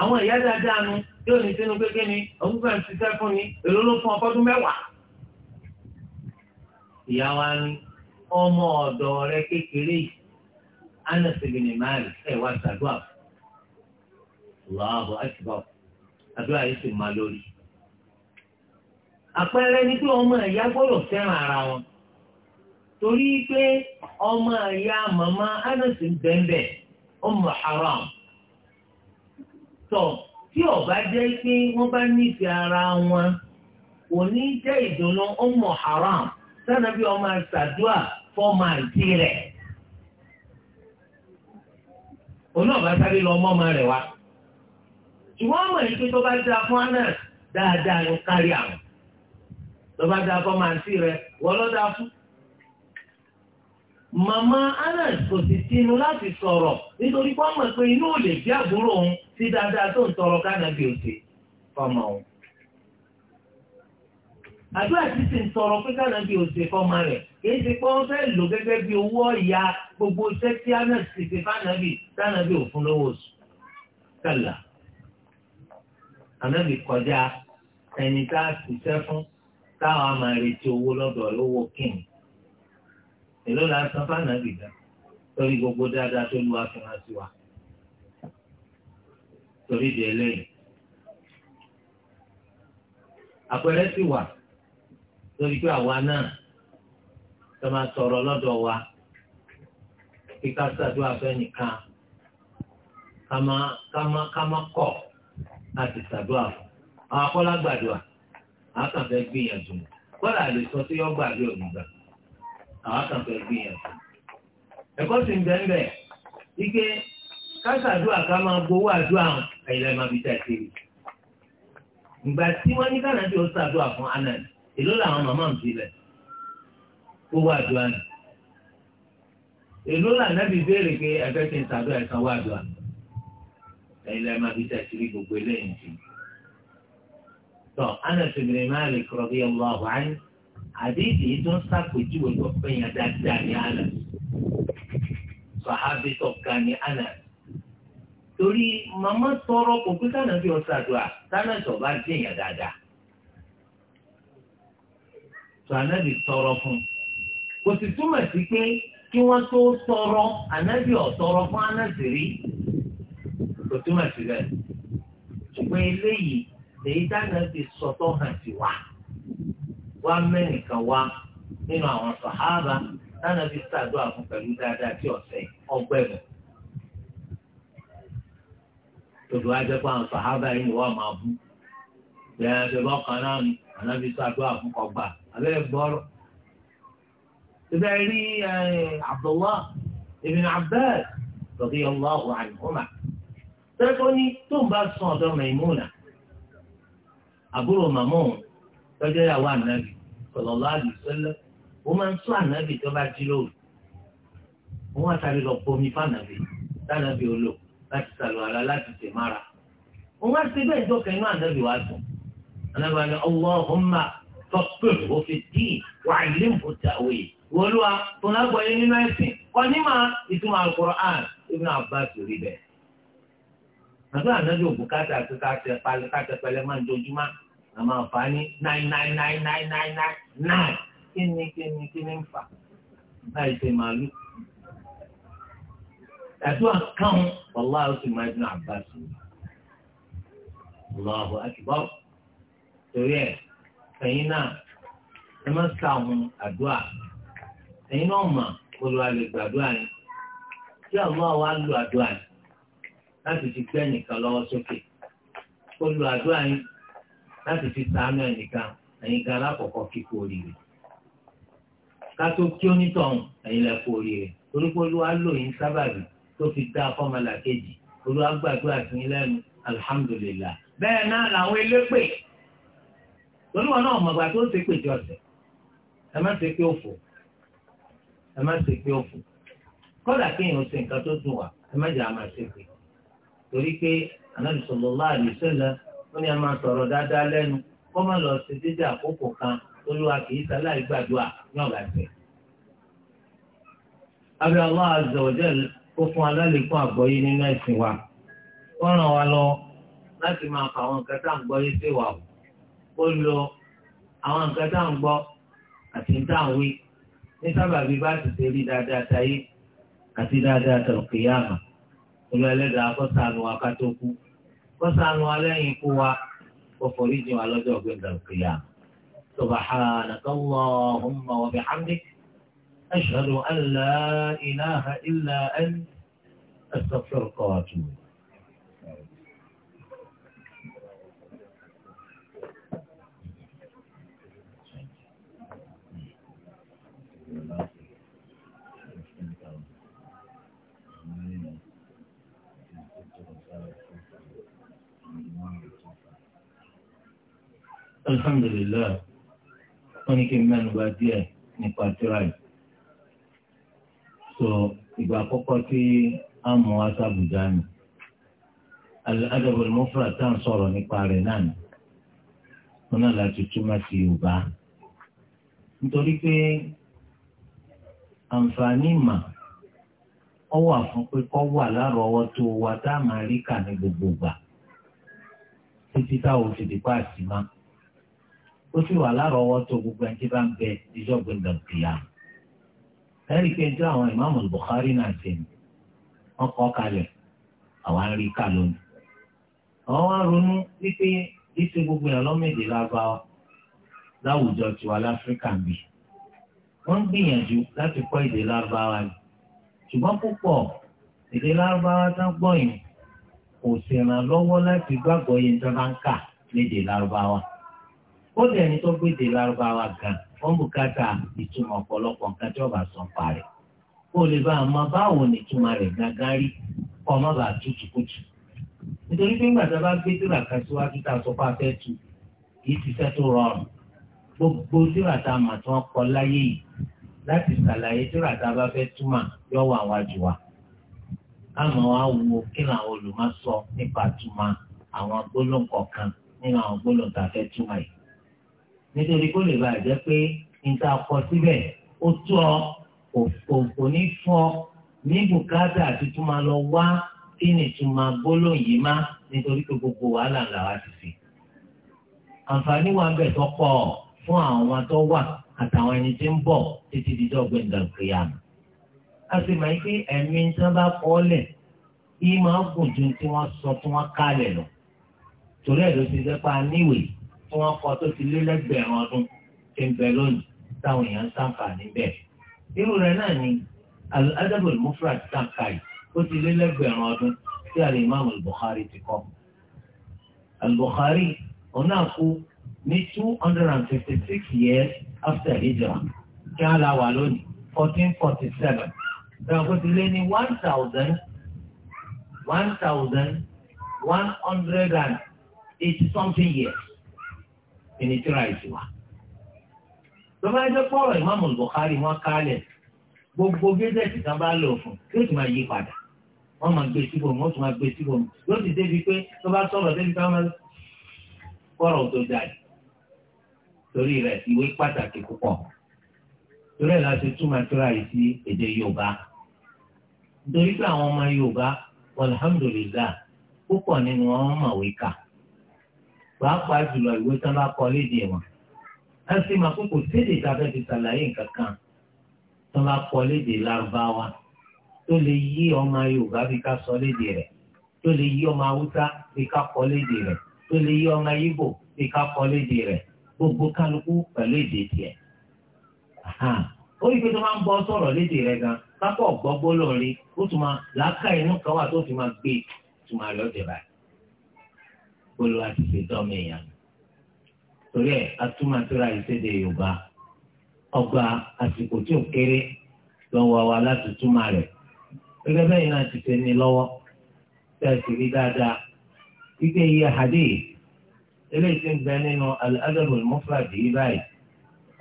àwọn ìyá dáadáa nu yóò ní sínú kékeré ni ọdún ń ṣiṣẹ́ fún ni èló ló fún ọkọ́dún mẹ́wàá. ìyá wa ní ọmọ ọ̀dọ̀ rẹ kékeré yìí Anas ibn Malik ẹ̀ wá ṣàdúrà Allahu akbar àdúrà yìí sì lórí. àpẹẹrẹ ni pé ọmọ ìyá gbọ́dọ̀ fẹ́ràn ara wọn torí pé ọmọ ìyá màmá Anas ń bẹ́ẹ̀ bẹ́ẹ̀ Haram. tọ̀ tí ọba jẹ́ pé wọ́n bá nífẹ̀ẹ́ ara wọn kò ní jẹ́ ìdùnnú ọmọ haram bí ọmọ àṣàdúà fọmọ àǹtí rẹ̀ bá sáré lọ ọmọ ọmọ rẹ wa. ṣùgbọ́n ọmọ yìí pé tó bá dáa fún anas dáadáa ló kárí àwọn tó bá fún ọmọ wọ́n fún màmá kò sì láti sí dáadáa tó ń tọrọ kánàbì òsè fọmọ o. àdúrà tí sì ń tọrọ pé kánàbì òsè fọmọ rẹ̀ kìí ṣe pé wọ́n fẹ́ lò gẹ́gẹ́ bí owó ọ̀ya gbogbo iṣẹ́ tí anas ti fi kánàbì kánàbì òfun lówó oṣù kẹlà. ànábì kọjá ẹni tá a ṣiṣẹ́ fún táwọn a máa retí owó lọ́dọ̀ lówó kìnnì. èló la san fánàbì dá lórí gbogbo dáadáa tó lu àfihàn sí wa. torí ìdí ẹlẹ́yìn. àpẹẹrẹ sì wà lórí pé àwa náà tó máa lọ́dọ̀ wa kí ká ṣàdúrà fẹ́nìkan ká má kọ̀ láti ṣàdúrà fún àwọn akọ́lá gbàdúrà àwọn kan fẹ́ gbìyànjú kọ́lá lè sọ sí ọgbà àbí àwọn kan fẹ́ gbìyànjú kásàdúrà ká máa gbowó àdúrà àyìnlẹ̀ máa fi tẹ̀ sí i. ìgbà tí wọ́n ní kánàdì ó sàdúrà fún anan èló làwọn màmá ń bilẹ̀ gbowó àdúrà nì. èló làǹdàbí béèrè pé ẹgbẹ́ ti ń sàdúrà ẹ̀ka wá àdúrà àyìnlẹ̀ máa fi tẹ̀ sí i gbogbo eléyìí jù. tọ́ Anas ibn Malik radiyallahu anhu àdéhìí tó ń sàpèjúwe lọ́pẹ́ yẹn dáadáa ní àná. sàhábì tó ga torí màmá tọrọ kò pé kánàbí ọ̀sàdùà kánàbí dáadáa tó tọrọ fún kò sì túmọ̀ sí pé kí wọ́n tọrọ ànábì ọ̀tọrọ fún ànásìrí kò túmọ̀ sí bẹ́ẹ̀ ṣùgbọ́n eléyìí lèyí tánàbì sọ̀tọ̀ hàn sí wa wá mẹ́nìkan wá nínú àwọn fún pẹ̀lú dáadáa tí ọ̀sẹ̀ tòdò ajẹ́ pé àwọn sàhábà yìí ni wọ́n máa bú bẹ́ẹ̀ ṣe bọ́ kan náà ni ànábi sàdúrà fún ọgbà abẹ́rẹ́ gbọ́rọ̀. ibẹ̀ rí Abdullah ibn Abbas radiyallahu anhuma tẹ́kọ́ ní tó ń bá sún ọ̀dọ̀ Maimuna àbúrò màmá òun tọ́jọ́ ìyàwó ànábì sallallahu alaihi wasallam wọ́n máa ń sún ànábì tó bá jí lóru wọ́n wá sáré lọ bomi fún ànábì tánàbì olóko láti sàlùwàlá láti tè mára wọn wá sí bẹ́ẹ̀ jọ kẹ́yìn náà ànábì wá sùn ànábì wá ní Allahumma faqqihhu fid-din wa'allimhu ta'wil wọlúwa tó ń lágbọ́ yé nínú ẹ̀sìn kọ́ ní ma ìtumọ̀ al-Qur'an Ibn Abbas rí bẹ́ẹ̀ àdúrà ànábì òbúkátà àti kátẹ́pẹ́lẹ́ máa ń dojúmọ́ àmọ́ àǹfààní nine nine nine nine nine nine kíni kíni àdúrà káwọn wàlá oṣù máa ń àbá sí i Allahu akbar torí ẹ ẹ̀yin náà ẹ má sa àwọn àdúrà ẹ̀yin náà mà olùwàlẹ̀gbàdúrà yẹn tí àwọn àwa lo àdúrà yẹn láti fi sókè àdúrà yẹn láti fi sàánú ẹ̀yin kan kíkó oríire ká tó kí onítọ̀hún ẹ̀yin tó fi dá fọ́mọlà kejì olúwa gbàdúrà sí lẹ́nu alihamudulilayi bẹ́ẹ̀ náà làwọn elépè olúwa náà mọ̀gbà tó ṣe pé jọ̀sẹ̀ ẹ má ṣe pé òfò ẹ má ṣe pé òfò kọ́dà kéèyàn ṣe nǹkan tó dùn wá ẹ má jẹ́ àmà ṣe pé torí pé Ànábì sallallahu alaihi a máa sọ̀rọ̀ dáadáa lẹ́nu kó má lọ sí kan olúwa kì í sáláì gbàdúrà ní ọ̀gá ó fún alálẹ́kùn àgbọ́yé nínú ẹ̀sìn wa ó ràn wá lọ láti máa fà àwọn nǹkan tá à ń gbọ́ yé sí wa ó lo àwọn nǹkan tá à ń gbọ́ àti tá à ń wí ní sábàbí bá ti ṣe rí dáadáa táyé àti dáadáa tọ̀kìyàmà olú ẹlẹ́dàá kọ́sàánù wa ká tó kú kọ́sàánù wa lẹ́yìn ikú wa kó foríjì wa lọ́jọ́ ọ̀gbìn tọ̀kìyàmà subhanaka Allahumma wa bihamdik. أشهد أن لا إله إلا أن أستغفر وأتوب الحمد لله ونكمل بعد ذلك نقاط so ìgbà àkọ́kọ́ tí a mọ̀ wá sábùjá nù al-adabul mufrad tá à ń sọ̀rọ̀ nípa rẹ̀ náà nù wọn náà láti túmọ̀ sí yorùbá nítorí pé àǹfààní mà ọ wà fún pé kọ́ wà lárọ̀ọ́wọ́tó wa tá a máa rí kà ní gbogbo gbà títí táwọn fi dìpá àsìmá ó sì wà lárọ̀ọ́wọ́tó gbogbo ẹni tí bá ń bẹ ìjọba ìdàgbìyàwó ẹ̀rí pé ní àwọn ìmáàmù Bukhari náà ṣe ni wọ́n kọ́ kalẹ̀ àwọn arí ká lónìí. àwọn wá ronú wípé ìṣe gbogbo yẹn lọ́mọdé lágbáwá láwùjọ tiwa láfíríkà bì. wọ́n ń gbìyànjú láti kọ́ èdè lágbáwá ni ṣùgbọ́n púpọ̀ èdè lárúbáwá tán gbọ́ yìí kò sì ràn lọ́wọ́ láti gbàgbọ́ yẹn tó bá ń kà lédè lárúbáwá. ó dẹ̀ ní tó gbé èdè lárúbáwá gan-an wọ́n kata ìtumọ̀ ọ̀pọ̀lọpọ̀ nǹkan tí ọba sọ parẹ́ kó o lè bá a máa báwo ni ìtumọ̀ rẹ̀ gángan rí kọ́ ọ má bàa tutù kùtù nítorí pé ńgbà tá a bá gbé tíra kan síwájú tá a sọ pé fẹ́ tu kì í ṣiṣẹ́ tó rọrùn gbogbo tíra tá a mà tí wọ́n kọ láyé yìí láti ṣàlàyé tíra tá a bá fẹ́ túmọ̀ yọ wà wájú wa káàmọ́ wa wo kí làwọn olùmọ̀ sọ nípa túmọ̀ àwọn gbólóǹkọ̀ọ̀kan nínú àwọn gbólóǹkà fẹ́ túmọ̀ yìí nítorí kó lè bàa jẹ́ pé níta kọ síbẹ̀ ó tó ọ kò ní fọ ní bùkátà àti tó máa lọ wá kí ni tó máa gbólóhùn yìí má nítorí pé gbogbo wàhálà làwa ti fi. àǹfààní wa ń bẹ̀ tó pọ̀ fún àwọn tó wà àtàwọn ẹni tí ń bọ̀ títí di dọ́gbẹ́ ìdàgbéyà. a sì máa ń pé ẹ̀mí tí bá kọ́ lẹ̀ yìí máa gùn ju tí wọ́n sọ tí wọ́n kálẹ̀ lọ. torí ẹ̀ ló ti dẹ́pà níwèé tí wọ́n kọ́ tó ti lé lẹ́gbẹ̀rún ọdún ti ń bẹ lónìí táwọn èèyàn ń sàǹfààní bẹ́ẹ̀. irú rẹ̀ náà ni al-adabul mufrad sàǹkà yìí ó ti lé lẹ́gbẹ̀rún ọdún tí al-imam bukhari ti kọ́. al òun náà kú ní two hundred and fifty six years after hijra kí á la wà lónìí fourteen forty seven. ìgbà kó ti lé ní one thousand one thousand one hundred and eighty something years ẹni tíra ìsìn wa. lọ́wọ́ ẹjọ́ pọ̀rọ̀ ìmáàmù Bukhari wọn kálẹ̀ gbogbo gẹ́gẹ́sì kan bá lò fún yóò tún máa yí padà wọ́n máa gbé síbò wọ́n tún máa gbé síbò yóò ti débi pé tó bá sọ̀rọ̀ débi ká máa kọ́rọ̀ tó jáde torí rẹ̀ ìwé pàtàkì púpọ̀ torí ẹ̀ la ṣe túmọ̀ tíra yìí sí èdè Yorùbá nítorí pé àwọn ọmọ Yorùbá alhamdulillah púpọ̀ nínú wọn mọ̀wé pàápàá jùlọ ìwé tán bá kọ léde wọn ẹ sì máa kó kò séde tàbí ti ṣàlàyé nǹkan kan tán bá kọ léde lárúbáwá tó lè yí ọmọ Yorùbá bí ká sọ léde rẹ̀ tó lè yí ọmọ Haúsá bí ká kọ léde rẹ̀ tó lè yí ọmọ Ìgbò bí ká kọ léde rẹ̀ gbogbo kálukú pẹ̀lú èdè tiẹ̀ ó pé tó máa ń bọ́ sọ̀rọ̀ léde rẹ̀ gan kápọ̀ gbọ́gbó lórí ó tún máa làákà inú kan wà tó fi máa gbé ìtumọ̀ àlọ́ jẹ̀ báyìí. kólú àti ṣètò ọmọ èèyàn torí ẹ̀ atúmọ̀tìrà ìṣèdè yorùbá ọgbà àsìkò tí ò kéré lọ́wọ́ wa láti túmọ̀ rẹ̀ gẹ́gẹ́ bẹ́ẹ̀ náà ti ṣe ní lọ́wọ́ tẹ́ ẹ sì rí dáadáa gbígbé iye eléyìí ti ń bẹ nínú al-adabul mufrad báyìí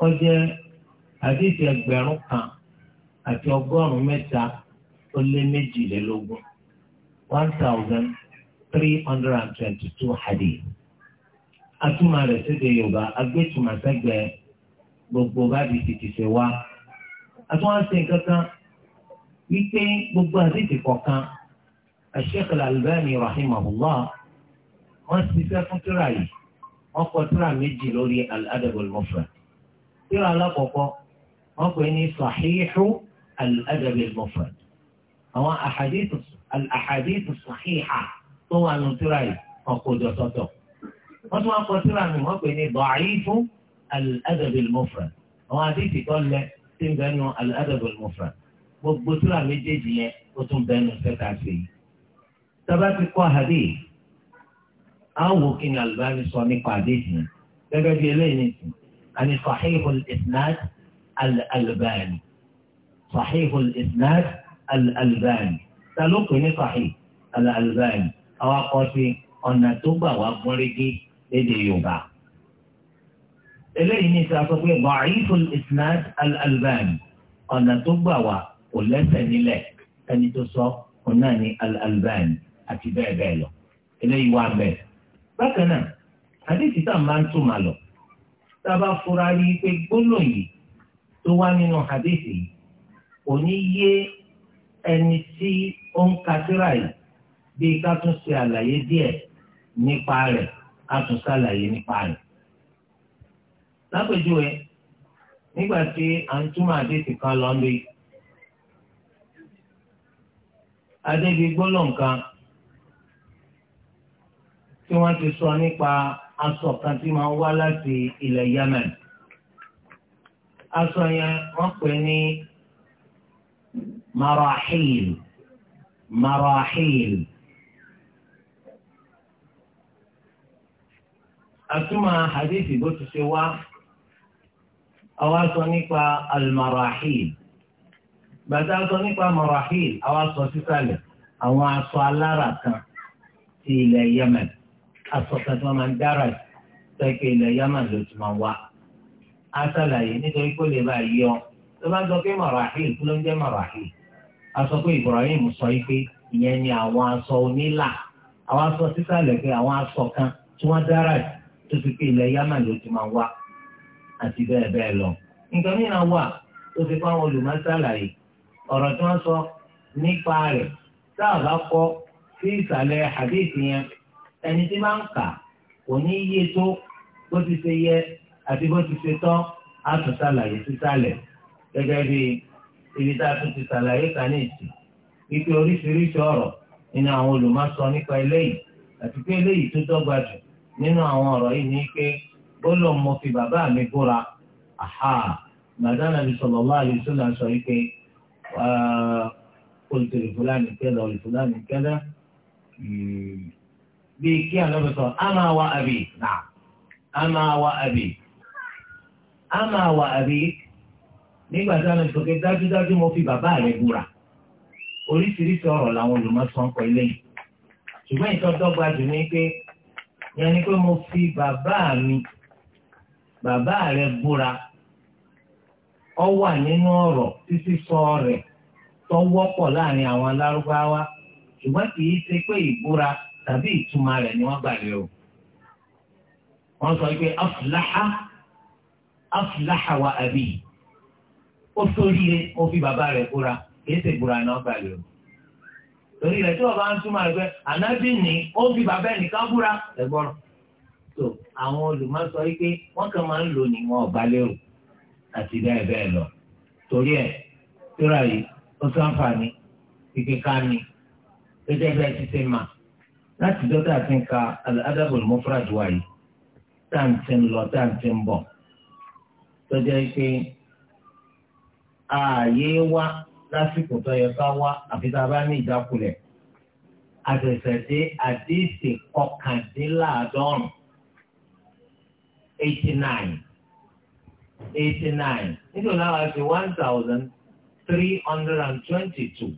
ó jẹ́ hadith ẹgbẹ̀rún kan àti ọgọ́rùn-ún mẹ́ta ó lé méjìlélógún three hundred and twenty-two hadith. Atúmọ̀ rẹ̀ séde Yorùbá, agbẹ́tùmọ̀ sẹ́gbẹ̀ gbogbo bá di títí ṣe wá. Àtúwáṣe kankan wípé gbogbo àdìsí kọ̀ọ̀kan Sheikh Al-Albani rahimahullah wọ́n ṣiṣẹ́ fún tíra yìí. Wọ́n kọ tíra méjì lórí Al-Adab al Tíra alákọ̀ọ́kọ́ wọ́n pè ní Sahihu Al-Adab al Àwọn àhàdìsí al tó wà nù tíra yìí wọn kò jọ sọ́tọ̀ wọn tún wọn kọ tíra mi wọn pè ní da'ifun al-adab al-mufrad àwọn àdìsí kọ lẹ tí ń bẹnu al-adab al-mufrad gbogbo tíra méjèèjì yẹn ó tún bẹnu sẹta sí i tọba ti kọ hadith àwọn wò kí ni Albani sọ nípa hadith yẹn gẹ́gẹ́ bí eléyìí nìkan àní sahihul isnad al-Albani sahihul isnad al ní sahih al àwọn akọ́sí ọ̀nà tó gbà wá gún régé lédè yorùbá. eléyìí ní ìsàkó pé bàáyífòl isnad al-albani ọ̀nà tó gbà wá kò lẹ́sẹ̀ nílẹ̀ ẹni tó sọ òun náà ní al-albani àti bẹ́ẹ̀ bẹ́ẹ̀ lọ eléyìí wà bẹ́ẹ̀. bákan náà àdéhìí tá a máa ń túmọ̀ lọ tá a bá fura rí pé gbólóyìn tó wá nínú àdéhìí kò ní yé ẹni tí ó ń ka yìí bíi ká tún ṣe àlàyé díẹ̀ nípa rẹ̀ ká tún ṣàlàyé nípa rẹ̀. lápèjúwe nígbà tí à ń túmọ̀ àdéhùn kan lọ lóye adébí gbólóǹkan tí wọ́n ti sọ nípa aṣọ kan tí máa ń wá láti ilẹ̀ Yemen aṣọ yẹn wọ́n pè ní marahil marahil. àtúmọ̀ hadithi bó ti ṣe wá àwa sọ nípa almarahil bàtà sọ nípa marahil àwa sọ sísàlẹ̀ àwọn aṣọ alára kan ti ilẹ̀ yemen aṣọ kan tí wọ́n máa ń dára sẹ́kẹ̀ ilẹ̀ yemen ló ti máa wá aṣàlàyé nítorí kó lè bá yí ọ tó bá sọ pé marahil kí ń jẹ́ marahil a pé Ibrahim sọ yìí pé ìyẹn ni àwọn aṣọ onílà àwọn aṣọ sísàlẹ̀ pé àwọn aṣọ kan tí wọ́n dára yìí tó fi pé ilẹ̀ yámà ló ti máa wá àti bẹ́ẹ̀ bẹ́ẹ̀ lọ. nǹkan mìíràn wà tó fi fáwọn olùmọ̀sálàyé ọ̀rọ̀ tí wọ́n sọ nípa rẹ̀ tá a bá kọ́ sí ìsàlẹ̀ hadith yẹn ẹni tí máa ń kà kò ní yé tó bó ti ṣe yẹ àti bó ti ṣe tán á tún ṣàlàyé sísàlẹ̀ gẹ́gẹ́ bí ibi tá a tún ti ṣàlàyé kan ní oríṣiríṣi ọ̀rọ̀ nínú àwọn olùmọ̀sọ nípa eléyìí àti pé eléyìí tó dọ́gba jù nínú àwọn ọ̀rọ̀ yìí ní pé ó lọ mọ fi bàbá mi búra àhà màdánà bí sallallahu alaihi wasallam sọ yìí pé qultu li fulani kada li fulani kada hmm. bíi kí ànábì sọ ama wa abi nà ama wa abi ama wa abi nígbà tí ànábì sọ pé dájúdájú mo fi bàbá rẹ búra oríṣiríṣi ọ̀rọ̀ làwọn olùmọ̀sán kọ ilé yìí ṣùgbọ́n ìtọ́jú ọgbà jù ní pé. yẹn ni pé mo fi bàbá mi bàbá rẹ búra ọ wà nínú ọ̀rọ̀ títí sọ rẹ̀ tó wọ́pọ̀ láàrin àwọn alárúbáwá ṣùgbọ́n kì í ṣe pé ìbúra tàbí o sọ pé wa àbí ó fi bàbá rẹ búra kì í ṣe ni gbà lé o. torí rẹ̀ tí wọ́n bá ń túmọ̀ rẹ̀ pé ànábì ní ó fi bàbá ẹnìkan búra ẹ̀gbọ́rọ̀ tó àwọn olùmọ̀sọ yìí pé wọ́n kàn máa ń lò ní wọn ọ̀bá lérò àti bẹ́ẹ̀ bẹ́ẹ̀ lọ torí ẹ̀ tíra yìí ó sáǹfààní kíkẹ́ ká ní gẹ́gẹ́ bẹ́ẹ̀ ti ṣe máa láti dọ́tà ti ń ka al-adabul mufrad wa yìí tá à ń ti ń lọ tá à ti ń bọ̀ tọ́jà yìí pé ààyè wá lásìkò tó yẹ ká wá àfi tá a bá ní ìjákulẹ̀ àtẹ̀sẹ̀dé àdéhìsì kọkàndínláàdọ́rùn eighty nine eighty nine nítorí náà wàá ṣe one thousand three hundred and twenty two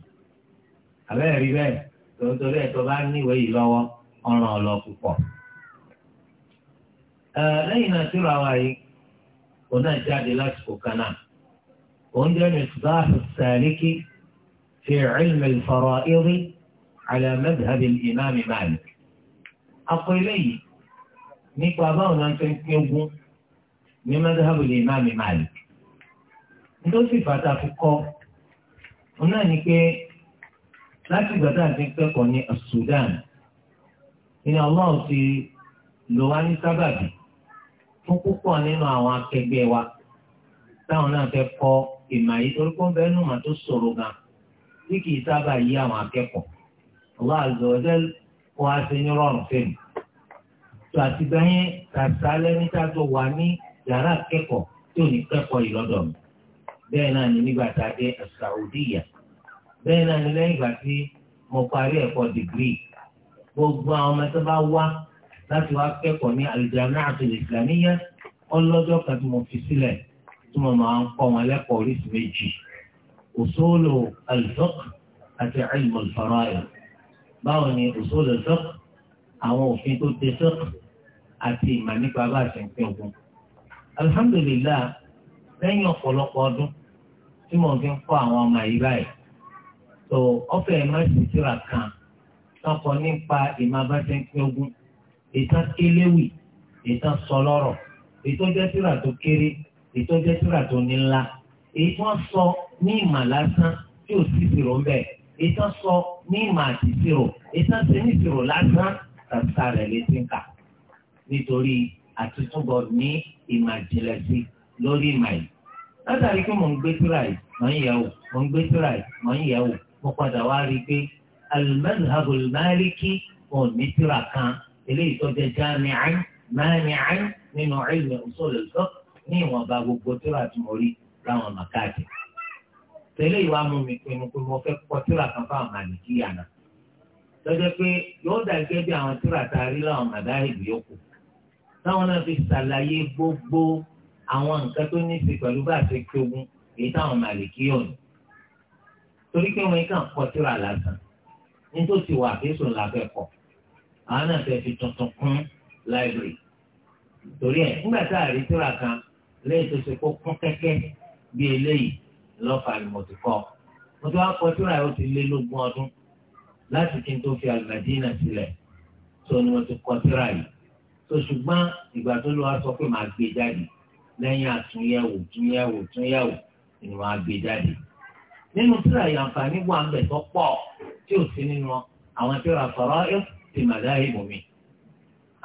àbẹ́rẹ́ rí bẹ́ẹ̀ tòótórí ẹ̀ tó bá níwèé yìí lọ́wọ́ ọ̀ràn ọ̀lọ́ púpọ̀. lẹ́yìn náà tíra wa yìí kò náà jáde lásìkò kan náà. وعندنا إصباح السالك في علم الفرائض على مذهب الإمام مالك أقولي نيكو أباونا تنكيبو من مذهب الإمام مالك. mi máa lè. Nítorí sì fàtà fi kọ́, òun náà ni pé láti ìgbà tá a ti kẹ́kọ̀ọ́ ní Sudan, ìní ọlọ́run ti lò wá ní sábàbí fún púpọ̀ nínú àwọn akẹgbẹ́ wa táwọn náà fẹ́ kọ́ ìmọ̀ yìí torí kó ń bẹ́ẹ̀ nùmọ̀ tó ṣòro gan tí kì í sábà yí àwọn akẹ́kọ̀ọ́ ọlọ́ àzọ ọjọ́ wa ṣe ní rọrùn fẹ́mi tó àti bẹ́yẹn tàṣà lẹ́ni tá a jọ wà ní yàrá akẹ́kọ̀ọ́ tí ò ní kẹ́kọ̀ọ́ yìí lọ́dọ̀ mi bẹ́ẹ̀ náà ni nígbà tá a dé Saudiya bẹ́ẹ̀ náà ni lẹ́yìn ìgbà tí mo parí ẹ̀kọ́ dìgírì gbogbo àwọn ọmọ tó bá wá láti wá kẹ́kọ̀ọ́ ní al-Jami'atul Islamiyya ọlọ́jọ́ kan tí mo fi sílẹ̀ tí mo máa ń kọ́ wọn lẹ́kọ̀ọ́ oríṣi méjì usulu al-fiqh àti ilmu al-fara'id báwo ni usulu al-fiqh àwọn òfin tó de fiqh àti ìmọ̀ nípa bá a ṣe ń pín ogun. alhamdulillah lẹ́yìn ọ̀pọ̀lọpọ̀ ọdún tí mo fi ń kọ́ àwọn ọmọ yìí báyìí tó ọ̀fẹ́ mẹ́sìtìrà kan tọkọ nípa ìmọ̀ bá ogun ìtàn kéléwì ìtàn sọlọ́rọ̀ ìtọ́jẹ́sìrà tó kéré ìtọ́jú tíra tó ní ńlá èyí tí wọ́n sọ ní ìmọ̀ lásán tí ò sí ìṣirò ńbẹ̀ èyí tí wọ́n sọ ní ìmọ̀ àti ìṣirò èyí tí wọ́n sọ ní ìṣirò lásán kàtà rẹ̀ létí ń kà nítorí àtúntúbọ̀ ní ìmọ̀ ìjìnlẹ̀ sí lórí ìmọ̀ yìí látàrí pé mò ń gbé tíra yìí mò ń yẹ̀wò mò ń gbé tíra yìí mò ń yẹ̀wò mo padà wá rí i pé al-madhhabul maliki ò ní tíra kan eléyìí tó jẹ́ jáàmì àìn máàmì àìn nínú ilmi usul al ní ìwọ̀nba gbogbo tíra tí mo rí láwọn màkáàdì. tẹ́lẹ̀ ìwà mú mi pinnu pé mo fẹ́ kọ tíra kan fáwọn màlìkíyà náà. lọ́jọ́ pé yóò dà gẹ́gẹ́ bí àwọn tíra tá a rí láwọn màdáì yòókù. táwọn náà fi ṣàlàyé gbogbo àwọn nǹkan tó ní í ṣe pẹ̀lú bá a ṣe kí ogun èyí táwọn màlìkíyà ní. torí pé wọn kàn kọ tíra lásán nítòsí wà fẹ́sùn làbẹ́ kọ àwọn náà fẹ́ fi tuntun kún láìbírì torí ẹ̀ nígbà tá a rí tíra kan lẹ́yìn tó ṣe kó kún kẹ́kẹ́ bí eléyìí lọ́fà àlùmọ̀tò kọ́ mo ti wá kọ síra ó ti lé lógún ọdún láti kí n tó fi àlùmọ̀dínà sílẹ̀ tó ni mo ti kọ síra yìí tó ṣùgbọ́n ìgbà tó lọ́wọ́ sọ pé màá gbé jáde lẹ́yìn àtúnyẹ̀wò túnyẹ̀wò túnyẹ̀wò ni màá gbé jáde nínú síra yìí àǹfààní wà ń bẹ̀ tó pọ̀ tí ò sí nínú àwọn síra fọ̀rọ̀ ẹ̀ ti màdáyé bùnmi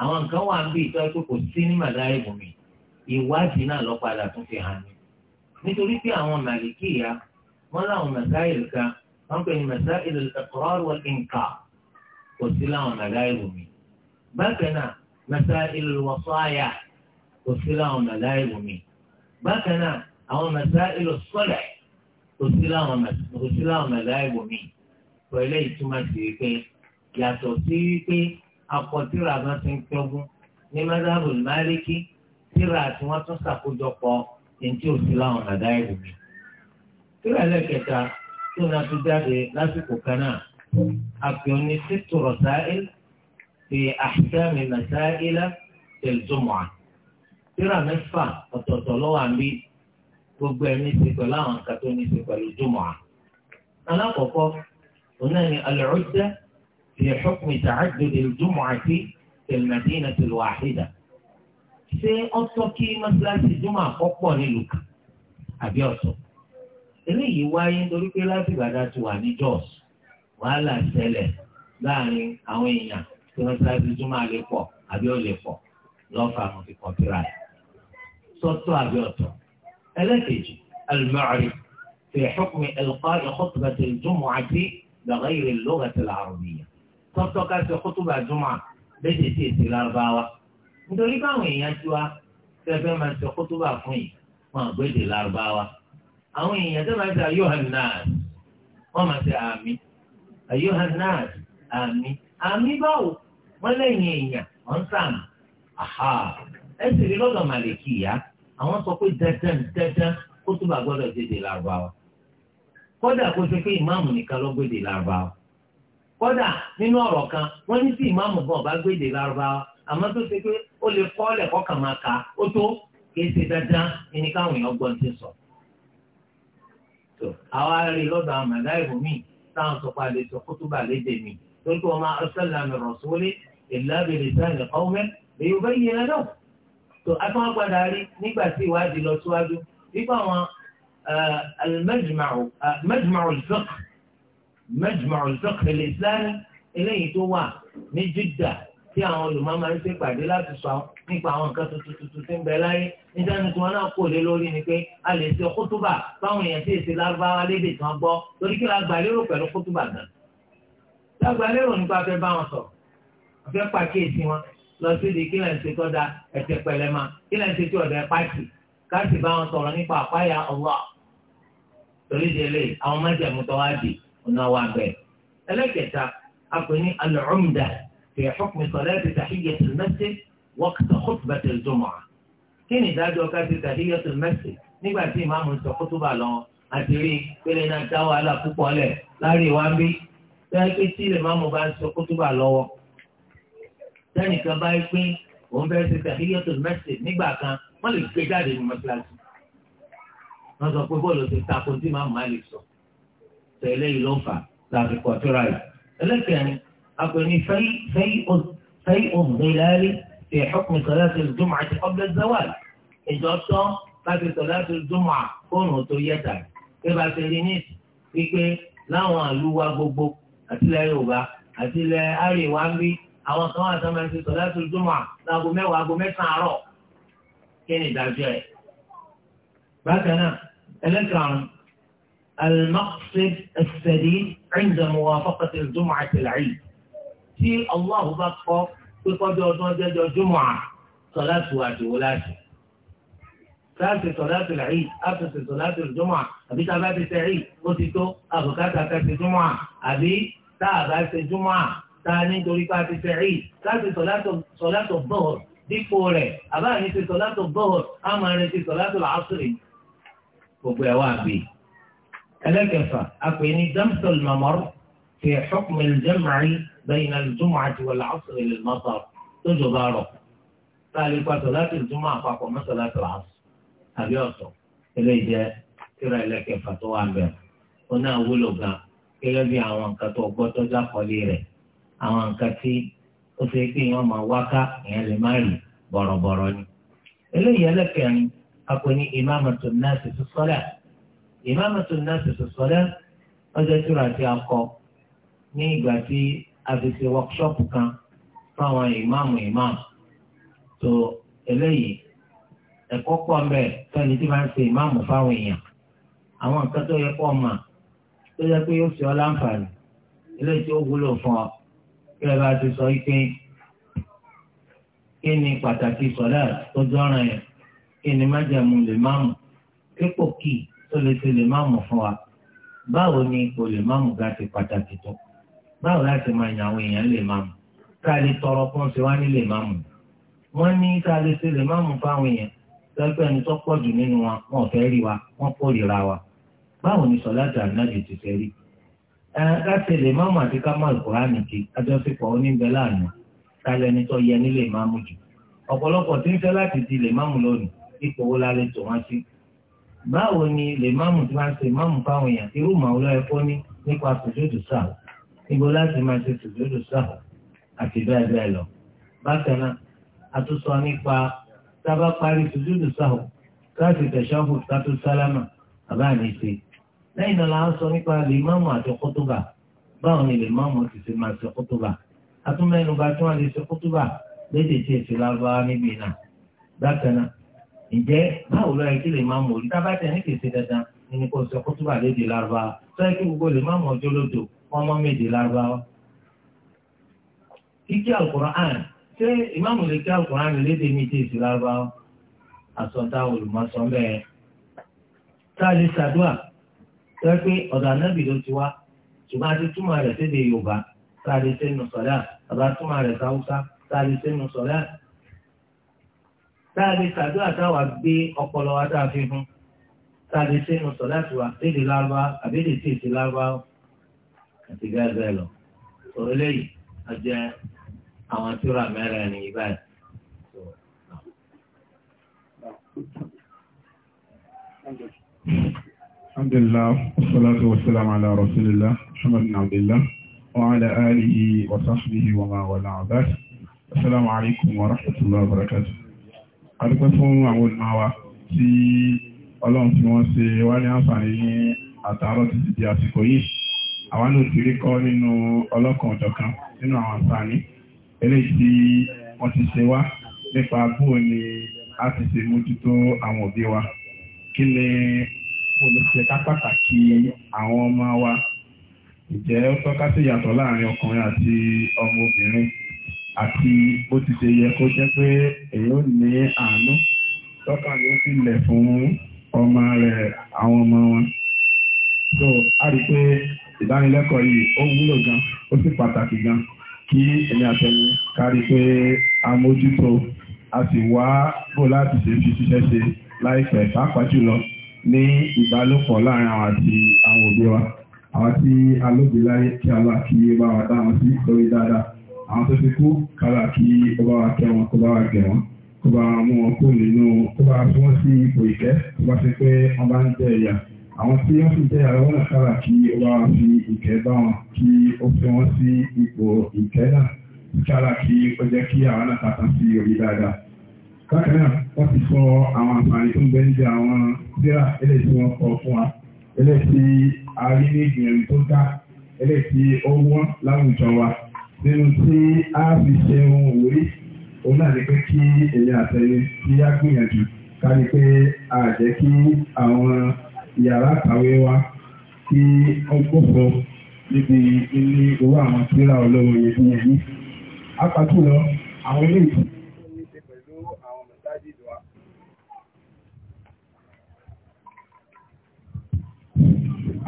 àwọn nǹkan wà ń bí ìtọ́ ìwádìí náà lọ padà tún fi hàn mí nítorí pé àwọn màlìkíyà wọn láwọn mẹsáìlì kan wọn pè ní mẹsáìlì al-iqrar wal-inkar kò sí láwọn màláìlì mi bákan náà mẹsáìlì al-wasaya kò sí láwọn màláìlì mi bákan náà àwọn mẹsáìlì as kò sí láwọn màláìlì mi pẹ̀lú ìtumọ̀ sí pé yàtọ̀ sí pé akọ̀tìrà bá ti ń pẹ́gun ní mẹ́tàbùl máríkì tíra tí wọ́n tún ṣàkójọpọ̀ ẹ̀ńtí òsì láwọn àdá ìlú mi. tíra ẹlẹ́kẹta tí wọ́n tún jáde lásìkò kan náà àfihàn ní títù rọ̀sáìl fi àṣìkámi nàṣáìlá tẹ̀lẹ́tọ̀mọ̀à. tíra mẹ́fà ọ̀tọ̀ọ̀tọ̀ lọ́wọ́ àmì gbogbo ẹ̀ ní ti pẹ̀lú àwọn kan tó ní ti pẹ̀lú jùmọ̀à. alákọ̀ọ́kọ́ òun ni al-'udda fi hukmi ṣé ọ̀tọ̀ kí mọ́ṣáláṣí júmọ̀ àkọ́pọ̀ nílùú kan àbí ọ̀tọ̀ eléyìí wáyé nítorí pé láti Ìbàdàn ti wà ní Jos wàhálà ṣẹlẹ̀ láàrin àwọn èèyàn tí mọ́ṣáláṣí júmọ̀ àlè pọ̀ àbí ọ̀lẹ̀ pọ̀ lọ́fà àwọn ti kọ̀pìrà rẹ̀ sọ́tọ̀ àbí ọ̀tọ̀ ẹlẹ́kejì alùmọ́ọ̀rì fi hukmi ilqa'i khutbati al-jumu'ati bighayri al-lughati al-arabiyyah sọ́tọ̀ ká ṣe bẹ́ẹ̀ ti ti ti nítorí káwọn èèyàn tí wa tẹ́fẹ́ máa sọ kó tó bá fún yìí wọn àgbẹ̀dẹ̀ lárúbáwá àwọn èèyàn tó máa ń sọ ayohanas wọn máa sọ àmì ayohanas àmì àmì báwo wọn lẹ́yìn èèyàn wọn sàn áhà ẹ sì rí lọ́dọ̀ màlẹ́kì yá àwọn sọ pé dandan dandan kó tó bá gbọ́dọ̀ gbèdè lárúbáwá kódà kó ṣe pé ìmáàmù nìkan ló gbèdè lárúbáwá kódà nínú ọ̀rọ̀ kan wọ́n ní sí ìmáàmù kan ọ̀bá gbèdè lárúbáwá àmọ́ tó ṣe pé ó lè kọ́ lẹ́kọ́ kàn máa ka ó tó kì í ṣe dandan ẹni káwọn èèyàn gbọ́n ti sọ. àwa rí lọ́dọ̀ àwọn màdá ìbòmí táwọn sọpá lè sọ kó tó bà léde mi tó tó ọmọ ọ̀sẹ̀lámì rọ̀sọ́lé ìlàbẹ̀rẹ̀ sáyẹn kọ́wẹ́ èyí ò bẹ́ yẹ ẹ náà. tó atọ́wọ́n padà rí nígbà tí ìwádìí lọ síwájú wípé àwọn mẹ́jùmáwò ìfẹ́k tí àwọn olùmọ̀ máa ń ṣe pàdé láti sọ nípa àwọn nǹkan tuntun tuntun tí ń bẹ láyé níta ni tí wọn náà kò lé lórí ni pé a lè ṣe kótóbà báwọn èèyàn sì ṣe lárúbáwá lédè tí wọn gbọ́ torí kí la gbà lérò pẹ̀lú kótóbà gan. lágbà lérò nípa afẹ́ bá wọn sọ̀rọ̀ afẹ́ pàkíyèsí wọn lọ sí di kí lẹ́yìn ṣe tó da ẹ̀tẹ̀ pẹ̀lẹ́ ma kí lẹ́yìn ṣe tí ọ̀dẹ̀ pàṣì káàsì bá wọn sọ̀rọ̀ nípa àpáyà Allah torí délé àwọn májèmú tó wá di ọ̀nà wa bẹ̀. ẹlẹ́kẹta a pè ní al-umda في حكم صلاة تحية المسجد وقت خطبة الجمعة kí ni ìdájọ́ ká ti tahiyatul masjid nígbà tí ìmáàmù ń sọ kútúbà lọ àti rí pélé náà dá wàhálà púpọ̀ lẹ̀ láàrin wa ń bí bẹ́ẹ̀ pé tí ìmáàmù bá ń sọ kútúbà lọ́wọ́ sẹ́nìkan bá yí pé òun bẹ́ẹ̀ ti tahiyatul masjid nígbà kan wọ́n lè gbé jáde ní mọ́tíláṣí wọ́n sọ pé bọ́ọ̀lù ti takò tí ìmáàmù má lè sọ tẹ̀lé yìí ló fà láti kọ̀ tó ra yìí ẹlẹ́kẹ̀rin أبني في في في الظلال في حكم صلاة الجمعة قبل الزوال إذا أتى في صلاة الجمعة كونه تويتا إبا سيدينيس إيك لاوا لوا بوبو أتلا يوبا أتلا أري وامبي أو صلاة من في صلاة الجمعة لابو ميو أبو ميو سعرو كيني داجي بعدنا الإكرام المقصد السديد عند موافقة الجمعة العيد tí Allah bá kọ́ pé kọ́jọ́ ọdún ọjọ́jọ́ júmọ̀ à sọ̀lá tù àdìwó láti. láti sọ̀lá tù làyí àti sọ̀lá tù júmọ̀ à àbí tá a bá ti ṣe rí ó ti tó àbùkátà ká ṣe júmọ̀ à àbí tá a bá ṣe júmọ̀ à tá a ní torí pé ti ṣe rí láti sọ̀lá tù bọ́ọ̀ dípò rẹ̀ àbá ní ti sọ̀lá tù bọ́ọ̀ á máa ti sọ̀lá tù làásùrì gbogbo ẹ̀ wá bí. ẹlẹ́kẹ̀fà àpè ní dámsọ̀l mamọ́r fi hukm بين الجمعة والعصر للمطر تجو بارو قال صلاة الجمعة فاقو صلاة العصر أبي أصو إلي جاء ترى لك فتوى بير هنا أولو كان إلي بي عوان كتو قوتو جا قليل عوان كتي وسيكي يوم واكا يعني مالي بارو باروني إلي يلك يعني أكوني إمامة الناس في الصلاة إمامة الناس في الصلاة أجل ترى في أقو ní ìgbà tí àbèsè workshop kan fáwọn ìmáàmù ìmáàmù tó eléyìí ẹ̀kọ́ pọ̀ mbẹ́ fẹ́ni tí wọ́n ń ṣe ìmáàmù fáwọn èèyàn àwọn nǹkan tó yẹ pọ̀ mà tó yẹ pé yóò ṣe ọ́ láǹfààní eléyìí tí ó wúlò fún ọ kí ẹ bá ti sọ pé kí ni pàtàkì sọ̀dá tó jọ́ràn yẹn kí ni májàmú lè máàmù kípò kì tó lè ṣe lè máàmù fún wa báwo ni ipò lè máàmù ga ti pàtàkì tó kù báwo láti máa yàn àwọn èèyàn lè máa mú ká lè tọrọ kún sí wá nílé máa mú wọn ní ká lè ṣe lè máa mú fáwọn èèyàn lọ́gbẹ́ ẹni tó pọ̀ jù nínú wa wọn ò fẹ́ rí wa wọn kórìíra wa báwo ni sọ láti ànájì ti fẹ́ rí ẹ láti lè máa mú àti ká máa kúrá nìkí àjọṣepọ̀ oníbẹ̀ láàánú ká lẹni tó yẹ nílé máa mú jù ọ̀pọ̀lọpọ̀ tí ń fẹ́ láti di lè máa mú lónìí ipò wo la lè tò wọ́n sí báwo ni lè máa mú tí wọ́n ṣe máa mú fáwọn èèyàn irú màá lọ́ọ́ ẹ̀kọ́ ní nípa sòjòjò sáà ibo láti máa ṣe tòjúdù sáà àti bẹ́ẹ̀ bẹ́ẹ̀ lọ. bákan náà a tún sọ nípa sábà parí tòjúdù sáà káàsì tẹ̀sánfò kátó sálámà àbá àníṣe. lẹ́yìn náà la ń sọ nípa lèmọ́ọ̀mù àti kótóbà báwọn ni lèmọ́ọ̀mù ti ṣe máa ṣe kótóbà. a tún mẹ́nu bà tí wọ́n lè ṣe kótóbà léde tí èsì lágbára níbi náà. bákan náà ǹjẹ́ báwo ló yẹ kí orí tábàtẹ̀ ní kèsì wọ́n mọ̀ méje lárúbáwá. kíkí alukur'an ṣé ìmáàmù lè kí alukur'an lédè méje sí lárúbáwá àsọ̀tà olùmọ̀sán bẹ́ẹ̀. tá a lè ṣàdúrà sọ pé ọ̀dọ̀ anábì ló ti wá ṣùgbọ́n a ti túmọ̀ rẹ̀ séde yorùbá tá a lè ṣe nù sọ̀dá àbá túmọ̀ rẹ̀ sáwúsá tá a lè ṣe nù sọ̀dá tá táwa gbé ọpọlọ wa tá fi hun tá a lè tiwa lédè lárúbáwá àbí lè ṣe lárúbáwá àti bẹ́ẹ̀ bẹ́ẹ̀ lọ. Sọ̀rọ̀ eléyìí a jẹ́ àwọn tírà mẹ́rin ní ibàdí. الحمد لله والصلاة والسلام على رسول الله محمد بن عبد الله وعلى آله وصحبه وما والاه بعد السلام عليكم ورحمة الله وبركاته adúpẹ́ fún àwọn olùmọ̀wá tí ọlọ́run tí wọ́n ṣe wá ní àǹfààní àtàárọ̀ títí di àsìkò yìí àwọn ló ti rí kọ́ nínú ọlọ́kan ọ̀jọ̀kan nínú àwọn àǹfààní eléyìí tí wọ́n ti ṣe wá nípa bóò ni a ti ṣe mójútó àwọn òbí wa kí ni bóò ló ṣe ká pàtàkì àwọn ọmọ wa ìjẹ́ ó tọ́ka sí ìyàtọ̀ láàrin ọkùnrin àti ọmọ obìnrin àti bó ti ṣe yẹ kó jẹ́ pé èyí ò ní àánú tọ́ka ló sì lẹ̀ fún ọmọ rẹ̀ àwọn ọmọ wọn. so a rí pé ìdánilẹ́kọ̀ọ́ yìí ó wúlò gan ó sì pàtàkì gan kí èmi àtẹnu kárí pé a mójútó a sì wá bò láti ṣe fi ṣiṣẹ́ ṣe láìpẹ́ pàápàá jùlọ ní ìbálòpọ̀ láàrin àwọn àti àwọn òbí wa àwọn tí alóbi láyé kí alá kí bá wa dá wọn sí lórí dáadáa àwọn tó ti kú kálá kí ó bá wa kẹ́ wọn kó bá wa gẹ̀ wọn kó bá wọn mú wọn kó nínú kó bá wọn sí ipò ìkẹ́ tó bá ti pé wọn bá ń jẹ ìyà àwọn tí wọ́n sì jẹ́ àwọn ọ̀sára kí ó wá fi ìkẹ́ bá wọn kí ó fi wọ́n sí ipò ìkẹ́ náà sára kí ó jẹ́ kí àwọn alákàtà sí orí dáadáa. Bákan náà, wọ́n ti sọ àwọn àǹfààní tó ń bẹ níbi àwọn síra eléyìí tí wọ́n kọ fún wa, eléyìí tí a rí ní ìgbìyànjú tó dá, eléyìí tí ó wọ́n láwùjọ wa. Nínú tí a fi ṣe ohun òrí, òun náà ni pé kí èyí àtẹ̀yẹ kí á gbìyànjú ká ní pé a àwọn yàrá kàwé wa kí ọgbọ́fọ́ níbi ilé owó àwọn tíra olówó iyebíye yìí. Apàtó lọ àwọn ilé ìtù.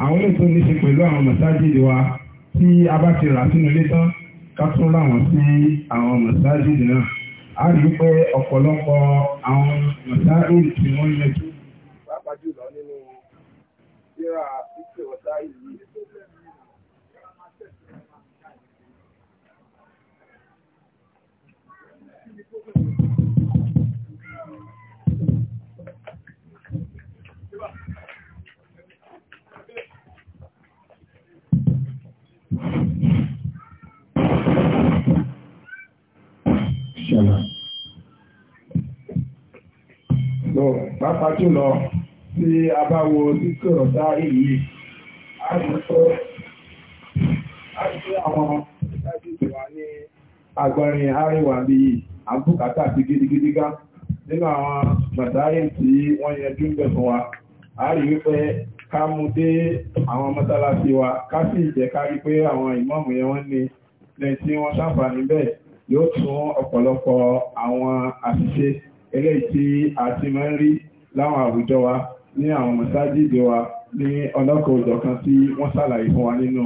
Àwọn ilé tó ní ṣe pẹ̀lú àwọn mọ̀sájìdì wa tí a bá ti rà sínú ilé tán ká tún láwọn sí àwọn mọ̀sájìdì náà. A rí pé ọ̀pọ̀lọpọ̀ àwọn mọ̀sájìdì tí wọ́n yẹjú. Pàápàá jùlọ there are pictures Não, vai partir Shalom. tí a bá wo síkọ̀rọ̀ sáré yìí a ti sọ àwọn ìdájú tó wà ní agbárin àríwá bí àbúkátà àti gidigidi gá nínú àwọn mọ̀sáyé tí wọ́n yẹjú ń bẹ̀ fún wa a rí wípé ká mú dé àwọn mọ́sálásí wa ká sì jẹ́ ká rí pé àwọn ìmáàmù yẹn wọ́n ní lẹ́yìn tí wọ́n ṣàǹfààní bẹ́ẹ̀ yóò tún ọ̀pọ̀lọpọ̀ àwọn àṣìṣe eléyìí tí a ti máa ń rí láwọn àwùjọ wa ní àwọn mọ̀sájídé wa ní ọlọ́kọ̀ òjò kan tí wọ́n sàlàyé fún wa nínú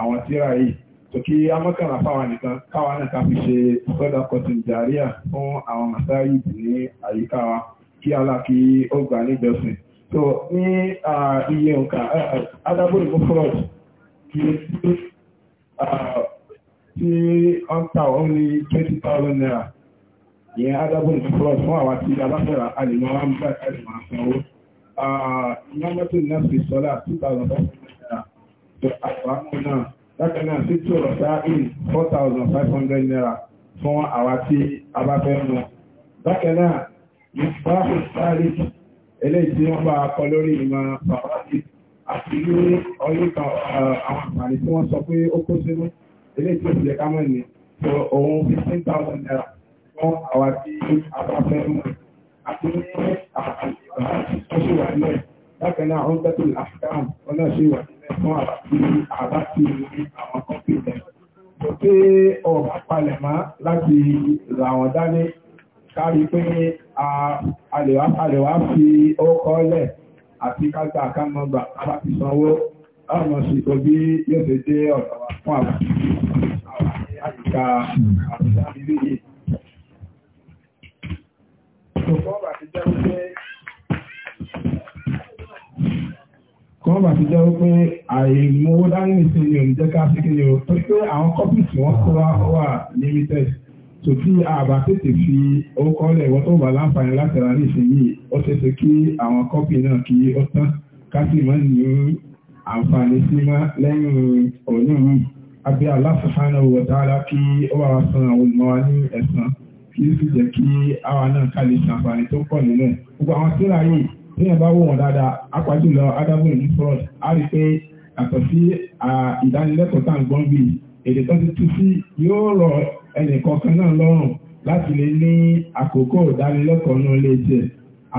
àwọn tíra yìí tó kí a mọ́kànlá fáwa nìkan káwa náà ká fi ṣe sọ́dọ̀kọ̀tún jàríà fún àwọn mọ̀sájídé ní àyíká wa kí aláàkí ó gbà níjọsìn tó ní iye nǹkan adábòrò fún fraud kí tí wọ́n ta ó ní 20,000 naira ìyẹn adábòrò fún fraud fún àwa tí aláfẹ́ra alìmọ́ wa ń bá àlìmọ́ àfẹ́wọ́ ìmọ́mọ́tò náà fi sọ́lá 2,500 naira tó àpamọ́ náà lákanáà sí tí ọ̀rọ̀ sáàrín 4,500 naira fún àwa tí a bá fẹ́ mọ́ bákanáà ìfáàfù sáàrí eléyìí tí wọ́n bá kọ lórí ìmọ̀ pàpàtì àti ní ọdún kan eh, àwọn àǹfààní tí wọ́n sọ pé ó kó sínú eléyìí tí ó fi ẹ̀ká mọ́ ní ohun 15,000 naira fún àwa tí a bá fẹ́ mọ́ àti tó ṣe wà nílẹ̀ bákan náà àwọn tẹ́tù àfikáhùn wọn náà ṣe wà nílẹ̀ fún àbátí àbátí àwọn kọ́pìtẹ̀ kò pé ọ̀bá palẹ̀ mọ́ láti ra wọn dání kárí pé àlèwà fi ọkọ̀ lẹ̀ àti kágbà kámọ́gbà àbátí sanwó ọmọ sí òbí yóò ṣe dé ọ̀dọ̀ wa fún àbátí àyíká àbátí kọ́ọ̀bà ti jẹ́ wípé àìmówó dání nìṣe ni òun jẹ́ ká sí kí ni o tó pé àwọn copies wọ́n kó wá wà limited tó tí àbá tètè fi orúkọ lẹ̀ wọ́n tó wà láǹfààní láti ra nìṣe yìí ó ṣeéṣe kí àwọn copy náà kí ó tán ká sì mọ́ ní àǹfààní sí mọ́ lẹ́yìn òní yìí abẹ́ Allah subhanahu wa ta'ala kí ó wà wá san àwọn olùmọ́ wa ní ẹ̀san kì í sì jẹ́ kí àwa náà ká lè ṣàǹfààní tó pọ̀ nílẹ̀ gbogbo àwọn síra yìí tí yẹn bá wò wọ́n dáadáa apájùlọ adágún ìlú fraud á rí pé yàtọ̀ sí ìdánilẹ́kọ̀ọ́ tá à ń gbọ́n bí èdè tó ti tú sí yóò rọ ẹnìkọ̀ọ̀kan náà lọ́rùn láti lè ní àkókò ìdánilẹ́kọ̀ọ́ náà lè jẹ́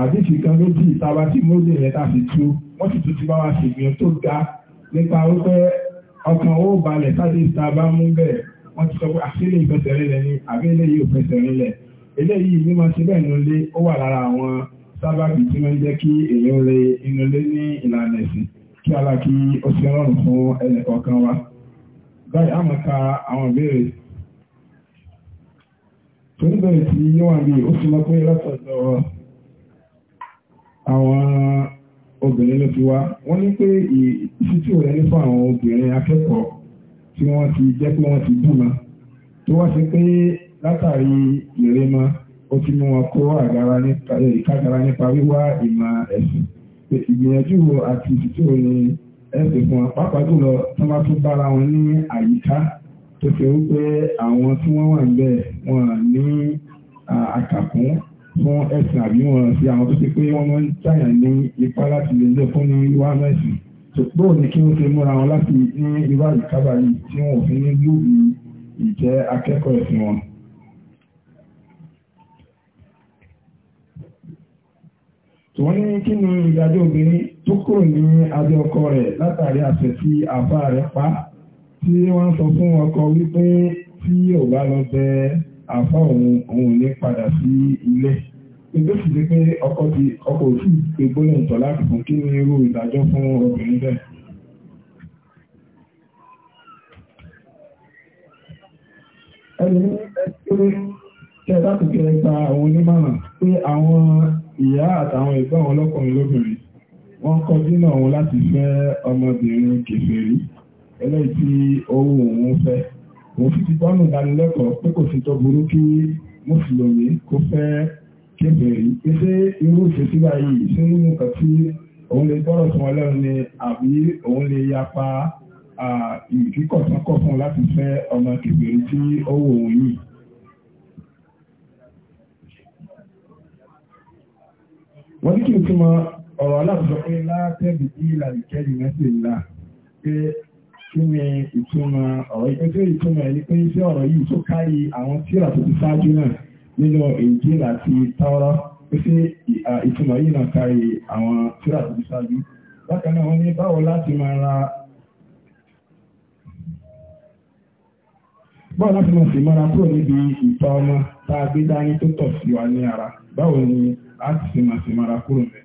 àdìsí kan méjì ìtaba tí mọ́lẹ̀ rẹ̀ ta fi tú wọ́n sì tún ti bá wa ṣègbìyàn tó ga nípa wípé ọkàn ó balẹ̀ wọ́n ti sọ pé àṣílẹ̀ ah, ìfẹsẹ̀rinlẹ̀ ni àbí eléyìí ò fẹsẹ̀rinlẹ̀ eléyìí ní máa ṣe bẹ́ẹ̀ nílé ó wà lára àwọn sábàbí tí wọ́n jẹ́ kí èèyàn rẹ inú lé ní ìlànà ẹ̀sìn kí ala kí ó ṣe rọrùn fún ẹnì kọ̀ọ̀kan wa báyìí a máa ka àwọn ìbéèrè tó ń bẹ̀rẹ̀ sí yíwà bí ó sì pé látọ̀dọ̀ àwọn obìnrin ló fi wá wọ́n ní pé ìsítí òrẹ́ ní fún àwọn obìnrin akẹ́kọ̀ọ́ tí wọ́n ti jẹ́ pé wọ́n ti búra tó wá sí pé látàrí ìrema ó ti mú wọn kó ìkágara nípa wíwá ìmọ̀ ẹ̀sìn ìgbìyànjú àti ìsìtò ni ẹ̀sìn fún wọn pàápàá jùlọ tó bá tún bára wọn ní àyíká tó fi wípé àwọn tí wọ́n wà ń bẹ̀ wọn ní àkàkún fún ẹ̀sìn àbí wọn sí àwọn tó ti pé wọ́n máa ń jàyàn ní ipá láti lè lé fún ní wàhálà ẹ̀sìn bóò ní kí wọ́n ti múra wọn láti ní irú àyíkábà yìí tí wọ́n fi ní lóbi ìjẹ́ akẹ́kọ̀ọ́ ẹ̀sìn wọn. tòun ní kí ni ìdájọ́ obìnrin tó kúrò ní abẹ́ ọkọ rẹ̀ látàrí àṣẹ tí àbá rẹ̀ pa tí wọ́n sọ fún ọkọ wípé tí ò bá lọ bẹ àfá òun òun ní padà sí ilé. Ìgbé sì ti pé ọkọ ti ọkọ òfin pé bóyá ìtọ̀ láti fún kí ni irú ìdájọ́ fún obìnrin bẹ́ẹ̀. Ẹni ẹgbẹ́ tẹ láti kẹ gba àwọn onímọ̀ràn pé àwọn ìyá àtàwọn ẹ̀gbọ́n àwọn ọlọ́kùnrin lóbìnrin wọ́n kọ dínà òun láti fẹ́ ọmọbìnrin kèfèrí ẹlẹ́yìí tí owó òun fẹ́. Òun fi ti tọ́nù ìdánilẹ́kọ̀ọ́ pé kò sí tó burú kí Mùsùlùmí kó fẹ́ kébèrè iṣẹ́ irú ìṣẹ́síwá yìí ṣe nínú kan tí òun lè gbọ́rọ̀ sún ọlọ́run ni àbí òun lè yapa ìkíkọ̀sánkọ̀ fún láti fẹ́ ọmọ kébèrè tí ó wò òun yìí wọ́n ní kí n túnmọ̀ ọ̀rọ̀ aláàbùsọ pé látẹ́bì tí ìlànà ìkẹ́lì mẹ́sì ńlá pé kí ni ìtumọ̀ ọ̀rọ̀ ìpẹ́sẹ̀ ìtumọ̀ ẹni pé iṣẹ́ ọ̀rọ̀ yìí tó kárí àwọn tíra tó ti ṣáájú náà nínú Injil àti Tàórà pèsè ìtumọ̀ yìí náà kárí àwọn tírà tó ṣáájú bákan náà wọ́n ní báwo láti máa ra báwo láti máa sì mọ́ra kúrò níbi ìtọ́ ọmọ tá a gbé dání tó tọ̀ sí wa ní ara báwo ni a ti sì máa sì mọ́ra kúrò mẹ́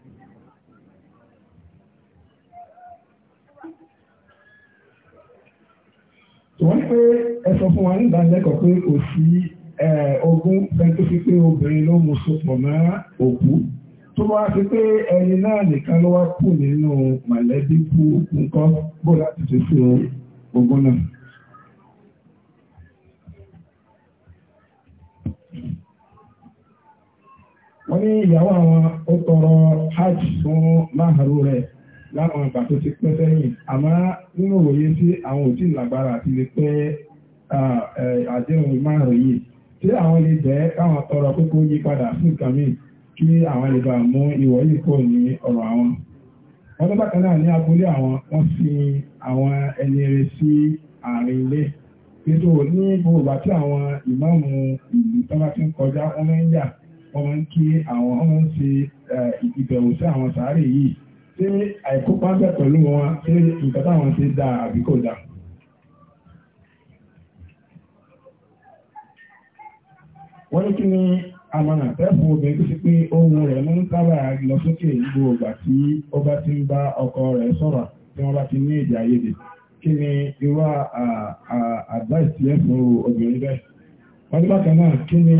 wọ́n pé ẹ sọ fún wa ní ìdánilẹ́kọ̀ọ́ pé kò sí ogún pẹ̀lú pípé obìnrin ló mú sopọ̀ mọ́ òkú tó wá fi pé ẹni náà nìkan ló wá kù nínú mọ̀lẹ́bí kú nǹkan bó láti ṣe sí ogún náà wọ́n ní ìyàwó àwọn ó tọrọ hajj fún máhàrú rẹ̀ láwọn ìgbà tó ti pẹ́ sẹ́yìn àmọ́ nínú òye sí àwọn òtí lágbára àti lè pẹ́ àdéhùn máhàrú yìí tí àwọn lè bẹ̀ẹ́ káwọn tọrọ kókó yí padà sí nǹkan míì kí àwọn lè bá mú ìwọ̀ yìí kò ní ọ̀rọ̀ àwọn wọ́n tó bákan náà ní abúlé àwọn wọ́n fi àwọn ẹni rẹ̀ sí àárín ilé ètò ní gbogbo tí àwọn ìmáàmù ìlú tó bá ti ń kọjá wọ́n máa ń yà wọ́n máa ń kí àwọn wọ́n ń ṣe ìbẹ̀wò sí àwọn sàárè yìí tí àìkópa ń bẹ̀ pẹ̀lú wọn tí nǹkan táwọn ṣe dáa àbí kò dáa wọ́n ní kí ni àmànà tẹ́fù obìnrin tó sì pé ohun rẹ̀ mú sábà lọ sókè gbogbo tí ó bá ti ń bá ọkọ rẹ̀ sọ̀rọ̀ tí wọ́n bá ti ní èdè àìyedè kí ni irú advice tí obìnrin bẹ́ẹ̀ wọ́n ní bákan kí ni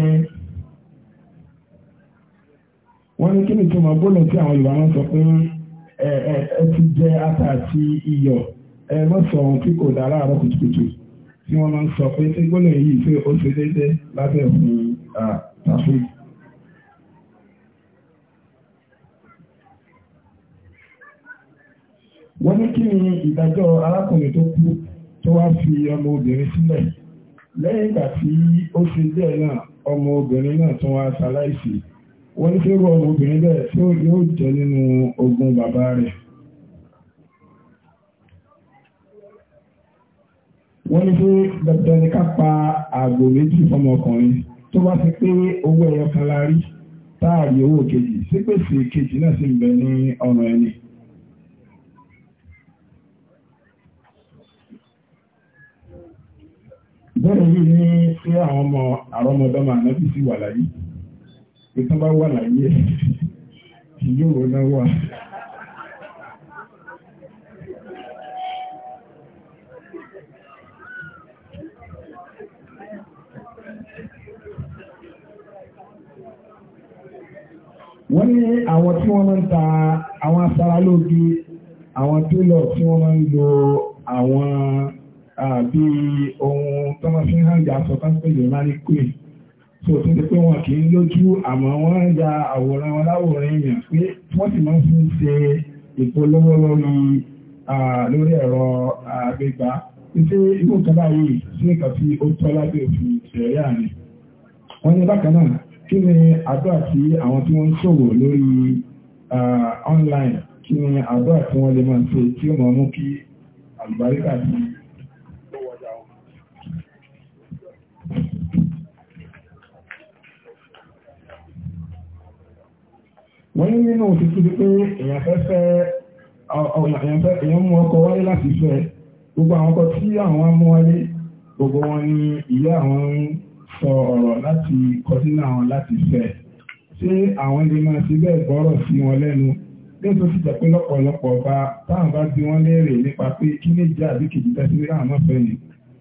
wọ́n ní kí ni àwọn sọ pé ẹ ti iyọ̀ ẹ sọ ohun tí kò tàṣí wọ́n ní kí ni ìdájọ́ arákùnrin tó kú tó wá fi ọmọ obìnrin sílẹ̀ lẹ́yìn ìgbà tí ó ṣe díẹ̀ náà ọmọ obìnrin náà tún wá ṣaláìsí wọ́n ní fẹ́rọ ọmọ obìnrin bẹ́ẹ̀ tí ó yóò jẹ nínú ogún bàbá rẹ̀ wọ́n ní fẹ́ dandan ní ká pa àgbò méjì fọmọkùnrin tó bá fi pé owó ẹyọ kan la rí táàrí owó kejì sí pèsè kejì náà sì ń bẹ ní ọ̀nà ẹni bẹ́ẹ̀ yìí ní sí àwọn ọmọ àrọ́mọdọ́mọ ànábì sí wà ìtàn bá wà láyé ìyóò náà wà wọ́n ní àwọn tí wọ́n máa ń ta àwọn asaralóge àwọn télọ̀ tí wọ́n máa ń lo àwọn àbí ohun tó máa fi ń hàn jà sọ pásítọ̀ yìí máa ní pé so tó ti pé wọn kì í lójú àmọ́ wọ́n ń ya àwòrán wọn láwòrán èèyàn pé wọ́n sì máa ń fi ń ṣe ìpolówó lórí lórí ẹ̀rọ àgbégbá títí irú kan báyìí sí nǹkan tí ó tọ́ lábẹ́ òfin ìṣẹ̀rí àárín wọ́n ní bákan náà kí ni àdúrà tí àwọn tí wọ́n ń ṣòwò lórí online kí ni àdúrà tí wọ́n lè máa ṣe tí ó máa mú kí àlùbáríkà sí wọ́n ní nínú òtútù bí pé èèyàn fẹ́ mú ọkọ wáyé láti fẹ́ gbogbo àwọn ọkọ tí àwọn mú gbogbo wọn ni ìyá àwọn sọ ọ̀rọ̀ láti kọsínà àwọn láti fẹ́ ṣé àwọn ilé máa ṣe bẹ́ẹ̀ gbọ́rọ̀ sí wọn lẹ́nu lẹ́tọ́ sí jẹ́ pé lọ́pọ̀lọpọ̀ ọba táwọn bá bí wọ́n léèrè nípa pé kí ní jẹ́ àbí kejì tẹ́sí rí àwọn ọ̀fẹ́ ni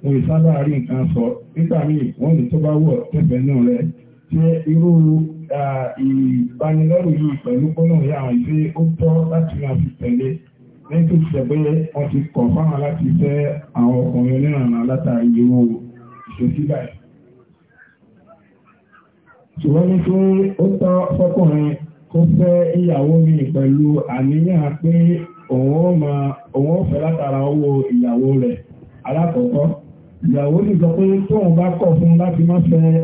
wọ́n ìsábà rí nǹkan sọ nígbà míì wọ́n ní tó bá wọ̀ tẹ́fẹ́ náà rẹ̀ ṣé irú ìbanilẹ́rù yìí pẹ̀lú gbọ́nà ìyá àwọn ìfẹ́ ó tọ́ láti máa fi tẹ̀lé lẹ́yìn tó ti jẹ́ pé wọ́n ti kọ̀ fáwọn láti fẹ́ àwọn ọkùnrin onírànà látàrí irú ìṣesí ṣùgbọ́n ní pé ó tọ́ fọ́kùnrin kó fẹ́ ìyàwó mi pẹ̀lú àníyàn pé òun ó fẹ́ látara owó ìyàwó rẹ̀ alákọ̀ọ́kọ́ ìyàwó sì sọ pé tóun bá kọ̀ fún láti má fẹ́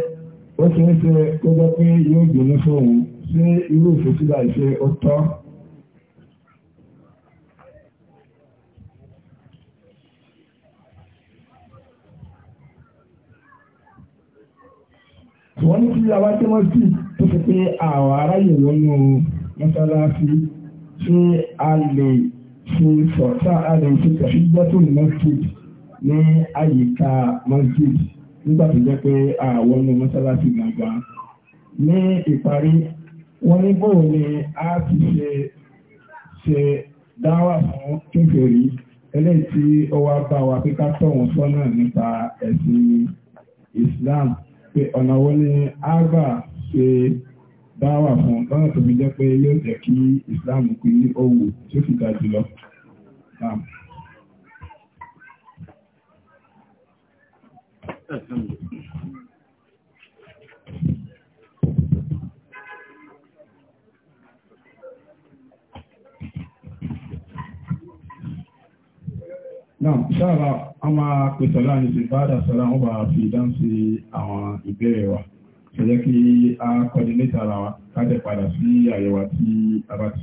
ó ṣeé ṣe kó jẹ́ pé yóò dùnú fóun sí irú ìfòsílà ìṣe ó tọ́ wọ́n ní kí abá tí wọ́n sì tó fi pé àwọn aráyè wọnú mọ́sálásí ṣé a lè ṣe sọ̀tà a lè ṣe tẹ̀sígbẹ́tò masjid ní àyíká masjid nígbà tó jẹ́ pé àwọn ọmọ mọ́sálásí gbàgbà ní ìparí wọ́n ní bóò ni a ti ṣe ṣe dáwà fún kékeré eléyìí tí ó wá bá wa pé ká sọ́nà nípa ẹ̀sìn Islam pé ọ̀nà wo ni àgbà ṣe dáwà fún lọ́nà tó fi jẹ́ pé yóò jẹ́ kí Islam pín ní owó tí ó fi ga jùlọ. náà ṣáàlá a máa pèsè láàrin sí bá dàṣọ́lá wọ́n bá fi dáhùn sí àwọn so wa ṣe jẹ́ kí a kọ́dínétà ara wa kájẹ̀ padà sí àyẹ̀wà tí a bá ti